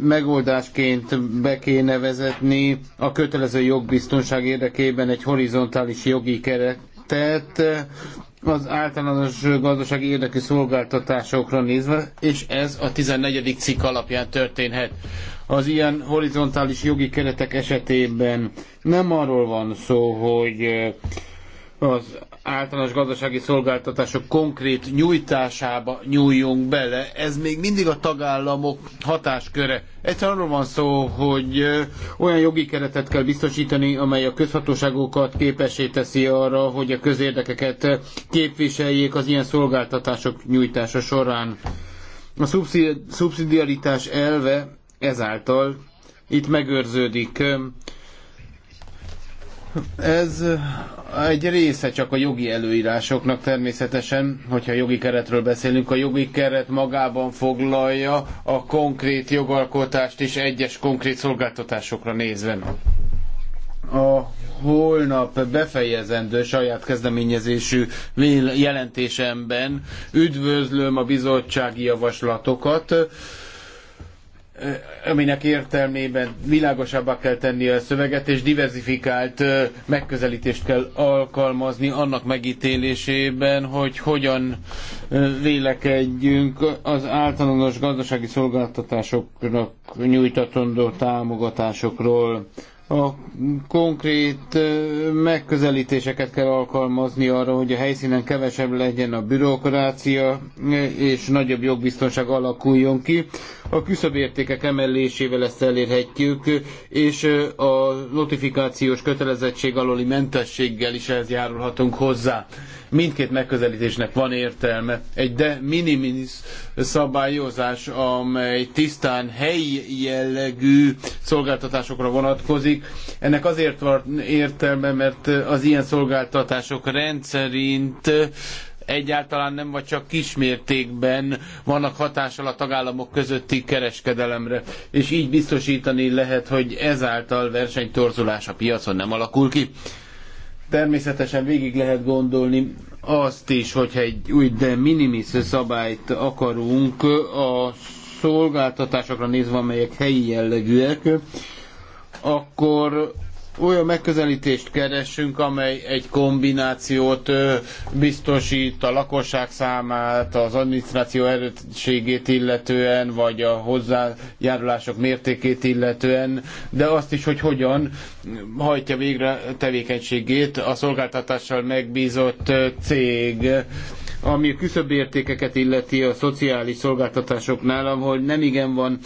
megoldásként be kéne vezetni a kötelező jogbiztonság érdekében egy horizontális jogi keretet az általános gazdasági érdekű szolgáltatásokra nézve, és ez a 14. cikk alapján történhet. Az ilyen horizontális jogi keretek esetében nem arról van szó, hogy az általános gazdasági szolgáltatások konkrét nyújtásába nyúljunk bele. Ez még mindig a tagállamok hatásköre. Egyszerűen arról van szó, hogy olyan jogi keretet kell biztosítani, amely a közhatóságokat képesé teszi arra, hogy a közérdekeket képviseljék az ilyen szolgáltatások nyújtása során. A szubszidiaritás elve ezáltal itt megőrződik. Ez egy része csak a jogi előírásoknak természetesen, hogyha jogi keretről beszélünk, a jogi keret magában foglalja a konkrét jogalkotást is egyes konkrét szolgáltatásokra nézve. A holnap befejezendő saját kezdeményezésű jelentésemben üdvözlöm a bizottsági javaslatokat, aminek értelmében világosabbá kell tenni a szöveget, és diversifikált megközelítést kell alkalmazni annak megítélésében, hogy hogyan vélekedjünk az általános gazdasági szolgáltatásoknak nyújtatandó támogatásokról a konkrét megközelítéseket kell alkalmazni arra, hogy a helyszínen kevesebb legyen a bürokrácia, és nagyobb jogbiztonság alakuljon ki. A küszöbértékek emelésével ezt elérhetjük, és a notifikációs kötelezettség aloli mentességgel is ehhez járulhatunk hozzá. Mindkét megközelítésnek van értelme. Egy de minimis szabályozás, amely tisztán helyi jellegű szolgáltatásokra vonatkozik, működik. Ennek azért van értelme, mert az ilyen szolgáltatások rendszerint egyáltalán nem, vagy csak kismértékben vannak hatással a tagállamok közötti kereskedelemre, és így biztosítani lehet, hogy ezáltal versenytorzulás a piacon nem alakul ki. Természetesen végig lehet gondolni azt is, hogyha egy új de minimis szabályt akarunk a szolgáltatásokra nézve, amelyek helyi jellegűek, akkor olyan megközelítést keresünk, amely egy kombinációt biztosít a lakosság számát, az adminisztráció erőségét illetően, vagy a hozzájárulások mértékét illetően, de azt is, hogy hogyan hajtja végre tevékenységét a szolgáltatással megbízott cég ami a értékeket illeti a szociális szolgáltatásoknál, ahol nem igen van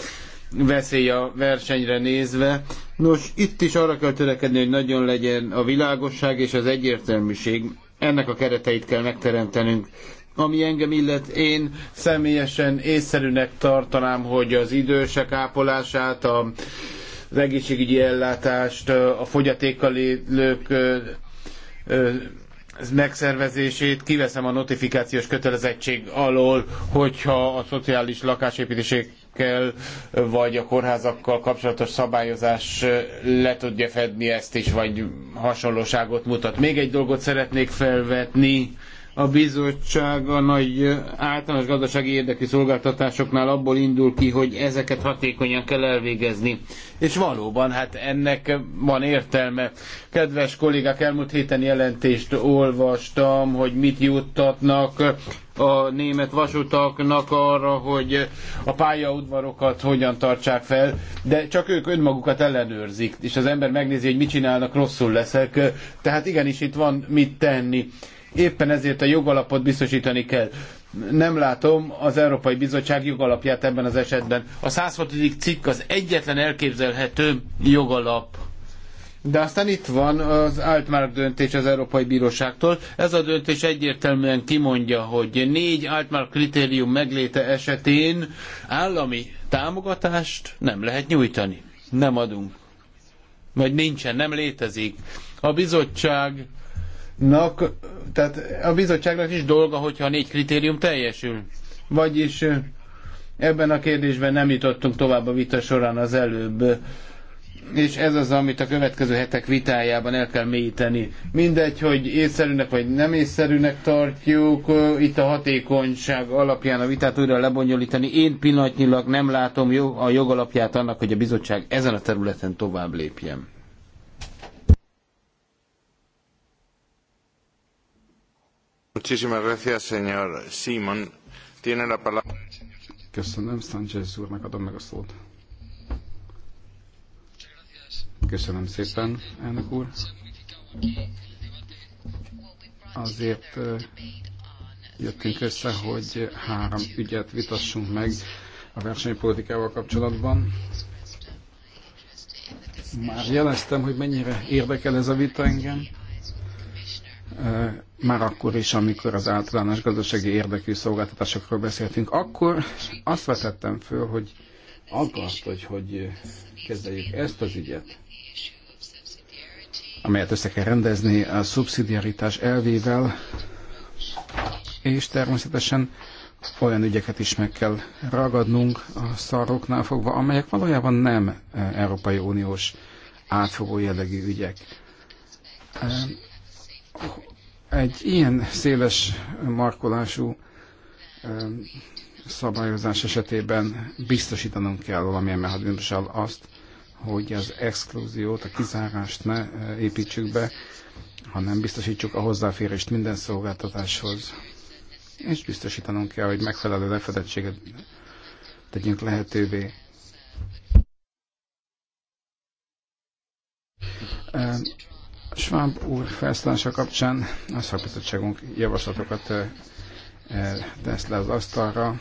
veszély a versenyre nézve. Nos, itt is arra kell törekedni, hogy nagyon legyen a világosság és az egyértelműség. Ennek a kereteit kell megteremtenünk. Ami engem illet, én személyesen észszerűnek tartanám, hogy az idősek ápolását, a, az egészségügyi ellátást, a fogyatékkal élők megszervezését kiveszem a notifikációs kötelezettség alól, hogyha a szociális lakásépítések ügyekkel, vagy a kórházakkal kapcsolatos szabályozás le tudja fedni ezt is, vagy hasonlóságot mutat. Még egy dolgot szeretnék felvetni, a bizottság a nagy általános gazdasági érdekű szolgáltatásoknál abból indul ki, hogy ezeket hatékonyan kell elvégezni. És valóban, hát ennek van értelme. Kedves kollégák, elmúlt héten jelentést olvastam, hogy mit juttatnak a német vasutaknak arra, hogy a pályaudvarokat hogyan tartsák fel, de csak ők önmagukat ellenőrzik, és az ember megnézi, hogy mit csinálnak, rosszul leszek. Tehát igenis itt van mit tenni. Éppen ezért a jogalapot biztosítani kell. Nem látom az Európai Bizottság jogalapját ebben az esetben. A 106. cikk az egyetlen elképzelhető jogalap. De aztán itt van az Altmark döntés az Európai Bíróságtól. Ez a döntés egyértelműen kimondja, hogy négy Altmark kritérium megléte esetén állami támogatást nem lehet nyújtani. Nem adunk. Vagy nincsen, nem létezik. A bizottság nak, tehát a bizottságnak is dolga, hogyha a négy kritérium teljesül. Vagyis ebben a kérdésben nem jutottunk tovább a vita során az előbb, és ez az, amit a következő hetek vitájában el kell mélyíteni. Mindegy, hogy észszerűnek vagy nem észszerűnek tartjuk, itt a hatékonyság alapján a vitát újra lebonyolítani. Én pillanatnyilag nem látom a jogalapját annak, hogy a bizottság ezen a területen tovább lépjen. Köszönöm, Sanchez úrnak adom meg a szót. Köszönöm szépen, elnök úr. Azért jöttünk össze, hogy három ügyet vitassunk meg a versenypolitikával kapcsolatban. Már jeleztem, hogy mennyire érdekel ez a vita engem már akkor is, amikor az általános gazdasági érdekű szolgáltatásokról beszéltünk, akkor azt vetettem föl, hogy aggaszt, hogy, hogy kezeljük ezt az ügyet, amelyet össze kell rendezni a szubszidiaritás elvével, és természetesen olyan ügyeket is meg kell ragadnunk a szaroknál fogva, amelyek valójában nem e, Európai Uniós átfogó jellegű ügyek e, egy ilyen széles markolású szabályozás esetében biztosítanunk kell valamilyen mechanizmussal azt, hogy az exkluziót, a kizárást ne építsük be, hanem biztosítsuk a hozzáférést minden szolgáltatáshoz. És biztosítanunk kell, hogy megfelelő lefedettséget tegyünk lehetővé. Schwab úr felszállása kapcsán a szakbizottságunk javaslatokat eh, eh, tesz le az asztalra.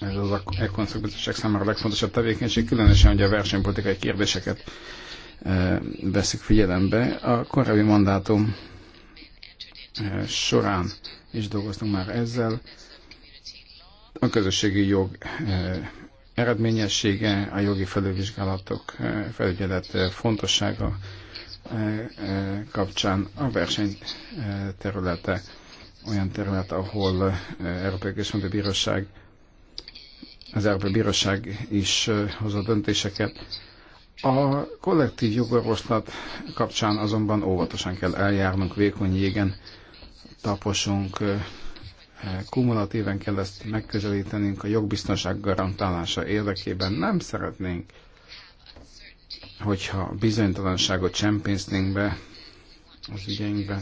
Ez az Econ szakbizottság számára a legfontosabb tevékenység, különösen hogy a versenypolitikai kérdéseket eh, veszik figyelembe. A korábbi mandátum során is dolgoztunk már ezzel. A közösségi jog eredményessége, a jogi felülvizsgálatok felügyelet fontossága, E, e, kapcsán a verseny e, területe olyan terület, ahol Európai Központi Bíróság, az Európai Bíróság is hozott döntéseket. A kollektív jogorvoslat kapcsán azonban óvatosan kell eljárnunk, vékony jégen taposunk, kumulatíven kell ezt megközelítenünk a jogbiztonság garantálása érdekében. Nem szeretnénk hogyha bizonytalanságot be az ügyeinkbe.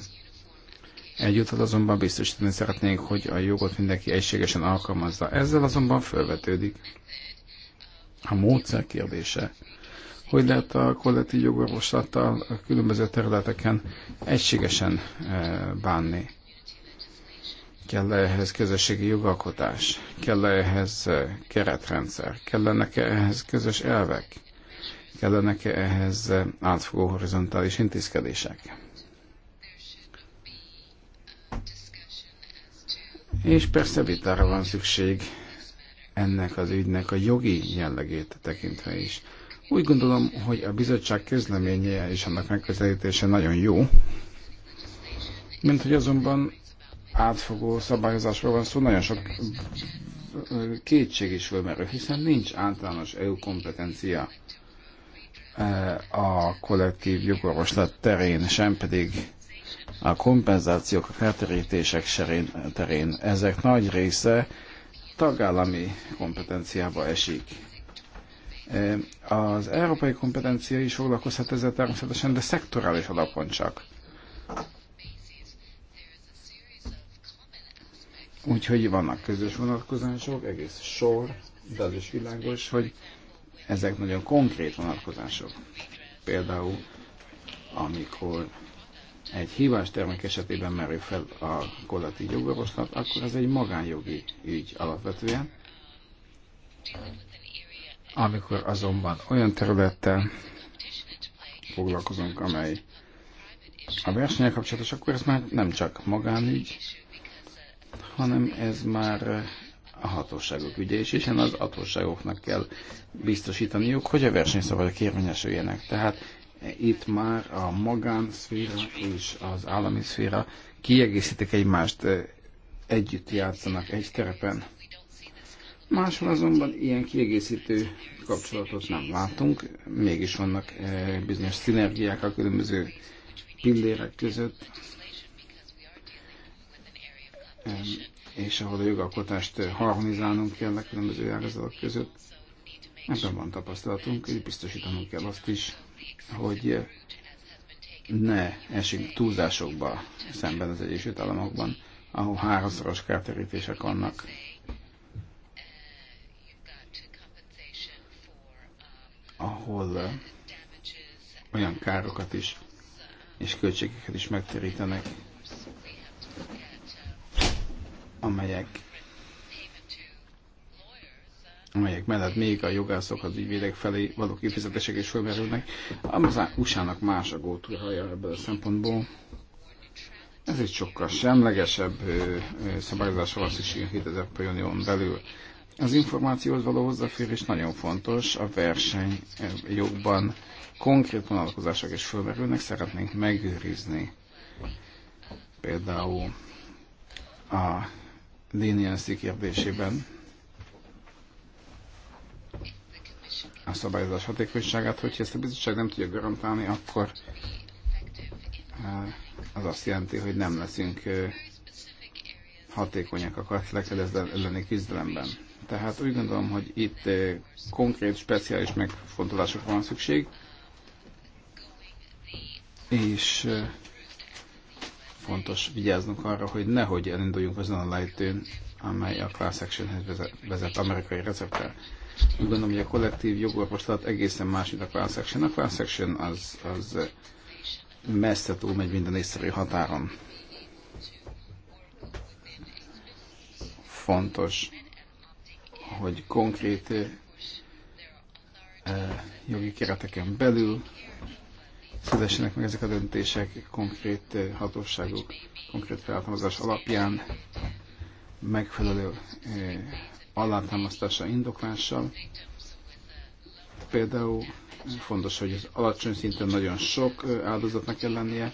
Egyúttal azonban biztosítani szeretnénk, hogy a jogot mindenki egységesen alkalmazza. Ezzel azonban felvetődik a módszer kérdése. Hogy lehet a kollektív jogorvoslattal a különböző területeken egységesen eh, bánni? Kell -e ehhez közösségi jogalkotás? Kell -e ehhez eh, keretrendszer? Kellenek -e ehhez közös elvek? kellenek ehhez átfogó horizontális intézkedések. És persze vitára van szükség ennek az ügynek a jogi jellegét tekintve is. Úgy gondolom, hogy a bizottság közleménye és annak megközelítése nagyon jó, mint hogy azonban átfogó szabályozásról van szó, nagyon sok kétség is fölmerül, hiszen nincs általános EU kompetencia Eh, a kollektív jogorvoslat terén, sem pedig a kompenzációk, a kártérítések terén. Ezek nagy része tagállami kompetenciába esik. Eh, az európai kompetencia is foglalkozhat ezzel természetesen, de szektorális alapon csak. Úgyhogy vannak közös vonatkozások, egész sor, de az is világos, hogy ezek nagyon konkrét vonatkozások. Például, amikor egy hívás termék esetében merül fel a kollektív jogorvoslat, akkor ez egy magánjogi ügy alapvetően. Amikor azonban olyan területtel foglalkozunk, amely a versenyek kapcsolatos, akkor ez már nem csak magánügy, hanem ez már a hatóságok ügye is, hiszen az hatóságoknak kell biztosítaniuk, hogy a versenyszabályok érvényesüljenek. Tehát itt már a magánszféra és az állami szféra kiegészítik egymást, együtt játszanak egy terepen. Máshol azonban ilyen kiegészítő kapcsolatot nem látunk, mégis vannak bizonyos szinergiák a különböző pillérek között és ahol a jogalkotást harmonizálnunk kell a különböző ágazatok között. Ebben van tapasztalatunk, és biztosítanunk kell azt is, hogy ne esünk túlzásokba szemben az Egyesült Államokban, ahol háromszoros kártérítések vannak. ahol olyan károkat is és költségeket is megterítenek, amelyek amelyek mellett még a jogászok, az ügyvédek felé való kifizetések is fölmerülnek. Az USA-nak más a kultúrája ebből a szempontból. Ez egy sokkal semlegesebb szabályozás van szükség a 2000 Unión belül. Az információhoz való hozzáférés nagyon fontos, a verseny jogban konkrét vonalkozások is fölmerülnek, szeretnénk megőrizni például a leniency kérdésében a szabályozás hatékonyságát, hogyha ezt a bizottság nem tudja garantálni, akkor eh, az azt jelenti, hogy nem leszünk eh, hatékonyak a kartelekedés elleni küzdelemben. Tehát úgy gondolom, hogy itt eh, konkrét, speciális megfontolásokra van szükség, és fontos vigyáznunk arra, hogy nehogy elinduljunk azon a lejtőn, amely a class actionhez vezet, vezet amerikai recepttel. Úgy gondolom, hogy a kollektív jogorvoslat egészen más, mint a class action. A class action az, az messze túl megy minden észszerű határon. Fontos, hogy konkrét eh, jogi kereteken belül szülessenek meg ezek a döntések konkrét eh, hatóságok, konkrét felhatalmazás alapján, megfelelő eh, alátámasztása indoklással. Például fontos, hogy az alacsony szinten nagyon sok eh, áldozatnak kell lennie,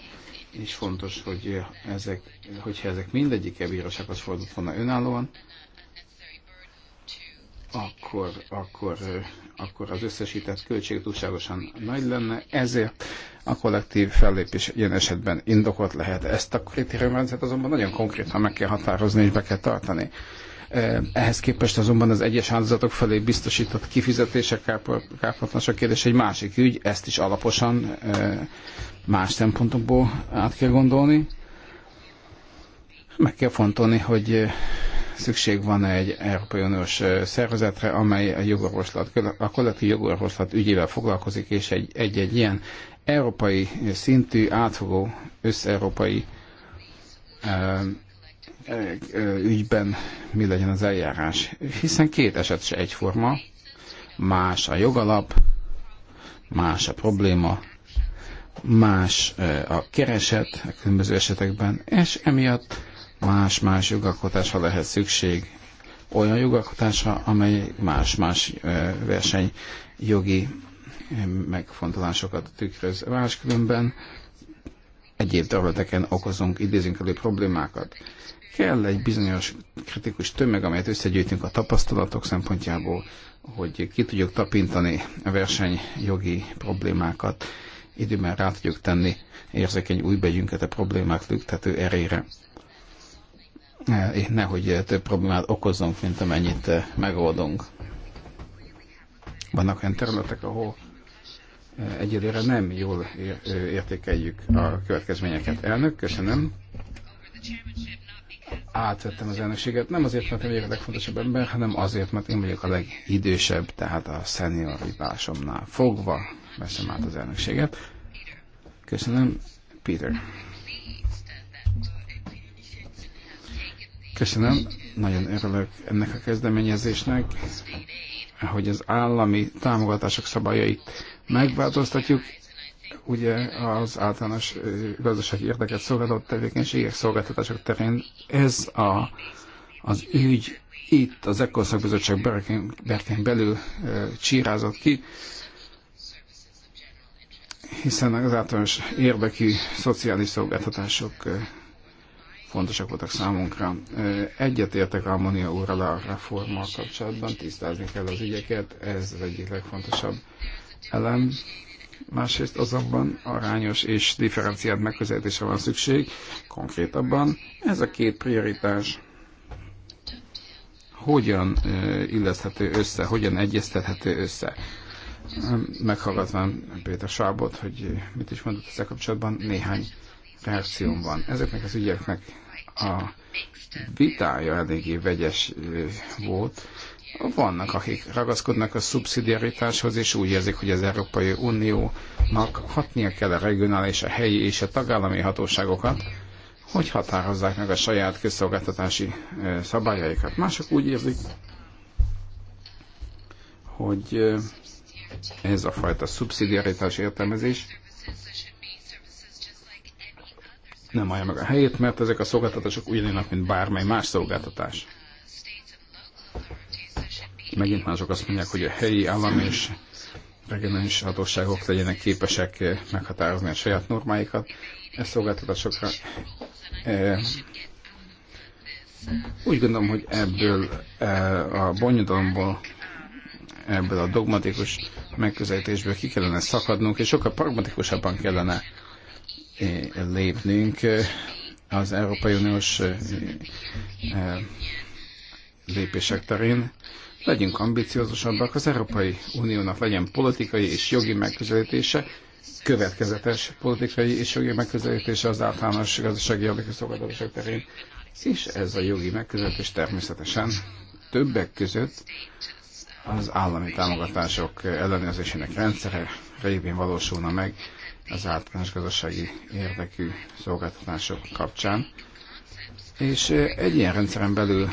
és fontos, hogy ezek, hogyha ezek mindegyike bírósághoz fordult volna önállóan, akkor, akkor, akkor az összesített költség túlságosan nagy lenne, ezért a kollektív fellépés ilyen esetben indokolt lehet. Ezt a kritériumrendszert azonban nagyon konkrétan meg kell határozni és be kell tartani. Ehhez képest azonban az egyes áldozatok felé biztosított kifizetések, kárpatlanság kérdés egy másik ügy, ezt is alaposan más szempontokból át kell gondolni. Meg kell fontolni, hogy szükség van egy Európai Uniós szervezetre, amely a jogorvoslat, a kollektív jogorvoslat ügyével foglalkozik, és egy-egy ilyen európai szintű, átfogó, összeurópai ügyben mi legyen az eljárás. Hiszen két eset se egyforma, más a jogalap, más a probléma, más a kereset a különböző esetekben, és emiatt más-más jogalkotásra lehet szükség, olyan jogalkotásra, amely más-más verseny jogi megfontolásokat tükröz. Máskülönben egyéb területeken okozunk, idézünk elő problémákat. Kell egy bizonyos kritikus tömeg, amelyet összegyűjtünk a tapasztalatok szempontjából, hogy ki tudjuk tapintani a versenyjogi problémákat, időben rá tudjuk tenni érzékeny újbegyünket a problémák lüktető erére. Eh, nehogy eh, több problémát okozzunk, mint amennyit eh, megoldunk. Vannak olyan területek, ahol egyelőre nem jól értékeljük a következményeket. Elnök, köszönöm. Átvettem az elnökséget, nem azért, mert én vagyok a legfontosabb ember, hanem azért, mert én vagyok a legidősebb, tehát a szenioritásomnál fogva veszem át az elnökséget. Köszönöm, Peter. Köszönöm, nagyon örülök ennek a kezdeményezésnek, hogy az állami támogatások szabályait megváltoztatjuk. Ugye az általános gazdasági érdeket szolgáló tevékenységek, szolgáltatások terén ez a, az ügy itt az Ekkország Bizottság berkén, belül e, csírázott ki, hiszen az általános érdekű szociális szolgáltatások e, fontosak voltak számunkra. Egyetértek Almonia úrral a reformmal kapcsolatban, tisztázni kell az ügyeket, ez az egyik legfontosabb elem. Másrészt azonban arányos és differenciált megközelítésre van szükség, konkrétabban ez a két prioritás hogyan illeszthető össze, hogyan egyeztethető össze. Meghallgatván Péter Sábot, hogy mit is mondott ezzel kapcsolatban, néhány reakcióm van. Ezeknek az ügyeknek a vitája eléggé vegyes volt. Vannak, akik ragaszkodnak a szubszidiaritáshoz, és úgy érzik, hogy az Európai Uniónak hatnia kell a regionális, a helyi és a tagállami hatóságokat, hogy határozzák meg a saját közszolgáltatási szabályaikat. Mások úgy érzik, hogy ez a fajta szubszidiaritás értelmezés nem állja meg a helyét, mert ezek a szolgáltatások ugyanilyenek, mint bármely más szolgáltatás. Megint mások azt mondják, hogy a helyi állam és regionális hatóságok legyenek képesek meghatározni a saját normáikat. Ez szolgáltatásokra e, úgy gondolom, hogy ebből e, a bonyodalomból, ebből a dogmatikus megközelítésből ki kellene szakadnunk, és sokkal pragmatikusabban kellene lépnünk az Európai Uniós lépések terén. Legyünk ambiciózusabbak, az Európai Uniónak legyen politikai és jogi megközelítése, következetes politikai és jogi megközelítése az általános gazdasági szolgáltatások terén, és ez a jogi megközelítés természetesen többek között az állami támogatások ellenőrzésének rendszere révén valósulna meg, az általános gazdasági érdekű szolgáltatások kapcsán. És egy ilyen rendszeren belül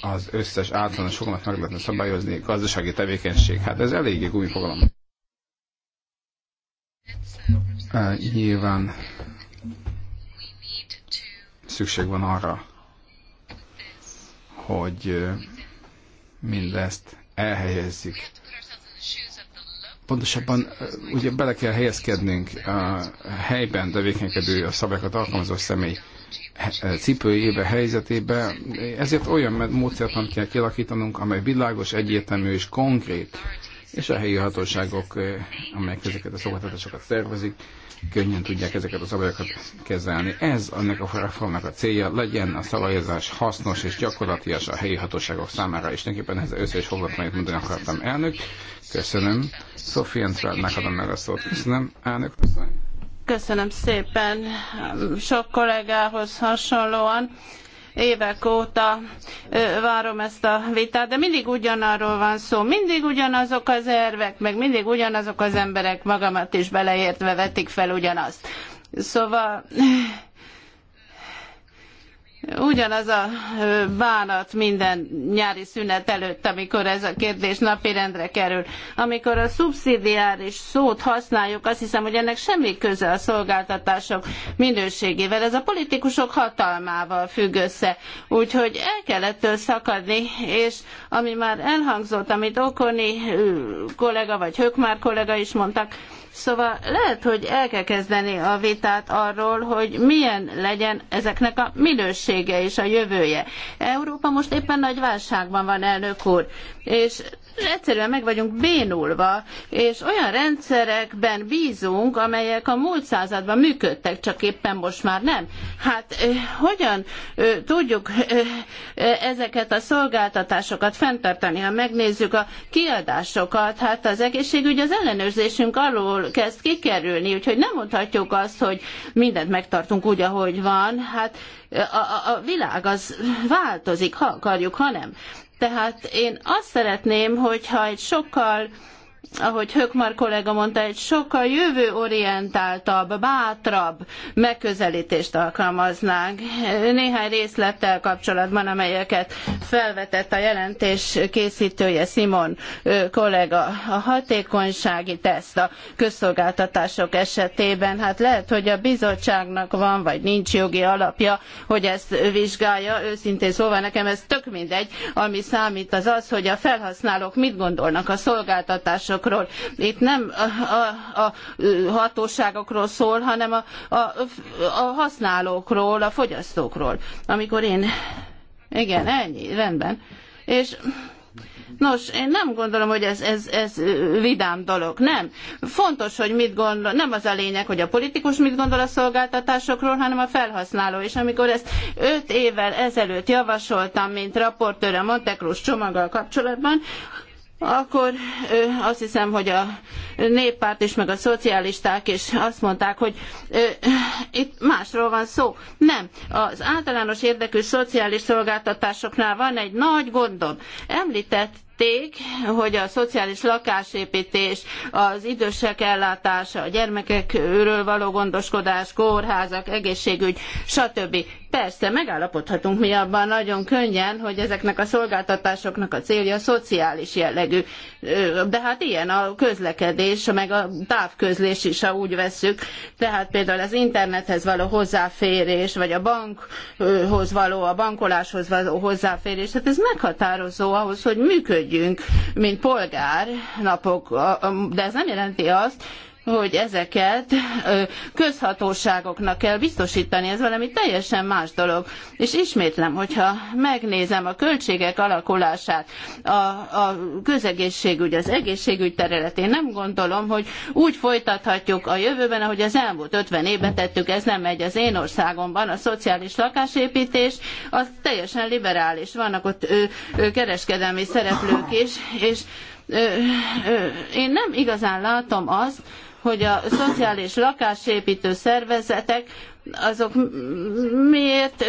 az összes általános fogalmat meg lehetne szabályozni, gazdasági tevékenység. Hát ez eléggé fogalom. Nyilván szükség van arra, hogy mindezt elhelyezzük pontosabban ugye bele kell helyezkednünk a helyben tevékenykedő, a szabályokat alkalmazó személy cipőjébe, helyzetébe. Ezért olyan módszertant kell kialakítanunk, amely világos, egyértelmű és konkrét, és a helyi hatóságok, amelyek ezeket a szolgáltatásokat szervezik, könnyen tudják ezeket a szabályokat kezelni. Ez annak a reformnak a célja, legyen a szabályozás hasznos és gyakorlatias a helyi hatóságok számára, és nekiképpen ez össze is foglalt, amit mondani akartam. Elnök, köszönöm. Sophie Entvelnek adom meg a szót. Köszönöm, elnök. Köszönöm szépen. Sok kollégához hasonlóan évek óta várom ezt a vitát, de mindig ugyanarról van szó, mindig ugyanazok az ervek, meg mindig ugyanazok az emberek magamat is beleértve vetik fel ugyanazt. Szóval Ugyanaz a bánat minden nyári szünet előtt, amikor ez a kérdés napirendre kerül. Amikor a szubszidiáris szót használjuk, azt hiszem, hogy ennek semmi köze a szolgáltatások minőségével. Ez a politikusok hatalmával függ össze. Úgyhogy el kell ettől szakadni, és ami már elhangzott, amit Okoni kollega vagy Hökmár kollega is mondtak, Szóval lehet, hogy el kell kezdeni a vitát arról, hogy milyen legyen ezeknek a minősége és a jövője. Európa most éppen nagy válságban van, elnök úr, és egyszerűen meg vagyunk bénulva, és olyan rendszerekben bízunk, amelyek a múlt században működtek, csak éppen most már nem. Hát hogyan tudjuk ezeket a szolgáltatásokat fenntartani, ha megnézzük a kiadásokat, hát az egészségügy az ellenőrzésünk alól kezd kikerülni, úgyhogy nem mondhatjuk azt, hogy mindent megtartunk úgy, ahogy van. Hát a, a világ az változik, ha akarjuk, ha nem. Tehát én azt szeretném, hogyha egy sokkal ahogy Hökmar kollega mondta, egy sokkal jövőorientáltabb, bátrabb megközelítést alkalmaznánk. Néhány részlettel kapcsolatban, amelyeket felvetett a jelentés készítője Simon kollega. A hatékonysági teszt a közszolgáltatások esetében, hát lehet, hogy a bizottságnak van, vagy nincs jogi alapja, hogy ezt vizsgálja. Őszintén szóval nekem ez tök mindegy. Ami számít az az, hogy a felhasználók mit gondolnak a szolgáltatások konfliktusokról. Itt nem a, a, a hatóságokról szól, hanem a, a, a használókról, a fogyasztókról. Amikor én... Igen, ennyi, rendben. És Nos, én nem gondolom, hogy ez, ez, ez vidám dolog, nem. Fontos, hogy mit gondol, nem az a lényeg, hogy a politikus mit gondol a szolgáltatásokról, hanem a felhasználó. És amikor ezt öt évvel ezelőtt javasoltam, mint raportőr a Montecruz csomaggal kapcsolatban, akkor azt hiszem, hogy a néppárt is, meg a szocialisták is azt mondták, hogy itt másról van szó. Nem. Az általános érdekű szociális szolgáltatásoknál van egy nagy gondom. Említett tették, hogy a szociális lakásépítés, az idősek ellátása, a gyermekekről való gondoskodás, kórházak, egészségügy, stb. Persze, megállapodhatunk mi abban nagyon könnyen, hogy ezeknek a szolgáltatásoknak a célja szociális jellegű. De hát ilyen a közlekedés, meg a távközlés is, ha úgy vesszük. Tehát például az internethez való hozzáférés, vagy a bankhoz való, a bankoláshoz való hozzáférés, hát ez meghatározó ahhoz, hogy működjön legyünk, mint polgár napok, de ez nem jelenti azt, hogy ezeket közhatóságoknak kell biztosítani, ez valami teljesen más dolog. És ismétlem, hogyha megnézem a költségek alakulását, a, a közegészségügy, az egészségügy területén, nem gondolom, hogy úgy folytathatjuk a jövőben, ahogy az elmúlt 50 évben tettük, ez nem megy az én országomban, a szociális lakásépítés, az teljesen liberális, vannak ott kereskedelmi szereplők is, és én nem igazán látom azt, hogy a szociális lakásépítő szervezetek azok miért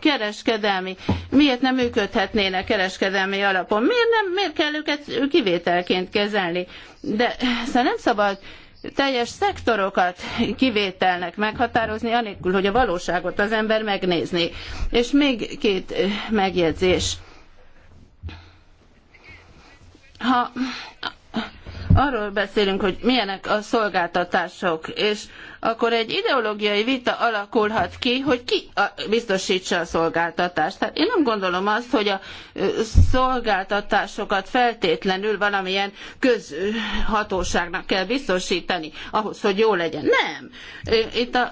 kereskedelmi, miért nem működhetnének kereskedelmi alapon, miért, nem, miért kell őket kivételként kezelni. De szóval nem szabad teljes szektorokat kivételnek meghatározni, anélkül, hogy a valóságot az ember megnézné. És még két megjegyzés. Ha arról beszélünk, hogy milyenek a szolgáltatások, és akkor egy ideológiai vita alakulhat ki, hogy ki biztosítsa a szolgáltatást. Tehát én nem gondolom azt, hogy a szolgáltatásokat feltétlenül valamilyen közhatóságnak kell biztosítani ahhoz, hogy jó legyen. Nem. Itt a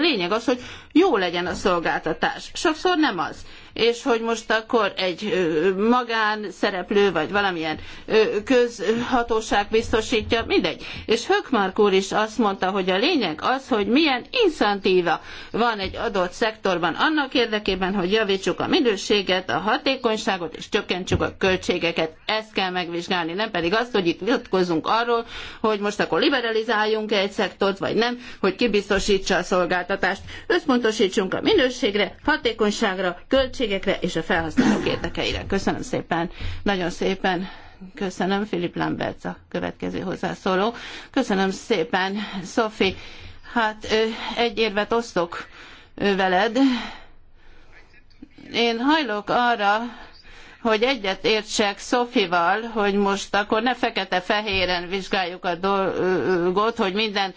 lényeg az, hogy jó legyen a szolgáltatás. Sokszor nem az és hogy most akkor egy magánszereplő, vagy valamilyen közhatóság biztosítja, mindegy. És Hökmark úr is azt mondta, hogy a lényeg az, hogy milyen incentíva van egy adott szektorban annak érdekében, hogy javítsuk a minőséget, a hatékonyságot, és csökkentsük a költségeket. Ezt kell megvizsgálni, nem pedig azt, hogy itt vitatkozunk arról, hogy most akkor liberalizáljunk-e egy szektort, vagy nem, hogy kibiztosítsa a szolgáltatást. Összpontosítsunk a minőségre, hatékonyságra, költségekre, lehetőségekre és a felhasználók érdekeire. Köszönöm szépen, nagyon szépen köszönöm. Filip Lambert a következő hozzászóló. Köszönöm szépen, Szofi. Hát egy érvet osztok veled. Én hajlok arra, hogy egyet értsek Szofival, hogy most akkor ne fekete-fehéren vizsgáljuk a dolgot, hogy minden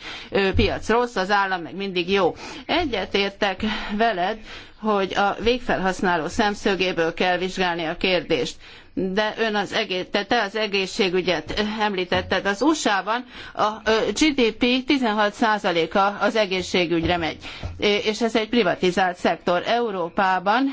piac rossz, az állam meg mindig jó. Egyet értek veled, hogy a végfelhasználó szemszögéből kell vizsgálni a kérdést de ön az egész, te, te az egészségügyet említetted. Az USA-ban a GDP 16%-a az egészségügyre megy, és ez egy privatizált szektor. Európában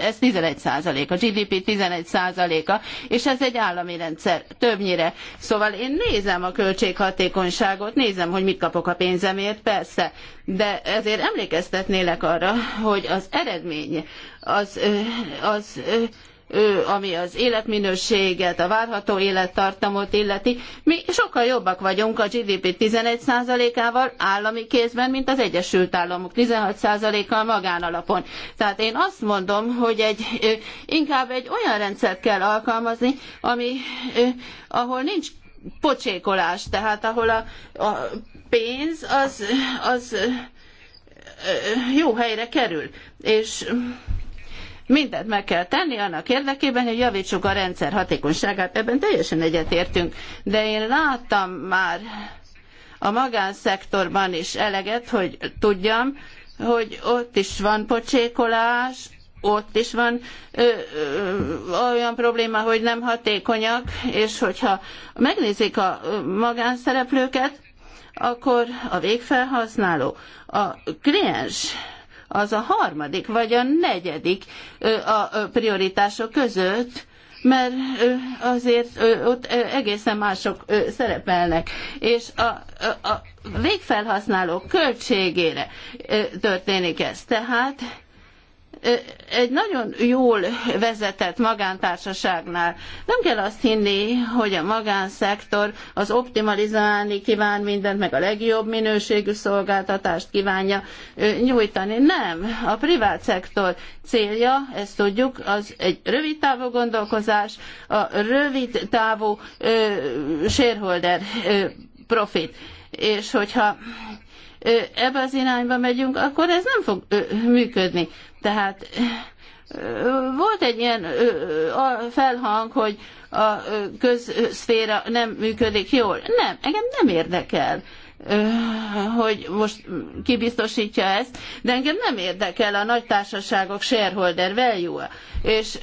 ez 11%, a GDP 11%-a, és ez egy állami rendszer többnyire. Szóval én nézem a költséghatékonyságot, nézem, hogy mit kapok a pénzemért, persze, de ezért emlékeztetnélek arra, hogy az eredmény az, az ami az életminőséget, a várható élettartamot illeti, mi sokkal jobbak vagyunk a GDP 11%-ával állami kézben, mint az Egyesült Államok 16%-kal magánalapon. Tehát én azt mondom, hogy egy, inkább egy olyan rendszert kell alkalmazni, ami, ahol nincs pocsékolás, tehát ahol a, a pénz az, az jó helyre kerül. És Mindent meg kell tenni annak érdekében, hogy javítsuk a rendszer hatékonyságát. Ebben teljesen egyetértünk. De én láttam már a magánszektorban is eleget, hogy tudjam, hogy ott is van pocsékolás, ott is van ö, ö, olyan probléma, hogy nem hatékonyak, és hogyha megnézik a magánszereplőket, akkor a végfelhasználó, a kliens az a harmadik vagy a negyedik a prioritások között, mert azért ott egészen mások szerepelnek, és a, a, a végfelhasználók költségére történik ez. Tehát egy nagyon jól vezetett magántársaságnál nem kell azt hinni, hogy a magánszektor az optimalizálni kíván mindent, meg a legjobb minőségű szolgáltatást kívánja nyújtani. Nem. A privát szektor célja, ezt tudjuk, az egy rövid távú gondolkozás, a rövid távú shareholder profit. És hogyha ebbe az irányba megyünk, akkor ez nem fog működni. Tehát volt egy ilyen felhang, hogy a közszféra nem működik jól. Nem, engem nem érdekel hogy most kibiztosítja ezt, de engem nem érdekel a nagy társaságok shareholder value -a. És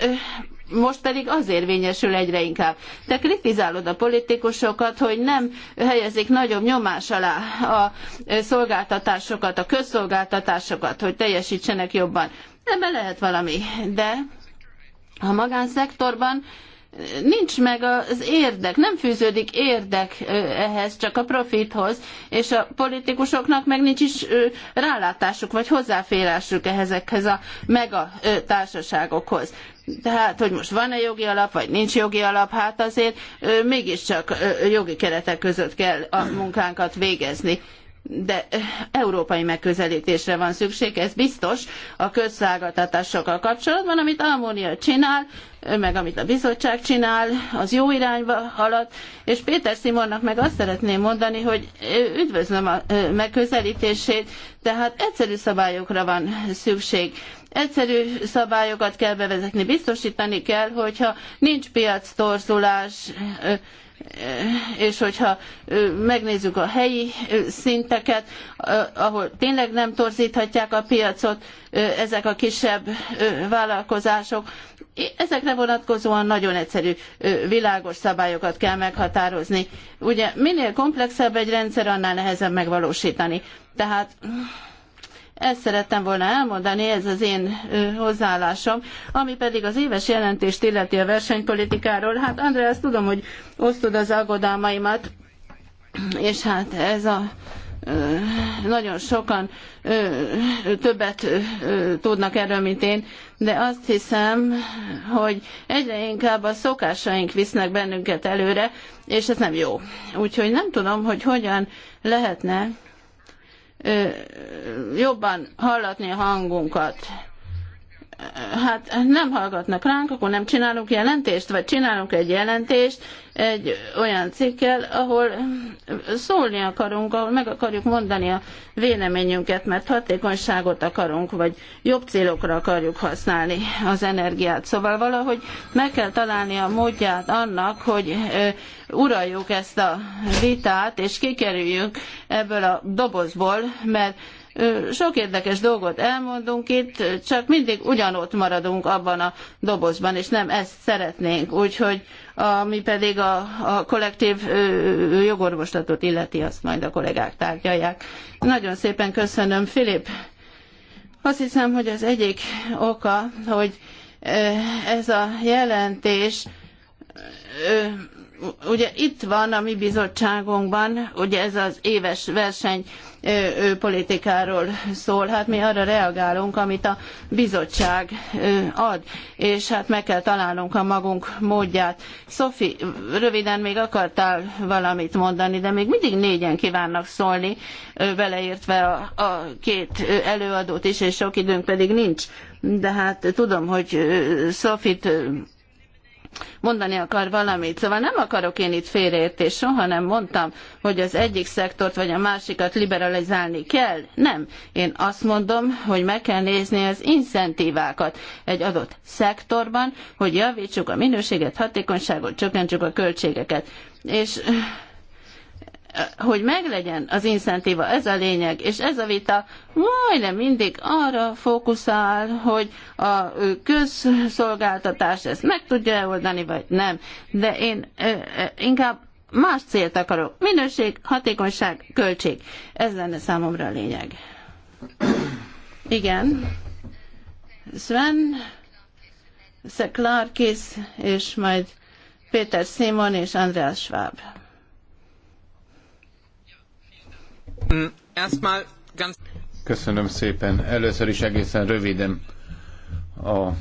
most pedig az érvényesül egyre inkább. Te kritizálod a politikusokat, hogy nem helyezik nagyobb nyomás alá a szolgáltatásokat, a közszolgáltatásokat, hogy teljesítsenek jobban. Ebben lehet valami, de a magánszektorban nincs meg az érdek, nem fűződik érdek ehhez, csak a profithoz, és a politikusoknak meg nincs is rálátásuk, vagy hozzáférésük ehhezekhez a társaságokhoz. Tehát, hogy most van-e jogi alap, vagy nincs jogi alap, hát azért mégiscsak jogi keretek között kell a munkánkat végezni de európai megközelítésre van szükség, ez biztos a közszállgatásokkal kapcsolatban, amit Almónia csinál, meg amit a bizottság csinál, az jó irányba halad, és Péter Simonnak meg azt szeretném mondani, hogy üdvözlöm a megközelítését, tehát egyszerű szabályokra van szükség egyszerű szabályokat kell bevezetni, biztosítani kell, hogyha nincs piac torzulás, Eh, és hogyha megnézzük a helyi szinteket, ahol tényleg nem torzíthatják a piacot ezek a kisebb vállalkozások, ezekre vonatkozóan nagyon egyszerű, világos szabályokat kell meghatározni. Ugye minél komplexebb egy rendszer, annál nehezebb megvalósítani. Tehát ezt szerettem volna elmondani, ez az én hozzáállásom. Ami pedig az éves jelentést illeti a versenypolitikáról, hát András, tudom, hogy osztod az aggodalmaimat, és hát ez a nagyon sokan többet tudnak erről, mint én, de azt hiszem, hogy egyre inkább a szokásaink visznek bennünket előre, és ez nem jó. Úgyhogy nem tudom, hogy hogyan lehetne jobban hallatni a hangunkat hát eh, nem hallgatnak ránk, akkor nem csinálunk jelentést, vagy csinálunk egy jelentést egy olyan cikkel, ahol eh, szólni akarunk, ahol meg akarjuk mondani a véleményünket, mert hatékonyságot akarunk, vagy jobb célokra akarjuk használni az energiát. Szóval valahogy meg kell találni a módját annak, hogy eh, uraljuk ezt a vitát, és kikerüljünk ebből a dobozból, mert sok érdekes dolgot elmondunk itt, csak mindig ugyanott maradunk abban a dobozban, és nem ezt szeretnénk. Úgyhogy ami pedig a, a kollektív jogorvoslatot illeti, azt majd a kollégák tárgyalják. Nagyon szépen köszönöm, Filip. Azt hiszem, hogy az egyik oka, hogy ez a jelentés ugye itt van a mi bizottságunkban, ugye ez az éves versenypolitikáról szól, hát mi arra reagálunk, amit a bizottság ad, és hát meg kell találnunk a magunk módját. Szofi, röviden még akartál valamit mondani, de még mindig négyen kívánnak szólni, beleértve a, a két előadót is, és sok időnk pedig nincs. De hát tudom, hogy Szofit mondani akar valamit. Szóval nem akarok én itt félreértés, soha nem mondtam, hogy az egyik szektort vagy a másikat liberalizálni kell. Nem. Én azt mondom, hogy meg kell nézni az incentívákat egy adott szektorban, hogy javítsuk a minőséget, hatékonyságot, csökkentsük a költségeket. És hogy meglegyen az incentíva, ez a lényeg, és ez a vita majdnem mindig arra fókuszál, hogy a közszolgáltatás ezt meg tudja oldani, vagy nem. De én inkább más célt akarok. Minőség, hatékonyság, költség. Ez lenne számomra a lényeg. Igen. Sven, Szeklarkis, és majd Péter Simon és András Schwab. Hm, Köszönöm szépen. Először is egészen röviden a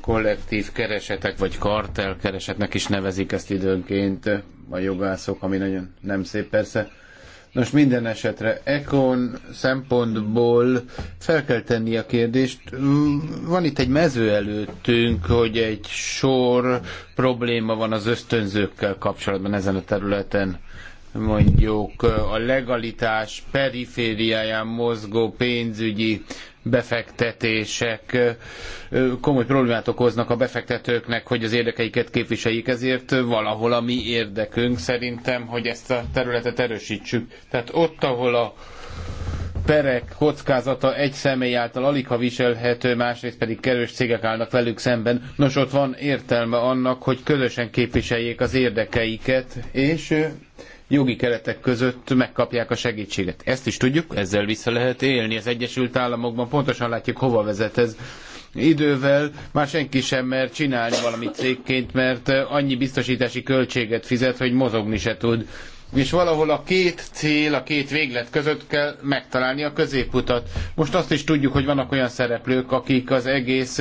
kollektív keresetek, vagy kartel keresetnek is nevezik ezt időnként a jogászok, ami nagyon nem szép persze. Nos, minden esetre Ekon szempontból fel kell tenni a kérdést. Van itt egy mező előttünk, hogy egy sor probléma van az ösztönzőkkel kapcsolatban ezen a területen mondjuk a legalitás perifériáján mozgó pénzügyi befektetések komoly problémát okoznak a befektetőknek, hogy az érdekeiket képviseljék, ezért valahol a mi érdekünk szerintem, hogy ezt a területet erősítsük. Tehát ott, ahol a perek kockázata egy személy által alig ha viselhető, másrészt pedig kerős cégek állnak velük szemben. Nos, ott van értelme annak, hogy közösen képviseljék az érdekeiket, és jogi keretek között megkapják a segítséget. Ezt is tudjuk, ezzel vissza lehet élni. Az Egyesült Államokban pontosan látjuk, hova vezet ez idővel már senki sem mer csinálni valamit cégként, mert annyi biztosítási költséget fizet, hogy mozogni se tud. És valahol a két cél, a két véglet között kell megtalálni a középutat. Most azt is tudjuk, hogy vannak olyan szereplők, akik az egész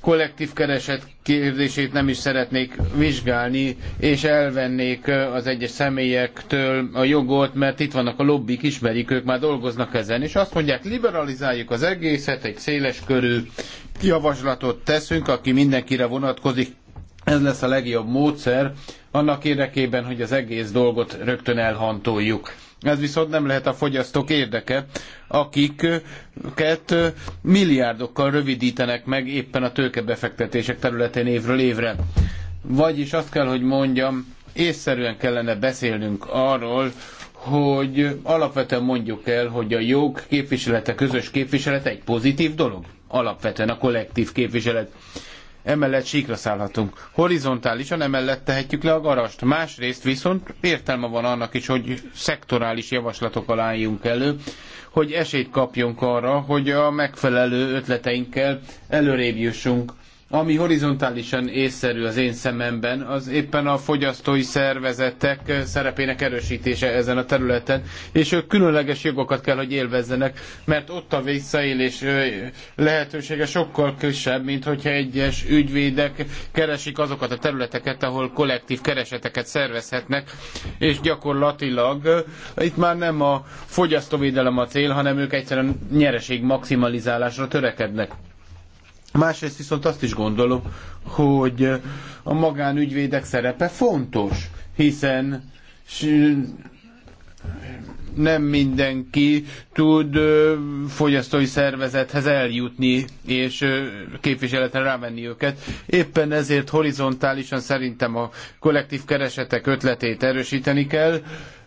kollektív kereset kérdését nem is szeretnék vizsgálni, és elvennék az egyes személyektől a jogot, mert itt vannak a lobbik, ismerik, ők már dolgoznak ezen, és azt mondják, liberalizáljuk az egészet, egy széles körű javaslatot teszünk, aki mindenkire vonatkozik, ez lesz a legjobb módszer, annak érdekében, hogy az egész dolgot rögtön elhantoljuk. Ez viszont nem lehet a fogyasztók érdeke, akiket milliárdokkal rövidítenek meg éppen a tőkebefektetések területén évről évre. Vagyis azt kell, hogy mondjam, észszerűen kellene beszélnünk arról, hogy alapvetően mondjuk el, hogy a jog képviselete, közös képviselete egy pozitív dolog. Alapvetően a kollektív képviselet emellett síkra szállhatunk. Horizontálisan emellett tehetjük le a garast. Másrészt viszont értelme van annak is, hogy szektorális alá álljunk elő, hogy esélyt kapjunk arra, hogy a megfelelő ötleteinkkel előrébb jussunk ami horizontálisan észszerű az én szememben, az éppen a fogyasztói szervezetek szerepének erősítése ezen a területen, és ők különleges jogokat kell, hogy élvezzenek, mert ott a visszaélés lehetősége sokkal kisebb, mint hogyha egyes ügyvédek keresik azokat a területeket, ahol kollektív kereseteket szervezhetnek, és gyakorlatilag itt már nem a fogyasztóvédelem a cél, hanem ők egyszerűen nyereség maximalizálásra törekednek. Másrészt viszont azt is gondolom, hogy a magánügyvédek szerepe fontos, hiszen nem mindenki tud fogyasztói szervezethez eljutni és képviseletre rávenni őket. Éppen ezért horizontálisan szerintem a kollektív keresetek ötletét erősíteni kell,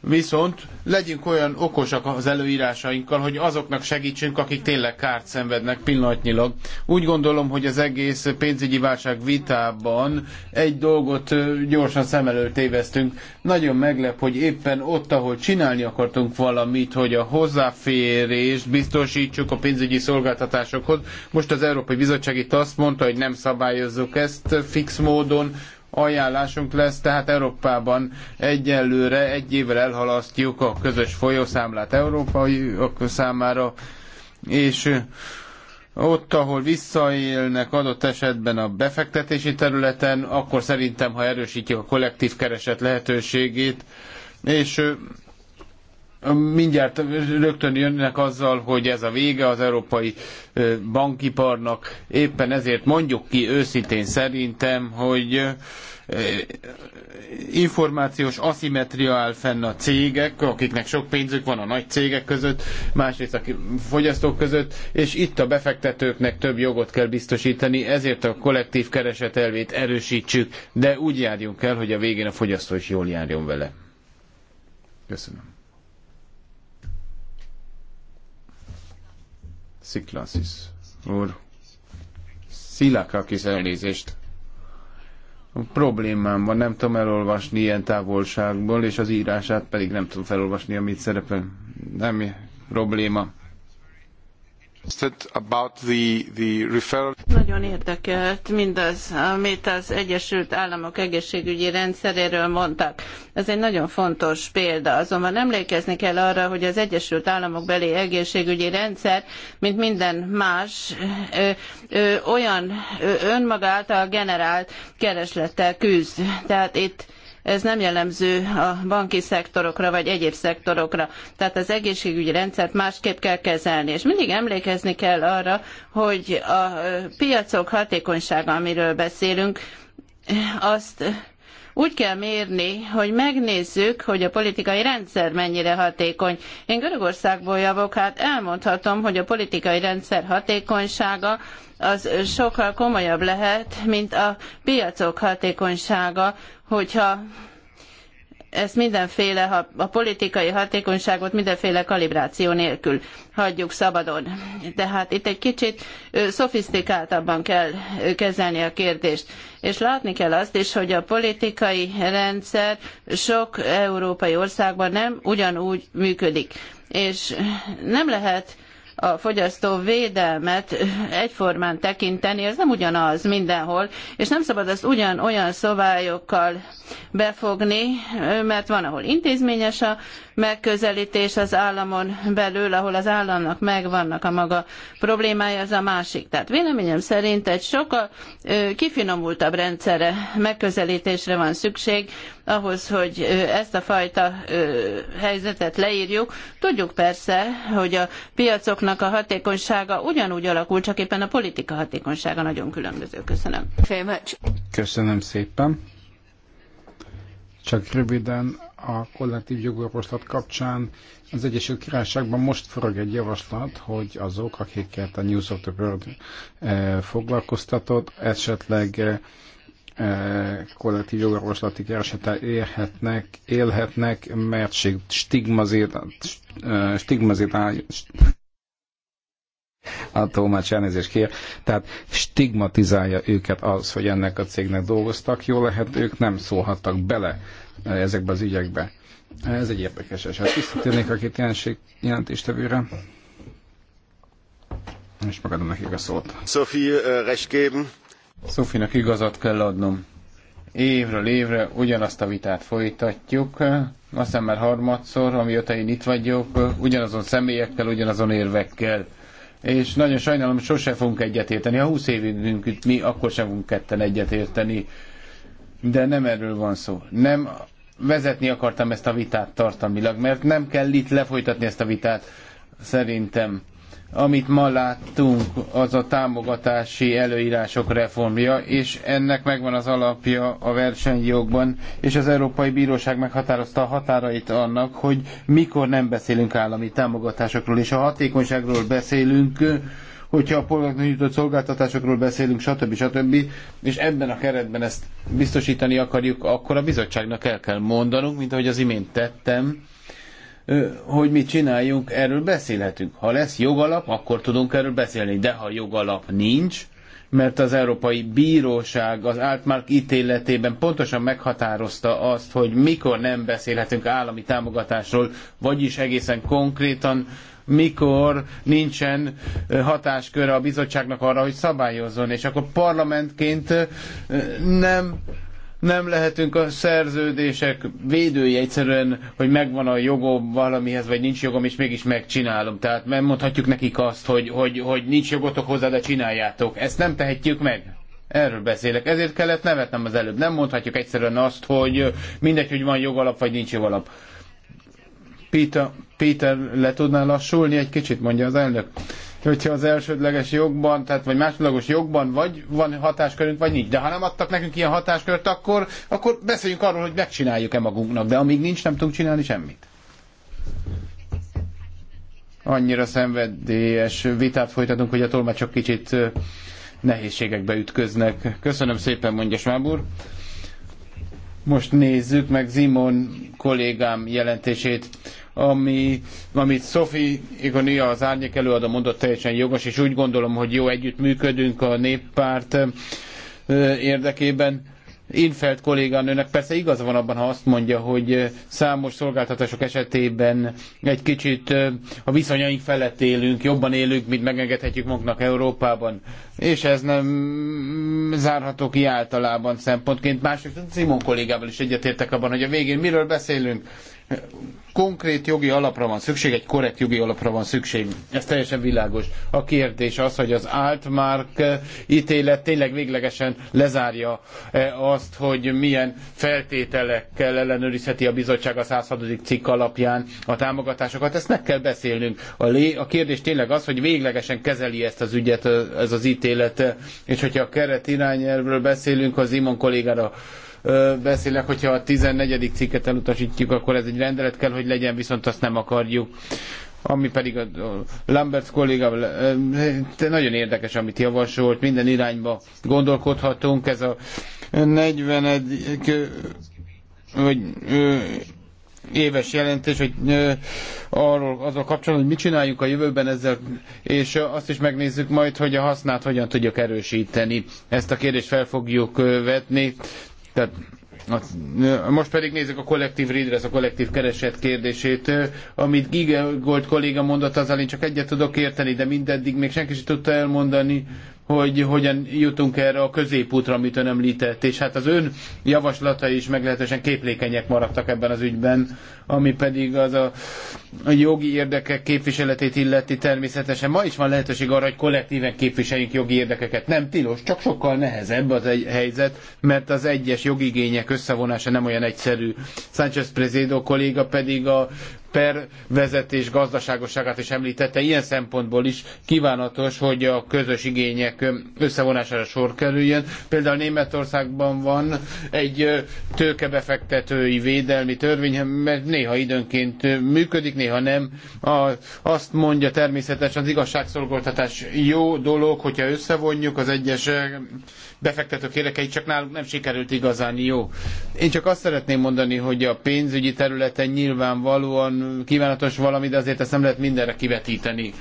viszont legyünk olyan okosak az előírásainkkal, hogy azoknak segítsünk, akik tényleg kárt szenvednek pillanatnyilag. Úgy gondolom, hogy az egész pénzügyi válság vitában egy dolgot gyorsan szem előtt éveztünk. Nagyon meglep, hogy éppen ott, ahol csinálni akartunk tegyünk valamit, hogy a hozzáférést biztosítsuk a pénzügyi szolgáltatásokhoz. Most az Európai Bizottság itt azt mondta, hogy nem szabályozzuk ezt fix módon, ajánlásunk lesz, tehát Európában egyelőre egy évvel elhalasztjuk a közös folyószámlát európai számára, és ott, ahol visszaélnek adott esetben a befektetési területen, akkor szerintem, ha erősítjük a kollektív kereset lehetőségét, és mindjárt rögtön jönnek azzal, hogy ez a vége az európai bankiparnak. Éppen ezért mondjuk ki őszintén szerintem, hogy információs aszimetria áll fenn a cégek, akiknek sok pénzük van a nagy cégek között, másrészt a fogyasztók között, és itt a befektetőknek több jogot kell biztosítani, ezért a kollektív kereset elvét erősítsük, de úgy járjunk el, hogy a végén a fogyasztó is jól járjon vele. Köszönöm. Sziklassis úr. kis elnézést. A problémám van, nem tudom elolvasni ilyen távolságból, és az írását pedig nem tudom felolvasni, amit szerepel. Nem probléma. About the, the referral... Nagyon érdekelt mindaz, amit az Egyesült Államok egészségügyi rendszeréről mondtak. Ez egy nagyon fontos példa, azonban emlékezni kell arra, hogy az Egyesült Államok beli egészségügyi rendszer, mint minden más, ö, ö, olyan ö, önmaga által generált kereslettel küzd. Tehát itt ez nem jellemző a banki szektorokra vagy egyéb szektorokra. Tehát az egészségügyi rendszert másképp kell kezelni. És mindig emlékezni kell arra, hogy a piacok hatékonysága, amiről beszélünk, azt úgy kell mérni, hogy megnézzük, hogy a politikai rendszer mennyire hatékony. Én Görögországból javok, hát elmondhatom, hogy a politikai rendszer hatékonysága az sokkal komolyabb lehet, mint a piacok hatékonysága, hogyha ezt mindenféle, a politikai hatékonyságot mindenféle kalibráció nélkül hagyjuk szabadon. Tehát itt egy kicsit szofisztikáltabban kell kezelni a kérdést. És látni kell azt is, hogy a politikai rendszer sok európai országban nem ugyanúgy működik. És nem lehet a fogyasztó védelmet egyformán tekinteni, ez nem ugyanaz mindenhol, és nem szabad azt ugyanolyan szabályokkal befogni, mert van, ahol intézményes a megközelítés az államon belül, ahol az államnak megvannak a maga problémája, az a másik. Tehát véleményem szerint egy sokkal kifinomultabb rendszerre, megközelítésre van szükség, ahhoz, hogy ezt a fajta helyzetet leírjuk. Tudjuk persze, hogy a piacoknak a hatékonysága ugyanúgy alakul, csak éppen a politika hatékonysága nagyon különböző. Köszönöm. Köszönöm szépen. Csak röviden a kollektív jogorvoslat kapcsán az Egyesült Királyságban most forog egy javaslat, hogy azok, akiket a News of the World eh, foglalkoztatott, esetleg eh, eh, kollektív jogorvoslati keresettel élhetnek, élhetnek, mert stigmazit, a tolmács elnézést kér. Tehát stigmatizálja őket az, hogy ennek a cégnek dolgoztak. Jó lehet, ők nem szólhattak bele ezekbe az ügyekbe. Ez egy érdekes eset. Visszatérnék a két jelenség jelentéstevőre. És megadom nekik a szót. Sophie, uh, sophie igazat kell adnom. Évről évre ugyanazt a vitát folytatjuk, aztán már harmadszor, amióta én itt vagyok, ugyanazon személyekkel, ugyanazon érvekkel. És nagyon sajnálom, sose fogunk egyetérteni. Ha 20 évünk itt mi, akkor sem fogunk ketten egyetérteni de nem erről van szó. Nem vezetni akartam ezt a vitát tartalmilag, mert nem kell itt lefolytatni ezt a vitát, szerintem. Amit ma láttunk, az a támogatási előírások reformja, és ennek megvan az alapja a versenyjogban, és az Európai Bíróság meghatározta a határait annak, hogy mikor nem beszélünk állami támogatásokról, és a hatékonyságról beszélünk, hogyha a polgárnak nyújtott szolgáltatásokról beszélünk, stb. stb. És ebben a keretben ezt biztosítani akarjuk, akkor a bizottságnak el kell mondanunk, mint ahogy az imént tettem, hogy mit csináljunk, erről beszélhetünk. Ha lesz jogalap, akkor tudunk erről beszélni, de ha jogalap nincs, mert az Európai Bíróság az Altmark ítéletében pontosan meghatározta azt, hogy mikor nem beszélhetünk állami támogatásról, vagyis egészen konkrétan mikor nincsen hatásköre a bizottságnak arra, hogy szabályozzon, és akkor parlamentként nem nem lehetünk a szerződések védői egyszerűen, hogy megvan a jogom valamihez, vagy nincs jogom, és mégis megcsinálom. Tehát nem mondhatjuk nekik azt, hogy, hogy, hogy nincs jogotok hozzá, de csináljátok. Ezt nem tehetjük meg. Erről beszélek. Ezért kellett nevetnem az előbb. Nem mondhatjuk egyszerűen azt, hogy mindegy, hogy van jogalap, vagy nincs jogalap. Pita Péter, le tudnál lassulni egy kicsit, mondja az elnök. Hogyha az elsődleges jogban, tehát vagy másodlagos jogban, vagy van hatáskörünk, vagy nincs. De ha nem adtak nekünk ilyen hatáskört, akkor, akkor beszéljünk arról, hogy megcsináljuk-e magunknak. De amíg nincs, nem tudunk csinálni semmit annyira szenvedélyes vitát folytatunk, hogy a tolmácsok kicsit nehézségekbe ütköznek. Köszönöm szépen, mondja Smábúr. Most nézzük meg Zimon kollégám jelentését ami, amit Szofi Igonia az árnyék előadó mondott, teljesen jogos, és úgy gondolom, hogy jó együttműködünk a néppárt érdekében. Infeld kolléganőnek persze igaz van abban, ha azt mondja, hogy számos szolgáltatások esetében egy kicsit a viszonyaink felett élünk, jobban élünk, mint megengedhetjük magunknak Európában. És ez nem zárható ki általában szempontként. Másrészt Simon kollégával is egyetértek abban, hogy a végén miről beszélünk konkrét jogi alapra van szükség, egy korrekt jogi alapra van szükség. Ez teljesen világos. A kérdés az, hogy az Altmark eh, ítélet tényleg véglegesen lezárja eh, azt, hogy milyen feltételekkel ellenőrizheti a bizottság a 106. cikk alapján a támogatásokat. Ezt meg kell beszélnünk. A, lé, a kérdés tényleg az, hogy véglegesen kezeli ezt az ügyet, eh, ez az ítélet. És hogyha a keret irányelvről beszélünk, az Imon kollégára beszélek, hogyha a 14. cikket elutasítjuk, akkor ez egy rendelet kell, hogy legyen, viszont azt nem akarjuk ami pedig a Lamberts kolléga nagyon érdekes, amit javasolt, minden irányba gondolkodhatunk, ez a 40 vagy éves jelentés, hogy ö, arról azzal kapcsolatban, hogy mit csináljuk a jövőben ezzel, és azt is megnézzük majd, hogy a hasznát hogyan tudjuk erősíteni. Ezt a kérdést fel fogjuk vetni. Tehát most pedig nézzük a kollektív redress, a kollektív kereset kérdését. Amit Gigagold kolléga mondott, azzal én csak egyet tudok érteni, de mindeddig még senki sem tudta elmondani, hogy hogyan jutunk erre a középútra, amit ön említett. És hát az ön javaslata is meglehetősen képlékenyek maradtak ebben az ügyben ami pedig az a, a jogi érdekek képviseletét illeti természetesen. Ma is van lehetőség arra, hogy kollektíven képviseljünk jogi érdekeket. Nem tilos, csak sokkal nehezebb az egy helyzet, mert az egyes jogigények összevonása nem olyan egyszerű. Sánchez Prezédo kolléga pedig a per vezetés gazdaságosságát is említette. Ilyen szempontból is kívánatos, hogy a közös igények összevonására sor kerüljön. Például Németországban van egy tőkebefektetői védelmi törvény, mert néha időnként működik, néha nem. A, azt mondja természetesen az igazságszolgáltatás jó dolog, hogyha összevonjuk az egyes eh, befektetők érdekeit, csak nálunk nem sikerült igazán jó. Én csak azt szeretném mondani, hogy a pénzügyi területen nyilvánvalóan kívánatos valami, de azért ezt nem lehet mindenre kivetíteni.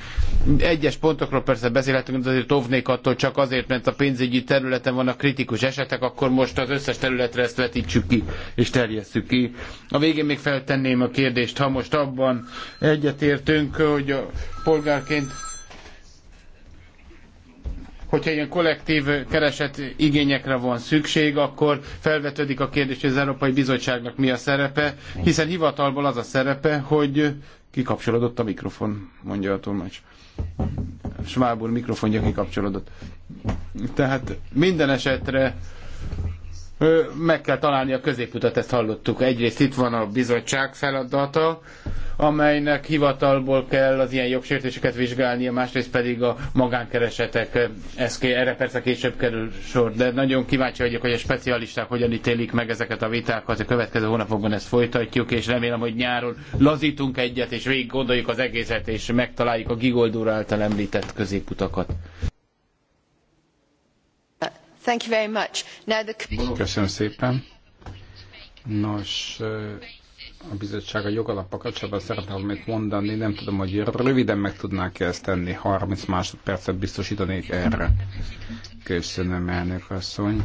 Egyes pontokról persze beszélhetünk, de azért óvnék attól csak azért, mert a pénzügyi területen vannak kritikus esetek, akkor most az összes területre ezt vetítsük ki és terjesszük ki. A végén még feltenni tenném a kérdést, ha most abban egyetértünk, hogy a polgárként hogyha ilyen kollektív kereset igényekre van szükség, akkor felvetődik a kérdés, hogy az Európai Bizottságnak mi a szerepe, hiszen hivatalból az a szerepe, hogy kikapcsolódott a mikrofon, mondja a tolmács. Schwab úr mikrofonja kikapcsolódott. Tehát minden esetre meg kell találni a középutat, ezt hallottuk. Egyrészt itt van a bizottság feladata, amelynek hivatalból kell az ilyen jogsértéseket vizsgálnia, másrészt pedig a magánkeresetek. Ez, erre persze később kerül sor, de nagyon kíváncsi vagyok, hogy a specialisták hogyan ítélik meg ezeket a vitákat. A következő hónapokban ezt folytatjuk, és remélem, hogy nyáron lazítunk egyet, és végig gondoljuk az egészet, és megtaláljuk a Gigoldúr által említett középutakat. Köszönöm szépen. Nos, a bizottság a jogalappal kapcsolatban szeretne valamit mondani, nem tudom, hogy röviden meg tudnák -e ezt tenni, 30 másodpercet biztosítanék erre. Köszönöm, elnök asszony.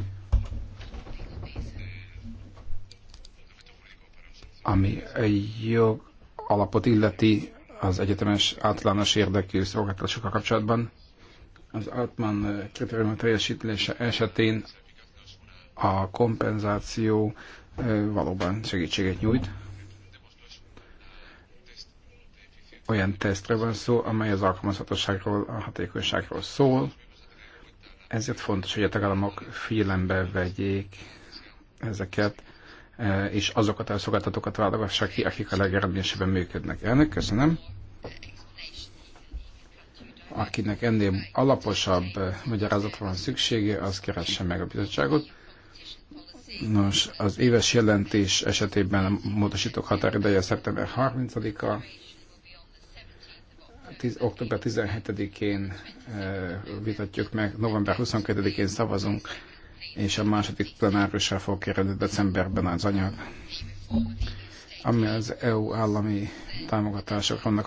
Ami a jog alapot illeti az egyetemes általános érdekű szolgáltatásokkal kapcsolatban, az Altman eh, kritérium teljesítése esetén a kompenzáció eh, valóban segítséget nyújt. Olyan tesztre van szó, amely az alkalmazhatóságról, a hatékonyságról szól, ezért fontos, hogy a tagállamok figyelembe vegyék ezeket, eh, és azokat a szolgáltatókat válogassák ki, akik a legeredményesebben működnek. Elnök, köszönöm akinek ennél alaposabb magyarázatra van szüksége, az keresse meg a bizottságot. Nos, az éves jelentés esetében a módosítók határideje szeptember 30-a, október 17-én eh, vitatjuk meg, november 22-én szavazunk, és a második plenárisra fog kerülni decemberben az anyag ami az EU állami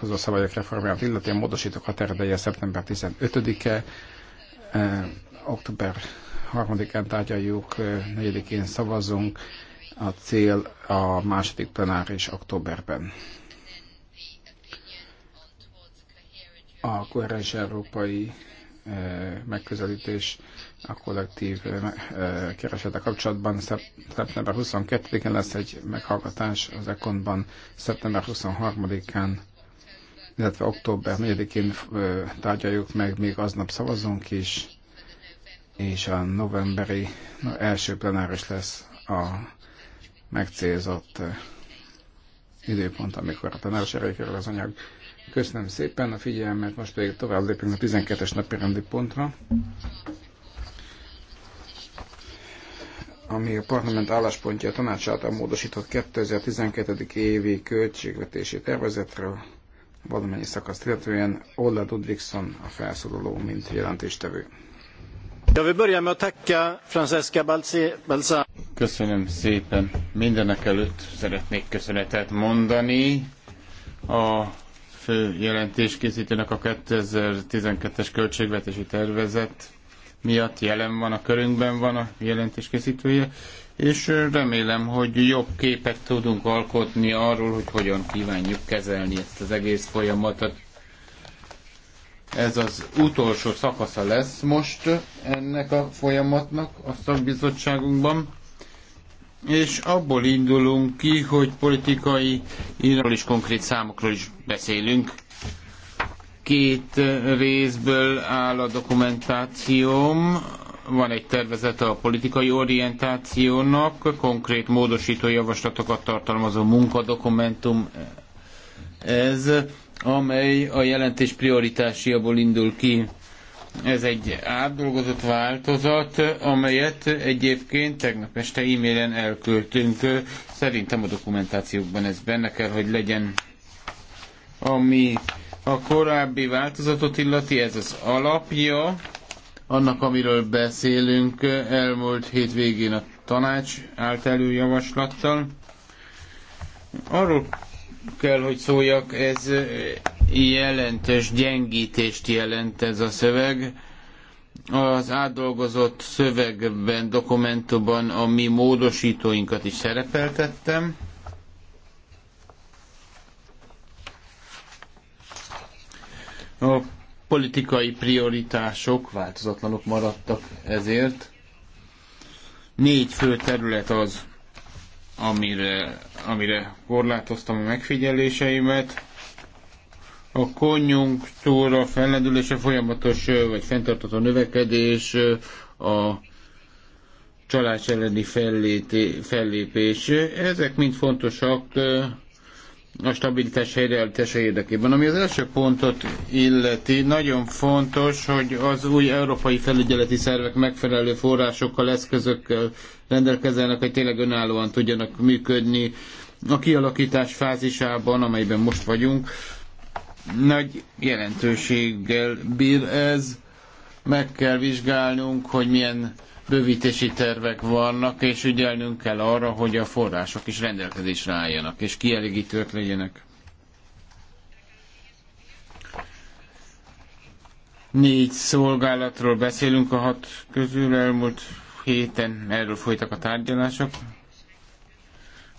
az a szabályok reformját Illetve a módosítók határideje szeptember 15-e, eh, október 3-án tárgyaljuk, 4-én eh, szavazunk, a cél a második plenáris októberben. A koherens európai eh, megközelítés a kollektív keresete kapcsolatban. Szeptember 22-én lesz egy meghallgatás az Ekonban, szeptember 23-án, illetve október 4-én tárgyaljuk meg, még aznap szavazunk is, és a novemberi na, első plenáris lesz a megcélzott időpont, amikor a tanáros kerül az anyag. Köszönöm szépen a figyelmet, most pedig tovább lépünk a 12-es napi rendi pontra ami a parlament álláspontja a tanács által módosított 2012. évi költségvetési tervezetről, valamennyi szakaszt illetően Olle Ludvigsson a felszólaló, mint jelentéstevő. Jag vill börja med att tacka Francesca Balza. Köszönöm szépen. Mindenek előtt szeretnék köszönetet mondani a fő jelentéskészítőnek a 2012-es költségvetési tervezet miatt jelen van a körünkben, van a jelentés készítője, és remélem, hogy jobb képet tudunk alkotni arról, hogy hogyan kívánjuk kezelni ezt az egész folyamatot. Ez az utolsó szakasza lesz most ennek a folyamatnak a szakbizottságunkban, és abból indulunk ki, hogy politikai, írról is konkrét számokról is beszélünk, Két részből áll a dokumentációm. Van egy tervezete a politikai orientációnak, konkrét módosító javaslatokat tartalmazó munkadokumentum ez, amely a jelentés prioritásiából indul ki. Ez egy átdolgozott változat, amelyet egyébként tegnap este e-mailen elküldtünk. Szerintem a dokumentációkban ez benne kell, hogy legyen, ami a korábbi változatot illeti, ez az alapja annak, amiről beszélünk elmúlt hétvégén a tanács állt elő javaslattal. Arról kell, hogy szóljak, ez jelentős gyengítést jelent ez a szöveg. Az átdolgozott szövegben, dokumentumban a mi módosítóinkat is szerepeltettem A politikai prioritások változatlanok maradtak ezért. Négy fő terület az, amire, amire korlátoztam a megfigyeléseimet. A konjunktúra fellendülése folyamatos vagy fenntartató növekedés, a csalás elleni fellépés, ezek mind fontosak a stabilitás helyreállítása érdekében. Ami az első pontot illeti, nagyon fontos, hogy az új európai felügyeleti szervek megfelelő forrásokkal, eszközökkel rendelkezzenek, hogy tényleg önállóan tudjanak működni a kialakítás fázisában, amelyben most vagyunk. Nagy jelentőséggel bír ez. Meg kell vizsgálnunk, hogy milyen bővítési tervek vannak, és ügyelnünk kell arra, hogy a források is rendelkezésre álljanak, és kielégítőek legyenek. Négy szolgálatról beszélünk a hat közül, elmúlt héten erről folytak a tárgyalások.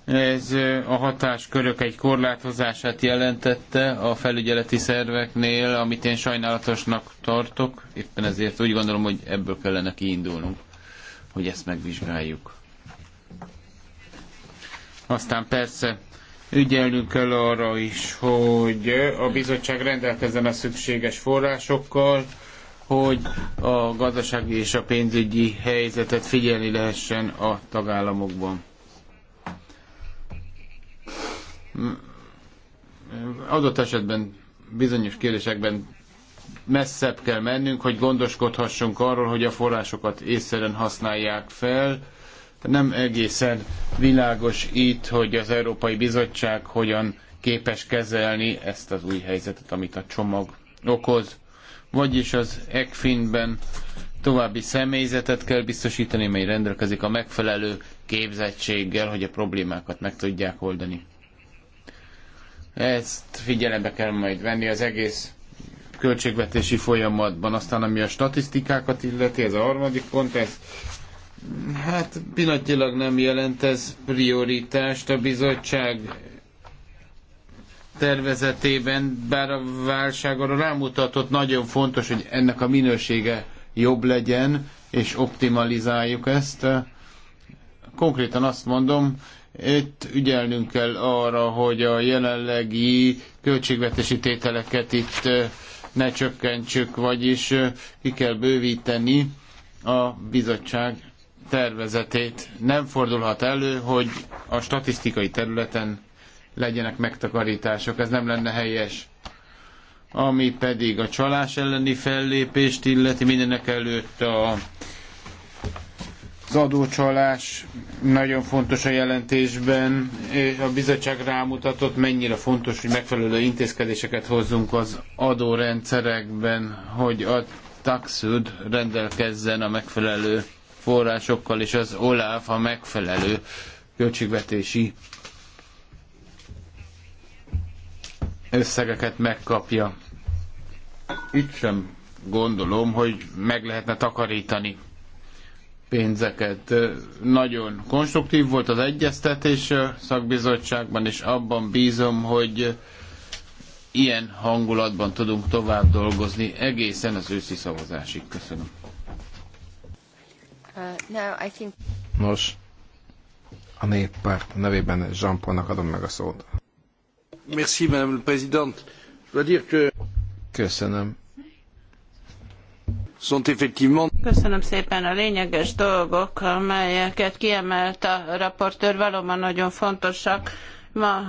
Ez a hatáskörök egy korlátozását jelentette a felügyeleti szerveknél, amit én sajnálatosnak tartok. Éppen ezért úgy gondolom, hogy ebből kellene kiindulnunk hogy ezt megvizsgáljuk. Aztán persze ügyelnünk kell arra is, hogy a bizottság rendelkezzen a szükséges forrásokkal, hogy a gazdasági és a pénzügyi helyzetet figyelni lehessen a tagállamokban. Adott esetben bizonyos kérdésekben messzebb kell mennünk, hogy gondoskodhassunk arról, hogy a forrásokat észszerűen használják fel. Nem egészen világos itt, hogy az Európai Bizottság hogyan képes kezelni ezt az új helyzetet, amit a csomag okoz. Vagyis az ECFIN-ben további személyzetet kell biztosítani, mely rendelkezik a megfelelő képzettséggel, hogy a problémákat meg tudják oldani. Ezt figyelembe kell majd venni az egész költségvetési folyamatban. Aztán ami a statisztikákat illeti, ez a harmadik pont, ez hát pillanatilag nem jelent ez prioritást a bizottság tervezetében, bár a válság arra rámutatott, nagyon fontos, hogy ennek a minősége jobb legyen, és optimalizáljuk ezt. Konkrétan azt mondom, itt ügyelnünk kell arra, hogy a jelenlegi költségvetési tételeket itt ne csökkentsük, vagyis ki kell bővíteni a bizottság tervezetét. Nem fordulhat elő, hogy a statisztikai területen legyenek megtakarítások, ez nem lenne helyes. Ami pedig a csalás elleni fellépést illeti mindenek előtt a az adócsalás nagyon fontos a jelentésben, és a bizottság rámutatott, mennyire fontos, hogy megfelelő intézkedéseket hozzunk az adórendszerekben, hogy a taxud rendelkezzen a megfelelő forrásokkal, és az OLAF a megfelelő költségvetési összegeket megkapja. Itt sem gondolom, hogy meg lehetne takarítani pénzeket. Nagyon konstruktív volt az egyeztetés a szakbizottságban, és abban bízom, hogy ilyen hangulatban tudunk tovább dolgozni egészen az őszi szavazásig. Köszönöm. Uh, no, I think... Nos, a néppárt nevében jean Paulnak adom meg a szót. Merci, Madame le Köszönöm, Köszönöm szépen a lényeges dolgok, amelyeket kiemelt a raportőr, valóban nagyon fontosak. Ma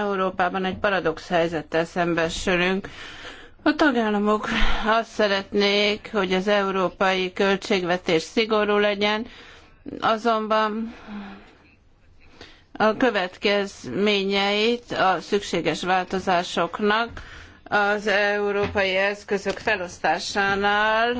Európában egy paradox helyzettel szembesülünk. A tagállamok azt szeretnék, hogy az európai költségvetés szigorú legyen, azonban a következményeit a szükséges változásoknak az európai eszközök felosztásánál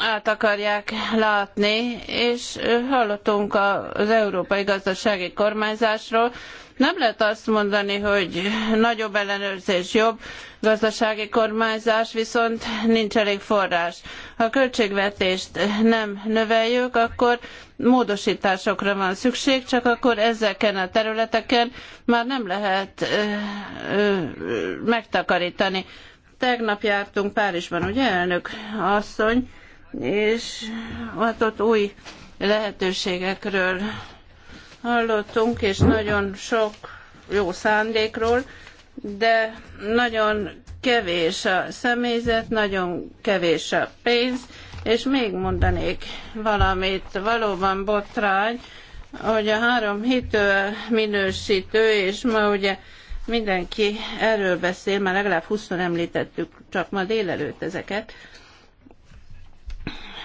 át akarják látni, és hallottunk az európai gazdasági kormányzásról, nem lehet azt mondani, hogy nagyobb ellenőrzés jobb, gazdasági kormányzás, viszont nincs elég forrás. Ha a költségvetést nem növeljük, akkor módosításokra van szükség, csak akkor ezeken a területeken már nem lehet ö, ö, megtakarítani. Tegnap jártunk Párizsban, ugye elnök asszony, és hát ott új lehetőségekről hallottunk, és nagyon sok jó szándékról, de nagyon kevés a személyzet, nagyon kevés a pénz, és még mondanék valamit, valóban botrány, hogy a három hitő minősítő, és ma ugye mindenki erről beszél, már legalább 20 említettük csak ma délelőtt ezeket,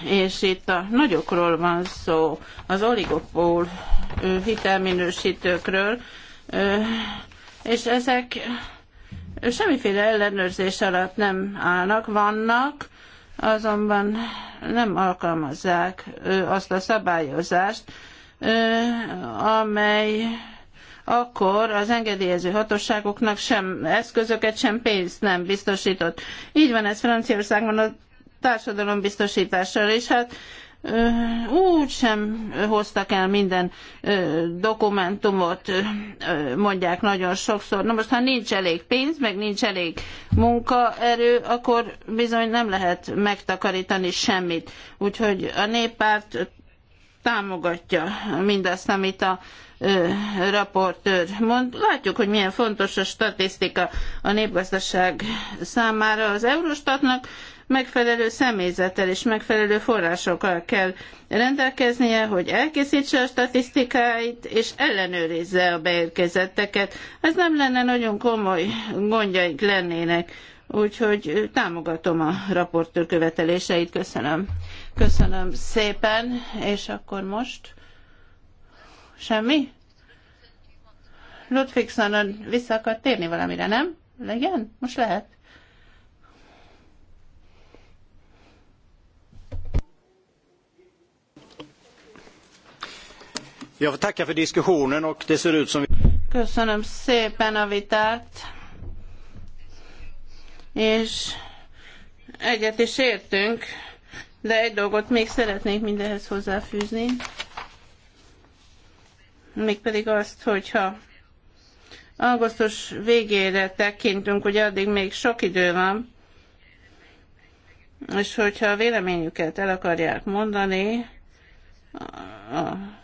és itt a nagyokról van szó, az oligopól hitelminősítőkről, és ezek semmiféle ellenőrzés alatt nem állnak, vannak, azonban nem alkalmazzák azt a szabályozást, amely akkor az engedélyező hatóságoknak sem eszközöket, sem pénzt nem biztosított. Így van ez Franciaországban, a társadalombiztosítással, és hát úgy sem hoztak el minden dokumentumot, mondják nagyon sokszor. Na most, ha nincs elég pénz, meg nincs elég munkaerő, akkor bizony nem lehet megtakarítani semmit. Úgyhogy a néppárt támogatja mindazt, amit a raportőr mond. Látjuk, hogy milyen fontos a statisztika a népgazdaság számára az Eurostatnak, megfelelő személyzettel és megfelelő forrásokkal kell rendelkeznie, hogy elkészítse a statisztikáit és ellenőrizze a beérkezetteket. Ez nem lenne nagyon komoly gondjaink lennének, úgyhogy támogatom a raportőr követeléseit. Köszönöm. Köszönöm szépen, és akkor most semmi? Ludvigson vissza akar térni valamire, nem? Legyen? Most lehet? Köszönöm szépen a vitát. És egyet is értünk, de egy dolgot még szeretnék mindehhez hozzáfűzni. Mégpedig azt, hogyha augusztus végére tekintünk, hogy addig még sok idő van, és hogyha a véleményüket el akarják mondani,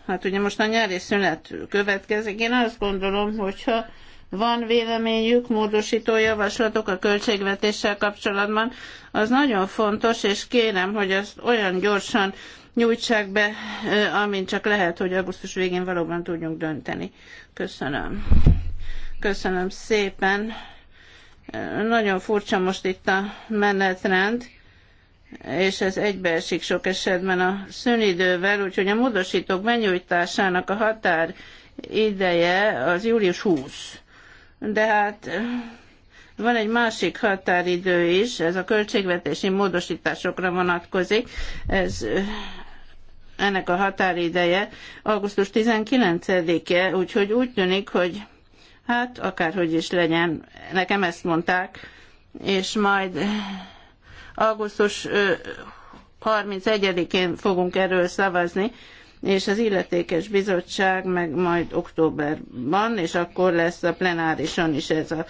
hát ugye most a nyári szünet következik. Én azt gondolom, hogyha van véleményük, módosító javaslatok a költségvetéssel kapcsolatban, az nagyon fontos, és kérem, hogy azt olyan gyorsan nyújtsák be, amint csak lehet, hogy augusztus végén valóban tudjunk dönteni. Köszönöm. Köszönöm szépen. Nagyon furcsa most itt a menetrend és ez egybeesik sok esetben a szünidővel, úgyhogy a módosítók benyújtásának a határ ideje az július 20. De hát eh, van egy másik határidő is, ez a költségvetési módosításokra vonatkozik, ez eh, ennek a határideje augusztus 19-e, úgyhogy úgy tűnik, hogy hát akárhogy is legyen, nekem ezt mondták, és majd eh, Augusztus 31-én fogunk erről szavazni, és az illetékes bizottság meg majd októberban, és akkor lesz a plenárison is ez a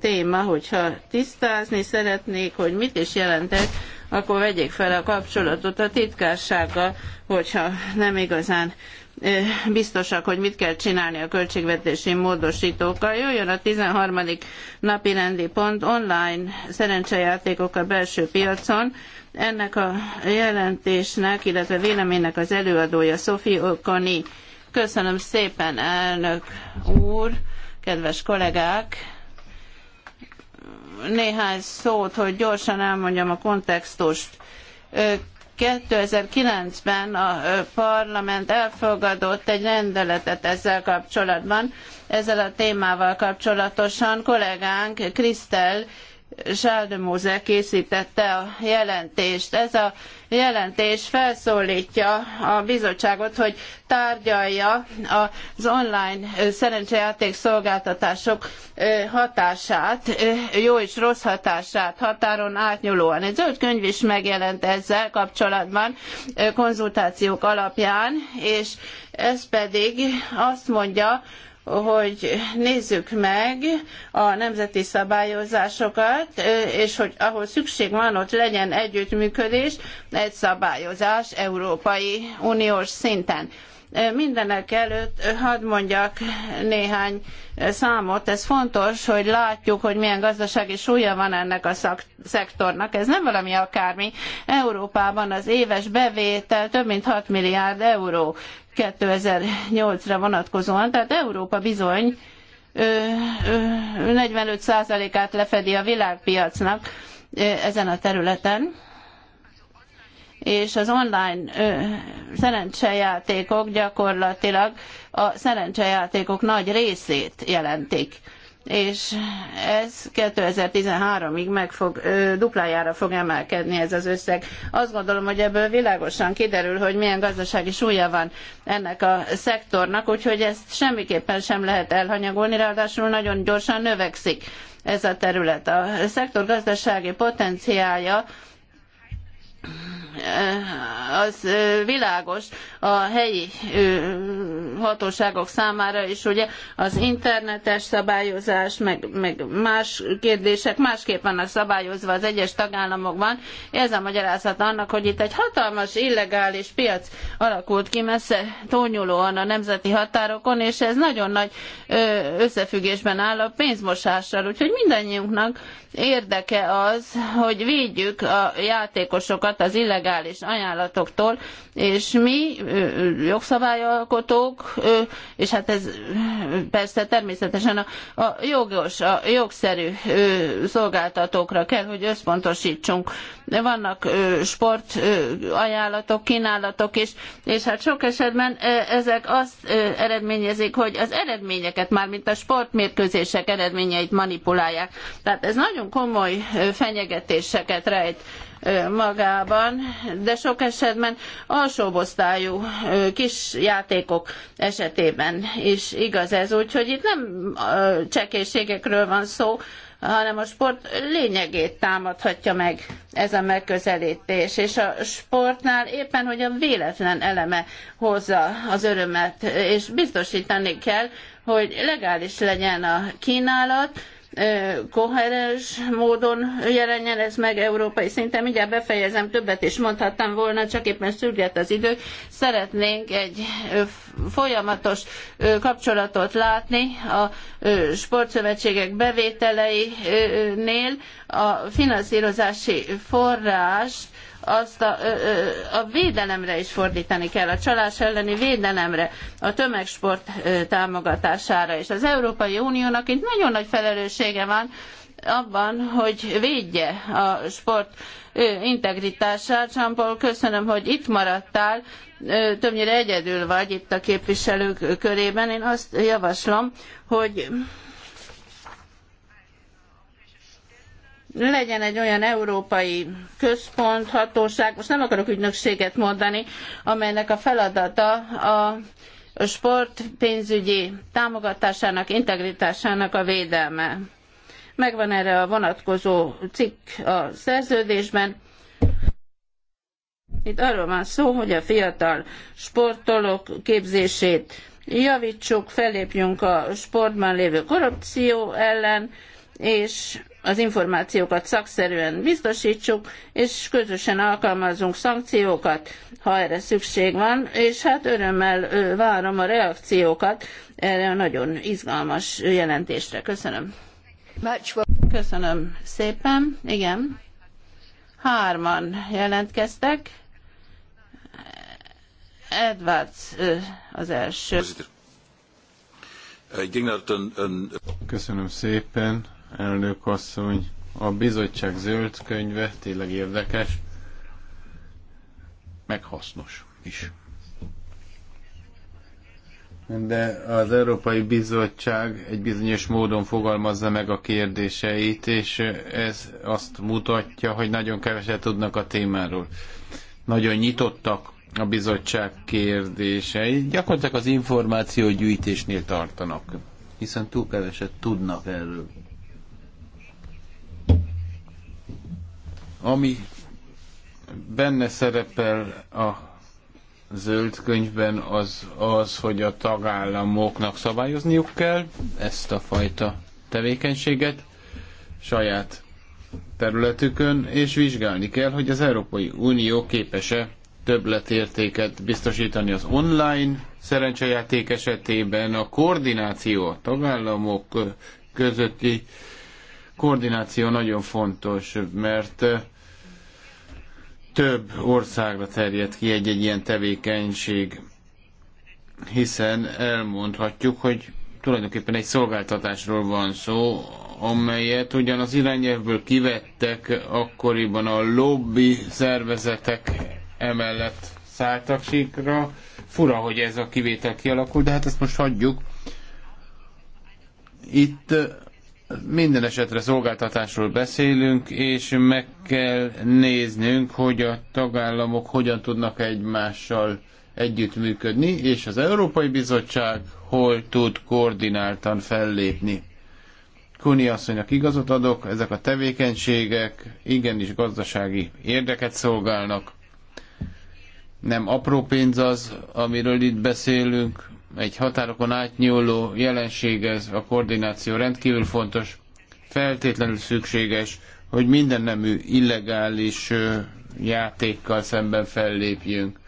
téma, hogyha tisztázni szeretnék, hogy mit is jelentek, akkor vegyék fel a kapcsolatot a titkársággal, hogyha nem igazán biztosak, hogy mit kell csinálni a költségvetési módosítókkal. Jöjjön a 13. napi rendi pont online szerencsejátékok a belső piacon. Ennek a jelentésnek, illetve véleménynek az előadója Sophie Okoni. Köszönöm szépen, elnök úr, kedves kollégák! Néhány szót, hogy gyorsan elmondjam a kontextust 2009-ben a parlament elfogadott egy rendeletet ezzel kapcsolatban, ezzel a témával kapcsolatosan kollégánk Krisztel Sáldemóze készítette a jelentést. Ez a jelentés felszólítja a bizottságot, hogy tárgyalja az online szerencsejáték szolgáltatások hatását, jó és rossz hatását határon átnyúlóan. Egy zöld könyv is megjelent ezzel kapcsolatban konzultációk alapján, és ez pedig azt mondja, hogy nézzük meg a nemzeti szabályozásokat, és hogy ahol szükség van, ott legyen együttműködés, egy szabályozás Európai Uniós szinten. Mindenek előtt hadd mondjak néhány számot. Ez fontos, hogy látjuk, hogy milyen gazdasági súlya van ennek a szak- szektornak. Ez nem valami akármi. Európában az éves bevétel több mint 6 milliárd euró, 2008-ra vonatkozóan, tehát Európa bizony 45%-át lefedi a világpiacnak ezen a területen, és az online szerencsejátékok gyakorlatilag a szerencsejátékok nagy részét jelentik és ez 2013-ig meg fog, ö, duplájára fog emelkedni ez az összeg. Azt gondolom, hogy ebből világosan kiderül, hogy milyen gazdasági súlya van ennek a szektornak, úgyhogy ezt semmiképpen sem lehet elhanyagolni, ráadásul nagyon gyorsan növekszik ez a terület. A szektor gazdasági potenciálja az világos a helyi hatóságok számára is, ugye az internetes szabályozás, meg, meg más kérdések másképp vannak szabályozva az egyes tagállamokban. Ez a magyarázat annak, hogy itt egy hatalmas illegális piac alakult ki messze túlnyúlóan a nemzeti határokon, és ez nagyon nagy összefüggésben áll a pénzmosással, úgyhogy mindannyiunknak érdeke az, hogy védjük a játékosokat, magunkat az illegális ajánlatoktól, és mi jogszabályalkotók, és hát ez persze természetesen a, a jogos, a jogszerű szolgáltatókra kell, hogy összpontosítsunk. Vannak sport ajánlatok, kínálatok is, és hát sok esetben ezek azt eredményezik, hogy az eredményeket, mármint a sportmérkőzések eredményeit manipulálják. Tehát ez nagyon komoly fenyegetéseket rejt magában, de sok esetben alsóbb osztályú kis játékok esetében is igaz ez, úgyhogy itt nem csekélységekről van szó, hanem a sport lényegét támadhatja meg ez a megközelítés. És a sportnál éppen, hogy a véletlen eleme hozza az örömet, és biztosítani kell, hogy legális legyen a kínálat, koherens módon jelenjen ez meg európai szinten. Mindjárt befejezem, többet is mondhattam volna, csak éppen szürget az idő. Szeretnénk egy folyamatos kapcsolatot látni a sportszövetségek bevételeinél. A finanszírozási forrás azt a, a védelemre is fordítani kell, a csalás elleni védelemre, a tömegsport támogatására. És az Európai Uniónak itt nagyon nagy felelőssége van, abban, hogy védje a sport integritását. Csampol, köszönöm, hogy itt maradtál, többnyire egyedül vagy itt a képviselők körében. Én azt javaslom, hogy legyen egy olyan európai központ, hatóság, most nem akarok ügynökséget mondani, amelynek a feladata a sport pénzügyi támogatásának, integritásának a védelme. Megvan erre a vonatkozó cikk a szerződésben. Itt arról van szó, hogy a fiatal sportolók képzését javítsuk, fellépjünk a sportban lévő korrupció ellen, és az információkat szakszerűen biztosítsuk, és közösen alkalmazunk szankciókat, ha erre szükség van, és hát örömmel várom a reakciókat erre a nagyon izgalmas jelentésre. Köszönöm. Köszönöm szépen. Igen. Hárman jelentkeztek. Edwards az első. Köszönöm szépen elnök asszony. A bizottság zöld könyve tényleg érdekes, meg hasznos is. De az Európai Bizottság egy bizonyos módon fogalmazza meg a kérdéseit, és ez azt mutatja, hogy nagyon keveset tudnak a témáról. Nagyon nyitottak a bizottság kérdései. Gyakorlatilag az információgyűjtésnél tartanak, hiszen túl keveset tudnak erről. ami benne szerepel a zöld könyvben az, az, hogy a tagállamoknak szabályozniuk kell ezt a fajta tevékenységet saját területükön, és vizsgálni kell, hogy az Európai Unió képes-e többletértéket biztosítani az online szerencsejáték esetében, a koordináció a tagállamok közötti koordináció nagyon fontos, mert több országra terjed ki egy-egy ilyen tevékenység, hiszen elmondhatjuk, hogy tulajdonképpen egy szolgáltatásról van szó, amelyet ugyan az irányelvből kivettek, akkoriban a lobby szervezetek emellett szálltak síkra. Fura, hogy ez a kivétel kialakult, de hát ezt most hagyjuk. Itt minden esetre szolgáltatásról beszélünk, és meg kell néznünk, hogy a tagállamok hogyan tudnak egymással együttműködni, és az Európai Bizottság hol tud koordináltan fellépni. Kuni asszonynak igazat adok, ezek a tevékenységek igenis gazdasági érdeket szolgálnak. Nem apró pénz az, amiről itt beszélünk, egy határokon átnyúló jelenség ez, a koordináció rendkívül fontos, feltétlenül szükséges, hogy minden nemű illegális játékkal szemben fellépjünk,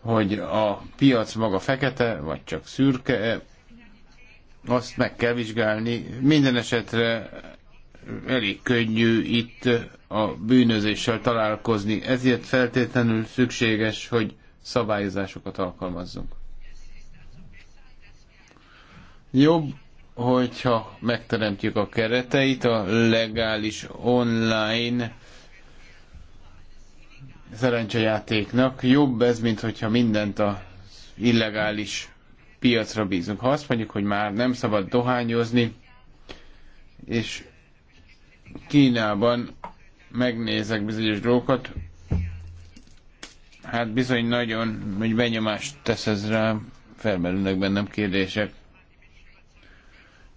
hogy a piac maga fekete, vagy csak szürke, azt meg kell vizsgálni. Minden esetre elég könnyű itt a bűnözéssel találkozni, ezért feltétlenül szükséges, hogy szabályozásokat alkalmazzunk. Jobb, hogyha megteremtjük a kereteit a legális online szerencsejátéknak. Jobb ez, mint hogyha mindent a illegális piacra bízunk. Ha azt mondjuk, hogy már nem szabad dohányozni, és Kínában megnézek bizonyos dolgokat, hát bizony nagyon, hogy benyomást tesz ez rám, felmerülnek bennem kérdések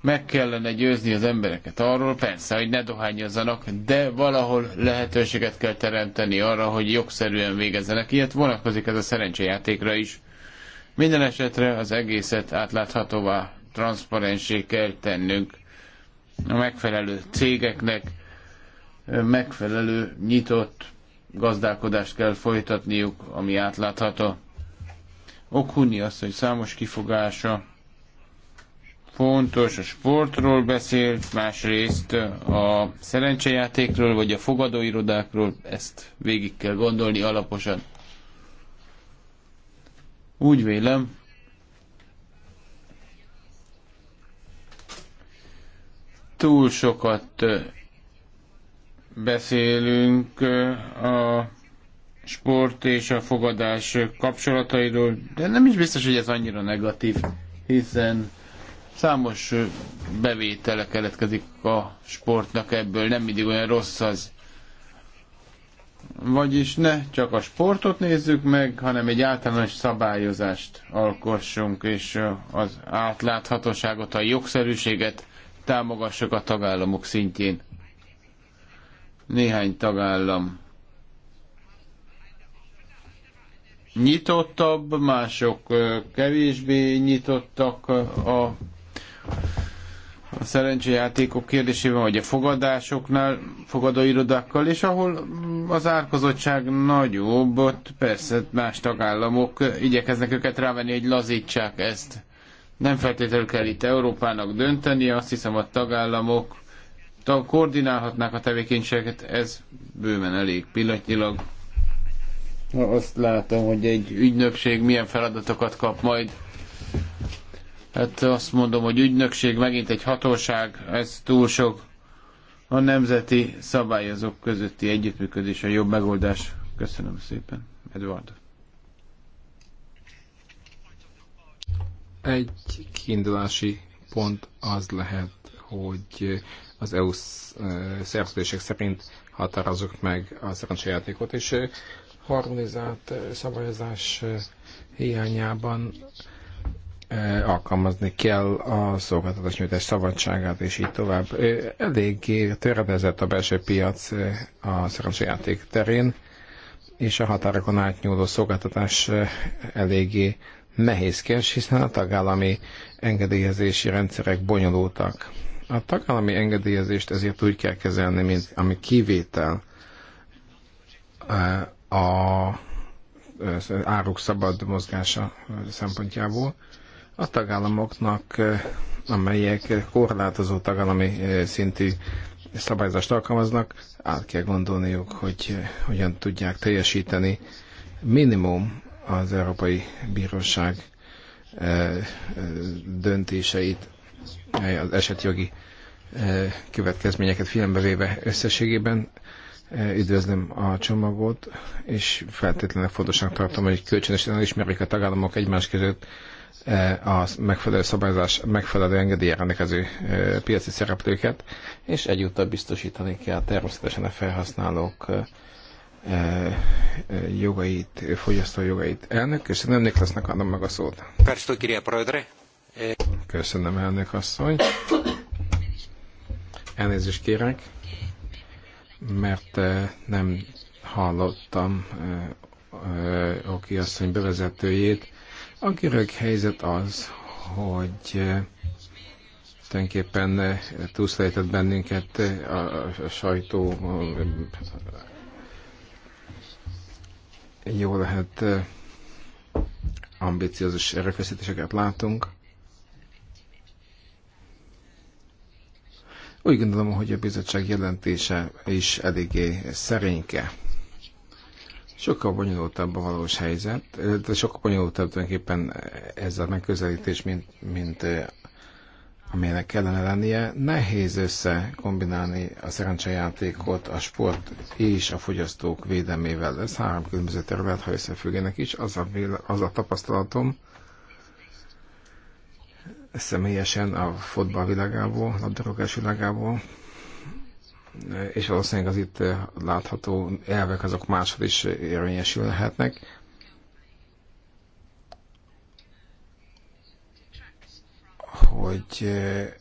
meg kellene győzni az embereket arról, persze, hogy ne dohányozzanak, de valahol lehetőséget kell teremteni arra, hogy jogszerűen végezzenek. Ilyet vonatkozik ez a szerencsejátékra is. Minden esetre az egészet átláthatóvá, transzparensé kell tennünk a megfelelő cégeknek, megfelelő nyitott gazdálkodást kell folytatniuk, ami átlátható. Okhunni azt, hogy számos kifogása fontos, a sportról beszélt, másrészt a szerencsejátékról, vagy a fogadóirodákról, ezt végig kell gondolni alaposan. Úgy vélem, túl sokat beszélünk a sport és a fogadás kapcsolatairól, de nem is biztos, hogy ez annyira negatív, hiszen Számos bevétele keletkezik a sportnak ebből, nem mindig olyan rossz az. Vagyis ne csak a sportot nézzük meg, hanem egy általános szabályozást alkossunk, és az átláthatóságot, a jogszerűséget támogassuk a tagállamok szintjén. Néhány tagállam nyitottabb, mások kevésbé nyitottak a a szerencsejátékok kérdésében, vagy a fogadásoknál, fogadóirodákkal, és ahol az árkozottság nagyobb, ott persze más tagállamok igyekeznek őket rávenni, hogy lazítsák ezt. Nem feltétlenül kell itt Európának döntenie, azt hiszem a tagállamok koordinálhatnák a tevékenységet, ez bőven elég pillanatnyilag. Azt látom, hogy egy ügynökség milyen feladatokat kap majd Hát azt mondom, hogy ügynökség, megint egy hatóság, ez túl sok. A nemzeti szabályozók közötti együttműködés a jobb megoldás. Köszönöm szépen, Edward. Egy kiindulási pont az lehet, hogy az EU szerződések szerint határozzuk meg a szerencsejátékot, és harmonizált szabályozás hiányában alkalmazni kell a szolgáltatás nyújtás szabadságát, és így tovább. Eléggé töredezett a belső piac a szerencsejáték terén, és a határokon átnyúló szolgáltatás eléggé nehézkes, hiszen a tagállami engedélyezési rendszerek bonyolultak. A tagállami engedélyezést ezért úgy kell kezelni, mint ami kivétel a áruk szabad mozgása szempontjából a tagállamoknak, eh, amelyek korlátozó tagállami eh, szintű szabályzást alkalmaznak, át kell gondolniuk, hogy eh, hogyan tudják teljesíteni minimum az Európai Bíróság döntéseit, az esetjogi következményeket figyelembe véve összességében üdvözlöm a csomagot, és feltétlenül fontosnak tartom, hogy kölcsönösen elismerik a tagállamok egymás között E, a megfelelő szabályozás megfelelő engedélye rendelkező e, piaci szereplőket, és egyúttal biztosítani kell természetesen a felhasználók e, jogait, fogyasztó jogait. Elnök, köszönöm, Niklasnak adom meg a szót. Köszönöm, elnök asszony. Elnézést kérek, mert nem hallottam Oki asszony bevezetőjét a görög helyzet az, hogy eh, tulajdonképpen eh, túlszlejtett bennünket eh, a sajtó jó lehet ambiciózus erőfeszítéseket látunk. Úgy gondolom, hogy a bizottság jelentése is eléggé szerényke. Sokkal bonyolultabb a valós helyzet, de sokkal bonyolultabb tulajdonképpen ez a megközelítés, mint, mint amelynek kellene lennie. Nehéz összekombinálni a szerencsejátékot, a sport és a fogyasztók védelmével. Ez három különböző terület, ha összefüggenek is. Az a, az a tapasztalatom személyesen a fotball világából, a labdarúgás világából, és valószínűleg az itt eh, látható elvek azok máshol is érvényesülhetnek. Hogy eh,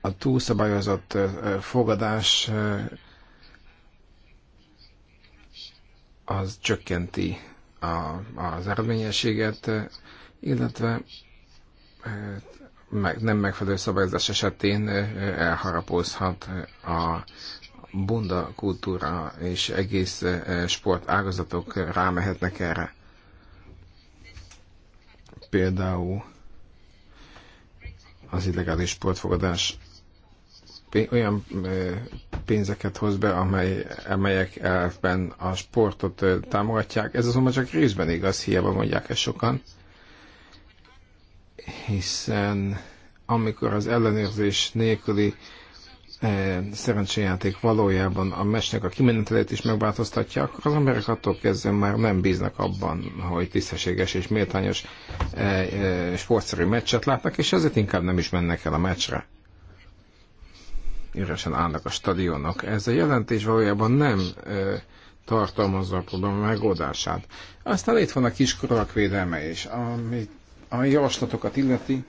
a túlszabályozott eh, fogadás az csökkenti a, az eredményességet, illetve meg, nem megfelelő szabályozás esetén elharapózhat a bunda kultúra és egész eh, sportágazatok rámehetnek erre. Például az illegális sportfogadás olyan eh, pénzeket hoz be, amely, amelyek elfben a sportot eh, támogatják. Ez azonban csak részben igaz, hiába mondják ezt sokan. Hiszen amikor az ellenőrzés nélküli E, szerencséjáték valójában a mesnek a kimenetelét is megváltoztatja, akkor az emberek attól kezdve már nem bíznak abban, hogy tisztességes és méltányos e, e, sportszerű meccset látnak, és ezért inkább nem is mennek el a meccsre. Üresen állnak a stadionok. Ez a jelentés valójában nem tartalmazza a probléma megoldását. Aztán itt van a kiskorak védelme is, ami a javaslatokat illeti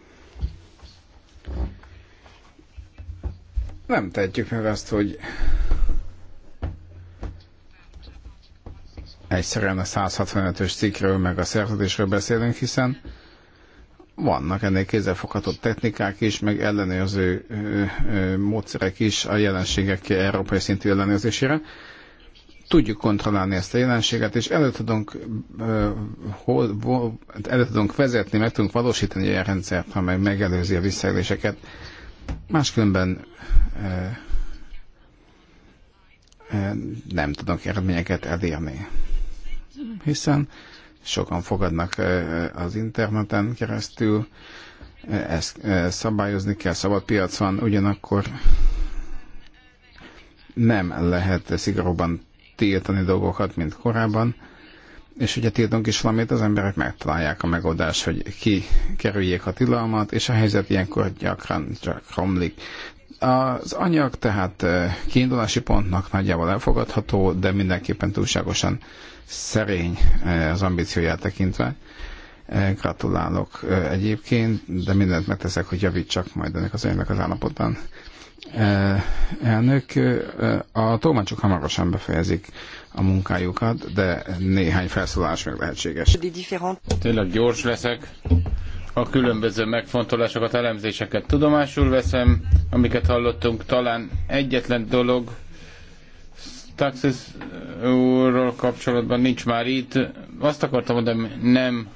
nem tehetjük meg azt, hogy egyszerűen a 165-ös cikkről, meg a szerződésről beszélünk, hiszen vannak ennél kézzelfogható technikák is, meg ellenőrző módszerek is a jelenségek európai szintű ellenőrzésére. Tudjuk kontrollálni ezt a jelenséget, és elő tudunk, hol, elő tudunk vezetni, meg tudunk valósítani egy olyan rendszert, amely megelőzi a visszaéléseket Máskülönben eh, eh, nem tudok eredményeket elérni, hiszen sokan fogadnak eh, az interneten keresztül, ezt szabályozni kell, szabad piac van, ugyanakkor nem lehet szigorúban tiltani dolgokat, mint korábban és ugye tiltunk is valamit, az emberek megtalálják a megoldást, hogy ki kerüljék a tilalmat, és a helyzet ilyenkor gyakran csak romlik. Az anyag tehát eh, kiindulási pontnak nagyjából elfogadható, de mindenképpen túlságosan szerény eh, az ambícióját tekintve. Eh, gratulálok egyébként, de mindent megteszek, hogy javítsak majd ennek az anyagnak az állapotban elnök. A tolmácsok hamarosan befejezik a munkájukat, de néhány felszólás még lehetséges. Tényleg gyors leszek. A különböző megfontolásokat, elemzéseket tudomásul veszem, amiket hallottunk. Talán egyetlen dolog Taxis úrról kapcsolatban nincs már itt. Azt akartam mondani, nem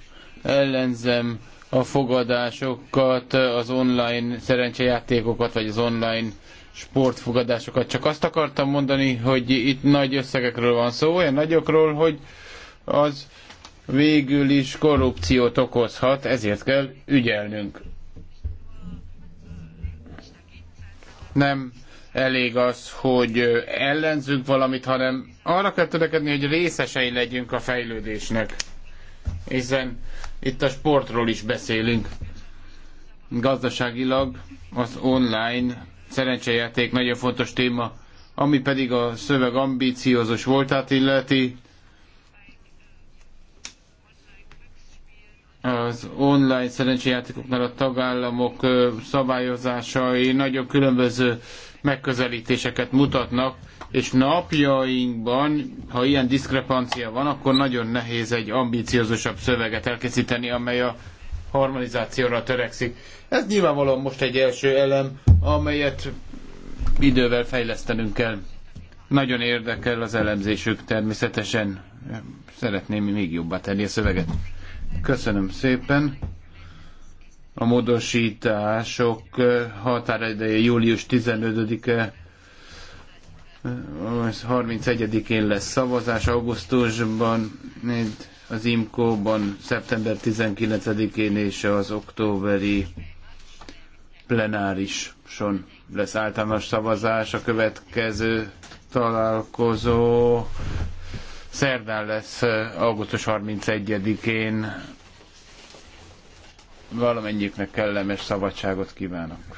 ellenzem a fogadásokat, az online szerencsejátékokat, vagy az online sportfogadásokat. Csak azt akartam mondani, hogy itt nagy összegekről van szó, olyan nagyokról, hogy az végül is korrupciót okozhat, ezért kell ügyelnünk. Nem elég az, hogy ellenzünk valamit, hanem arra kell törekedni, hogy részesei legyünk a fejlődésnek. Hiszen itt a sportról is beszélünk. Gazdaságilag az online szerencsejáték nagyon fontos téma, ami pedig a szöveg ambíciózus voltát illeti. Az online szerencsejátékoknál a tagállamok szabályozásai nagyon különböző megközelítéseket mutatnak, és napjainkban, ha ilyen diszkrepancia van, akkor nagyon nehéz egy ambíciózusabb szöveget elkészíteni, amely a harmonizációra törekszik. Ez nyilvánvalóan most egy első elem, amelyet idővel fejlesztenünk kell. Nagyon érdekel az elemzésük természetesen. Szeretném még jobbá tenni a szöveget. Köszönöm szépen. A módosítások határideje július 15-e, 31-én lesz szavazás augusztusban az IMCO-ban szeptember 19-én és az októberi plenárison lesz általános szavazás. A következő találkozó szerdán lesz eh, augusztus 31-én. Valamennyiknek kellemes szabadságot kívánok.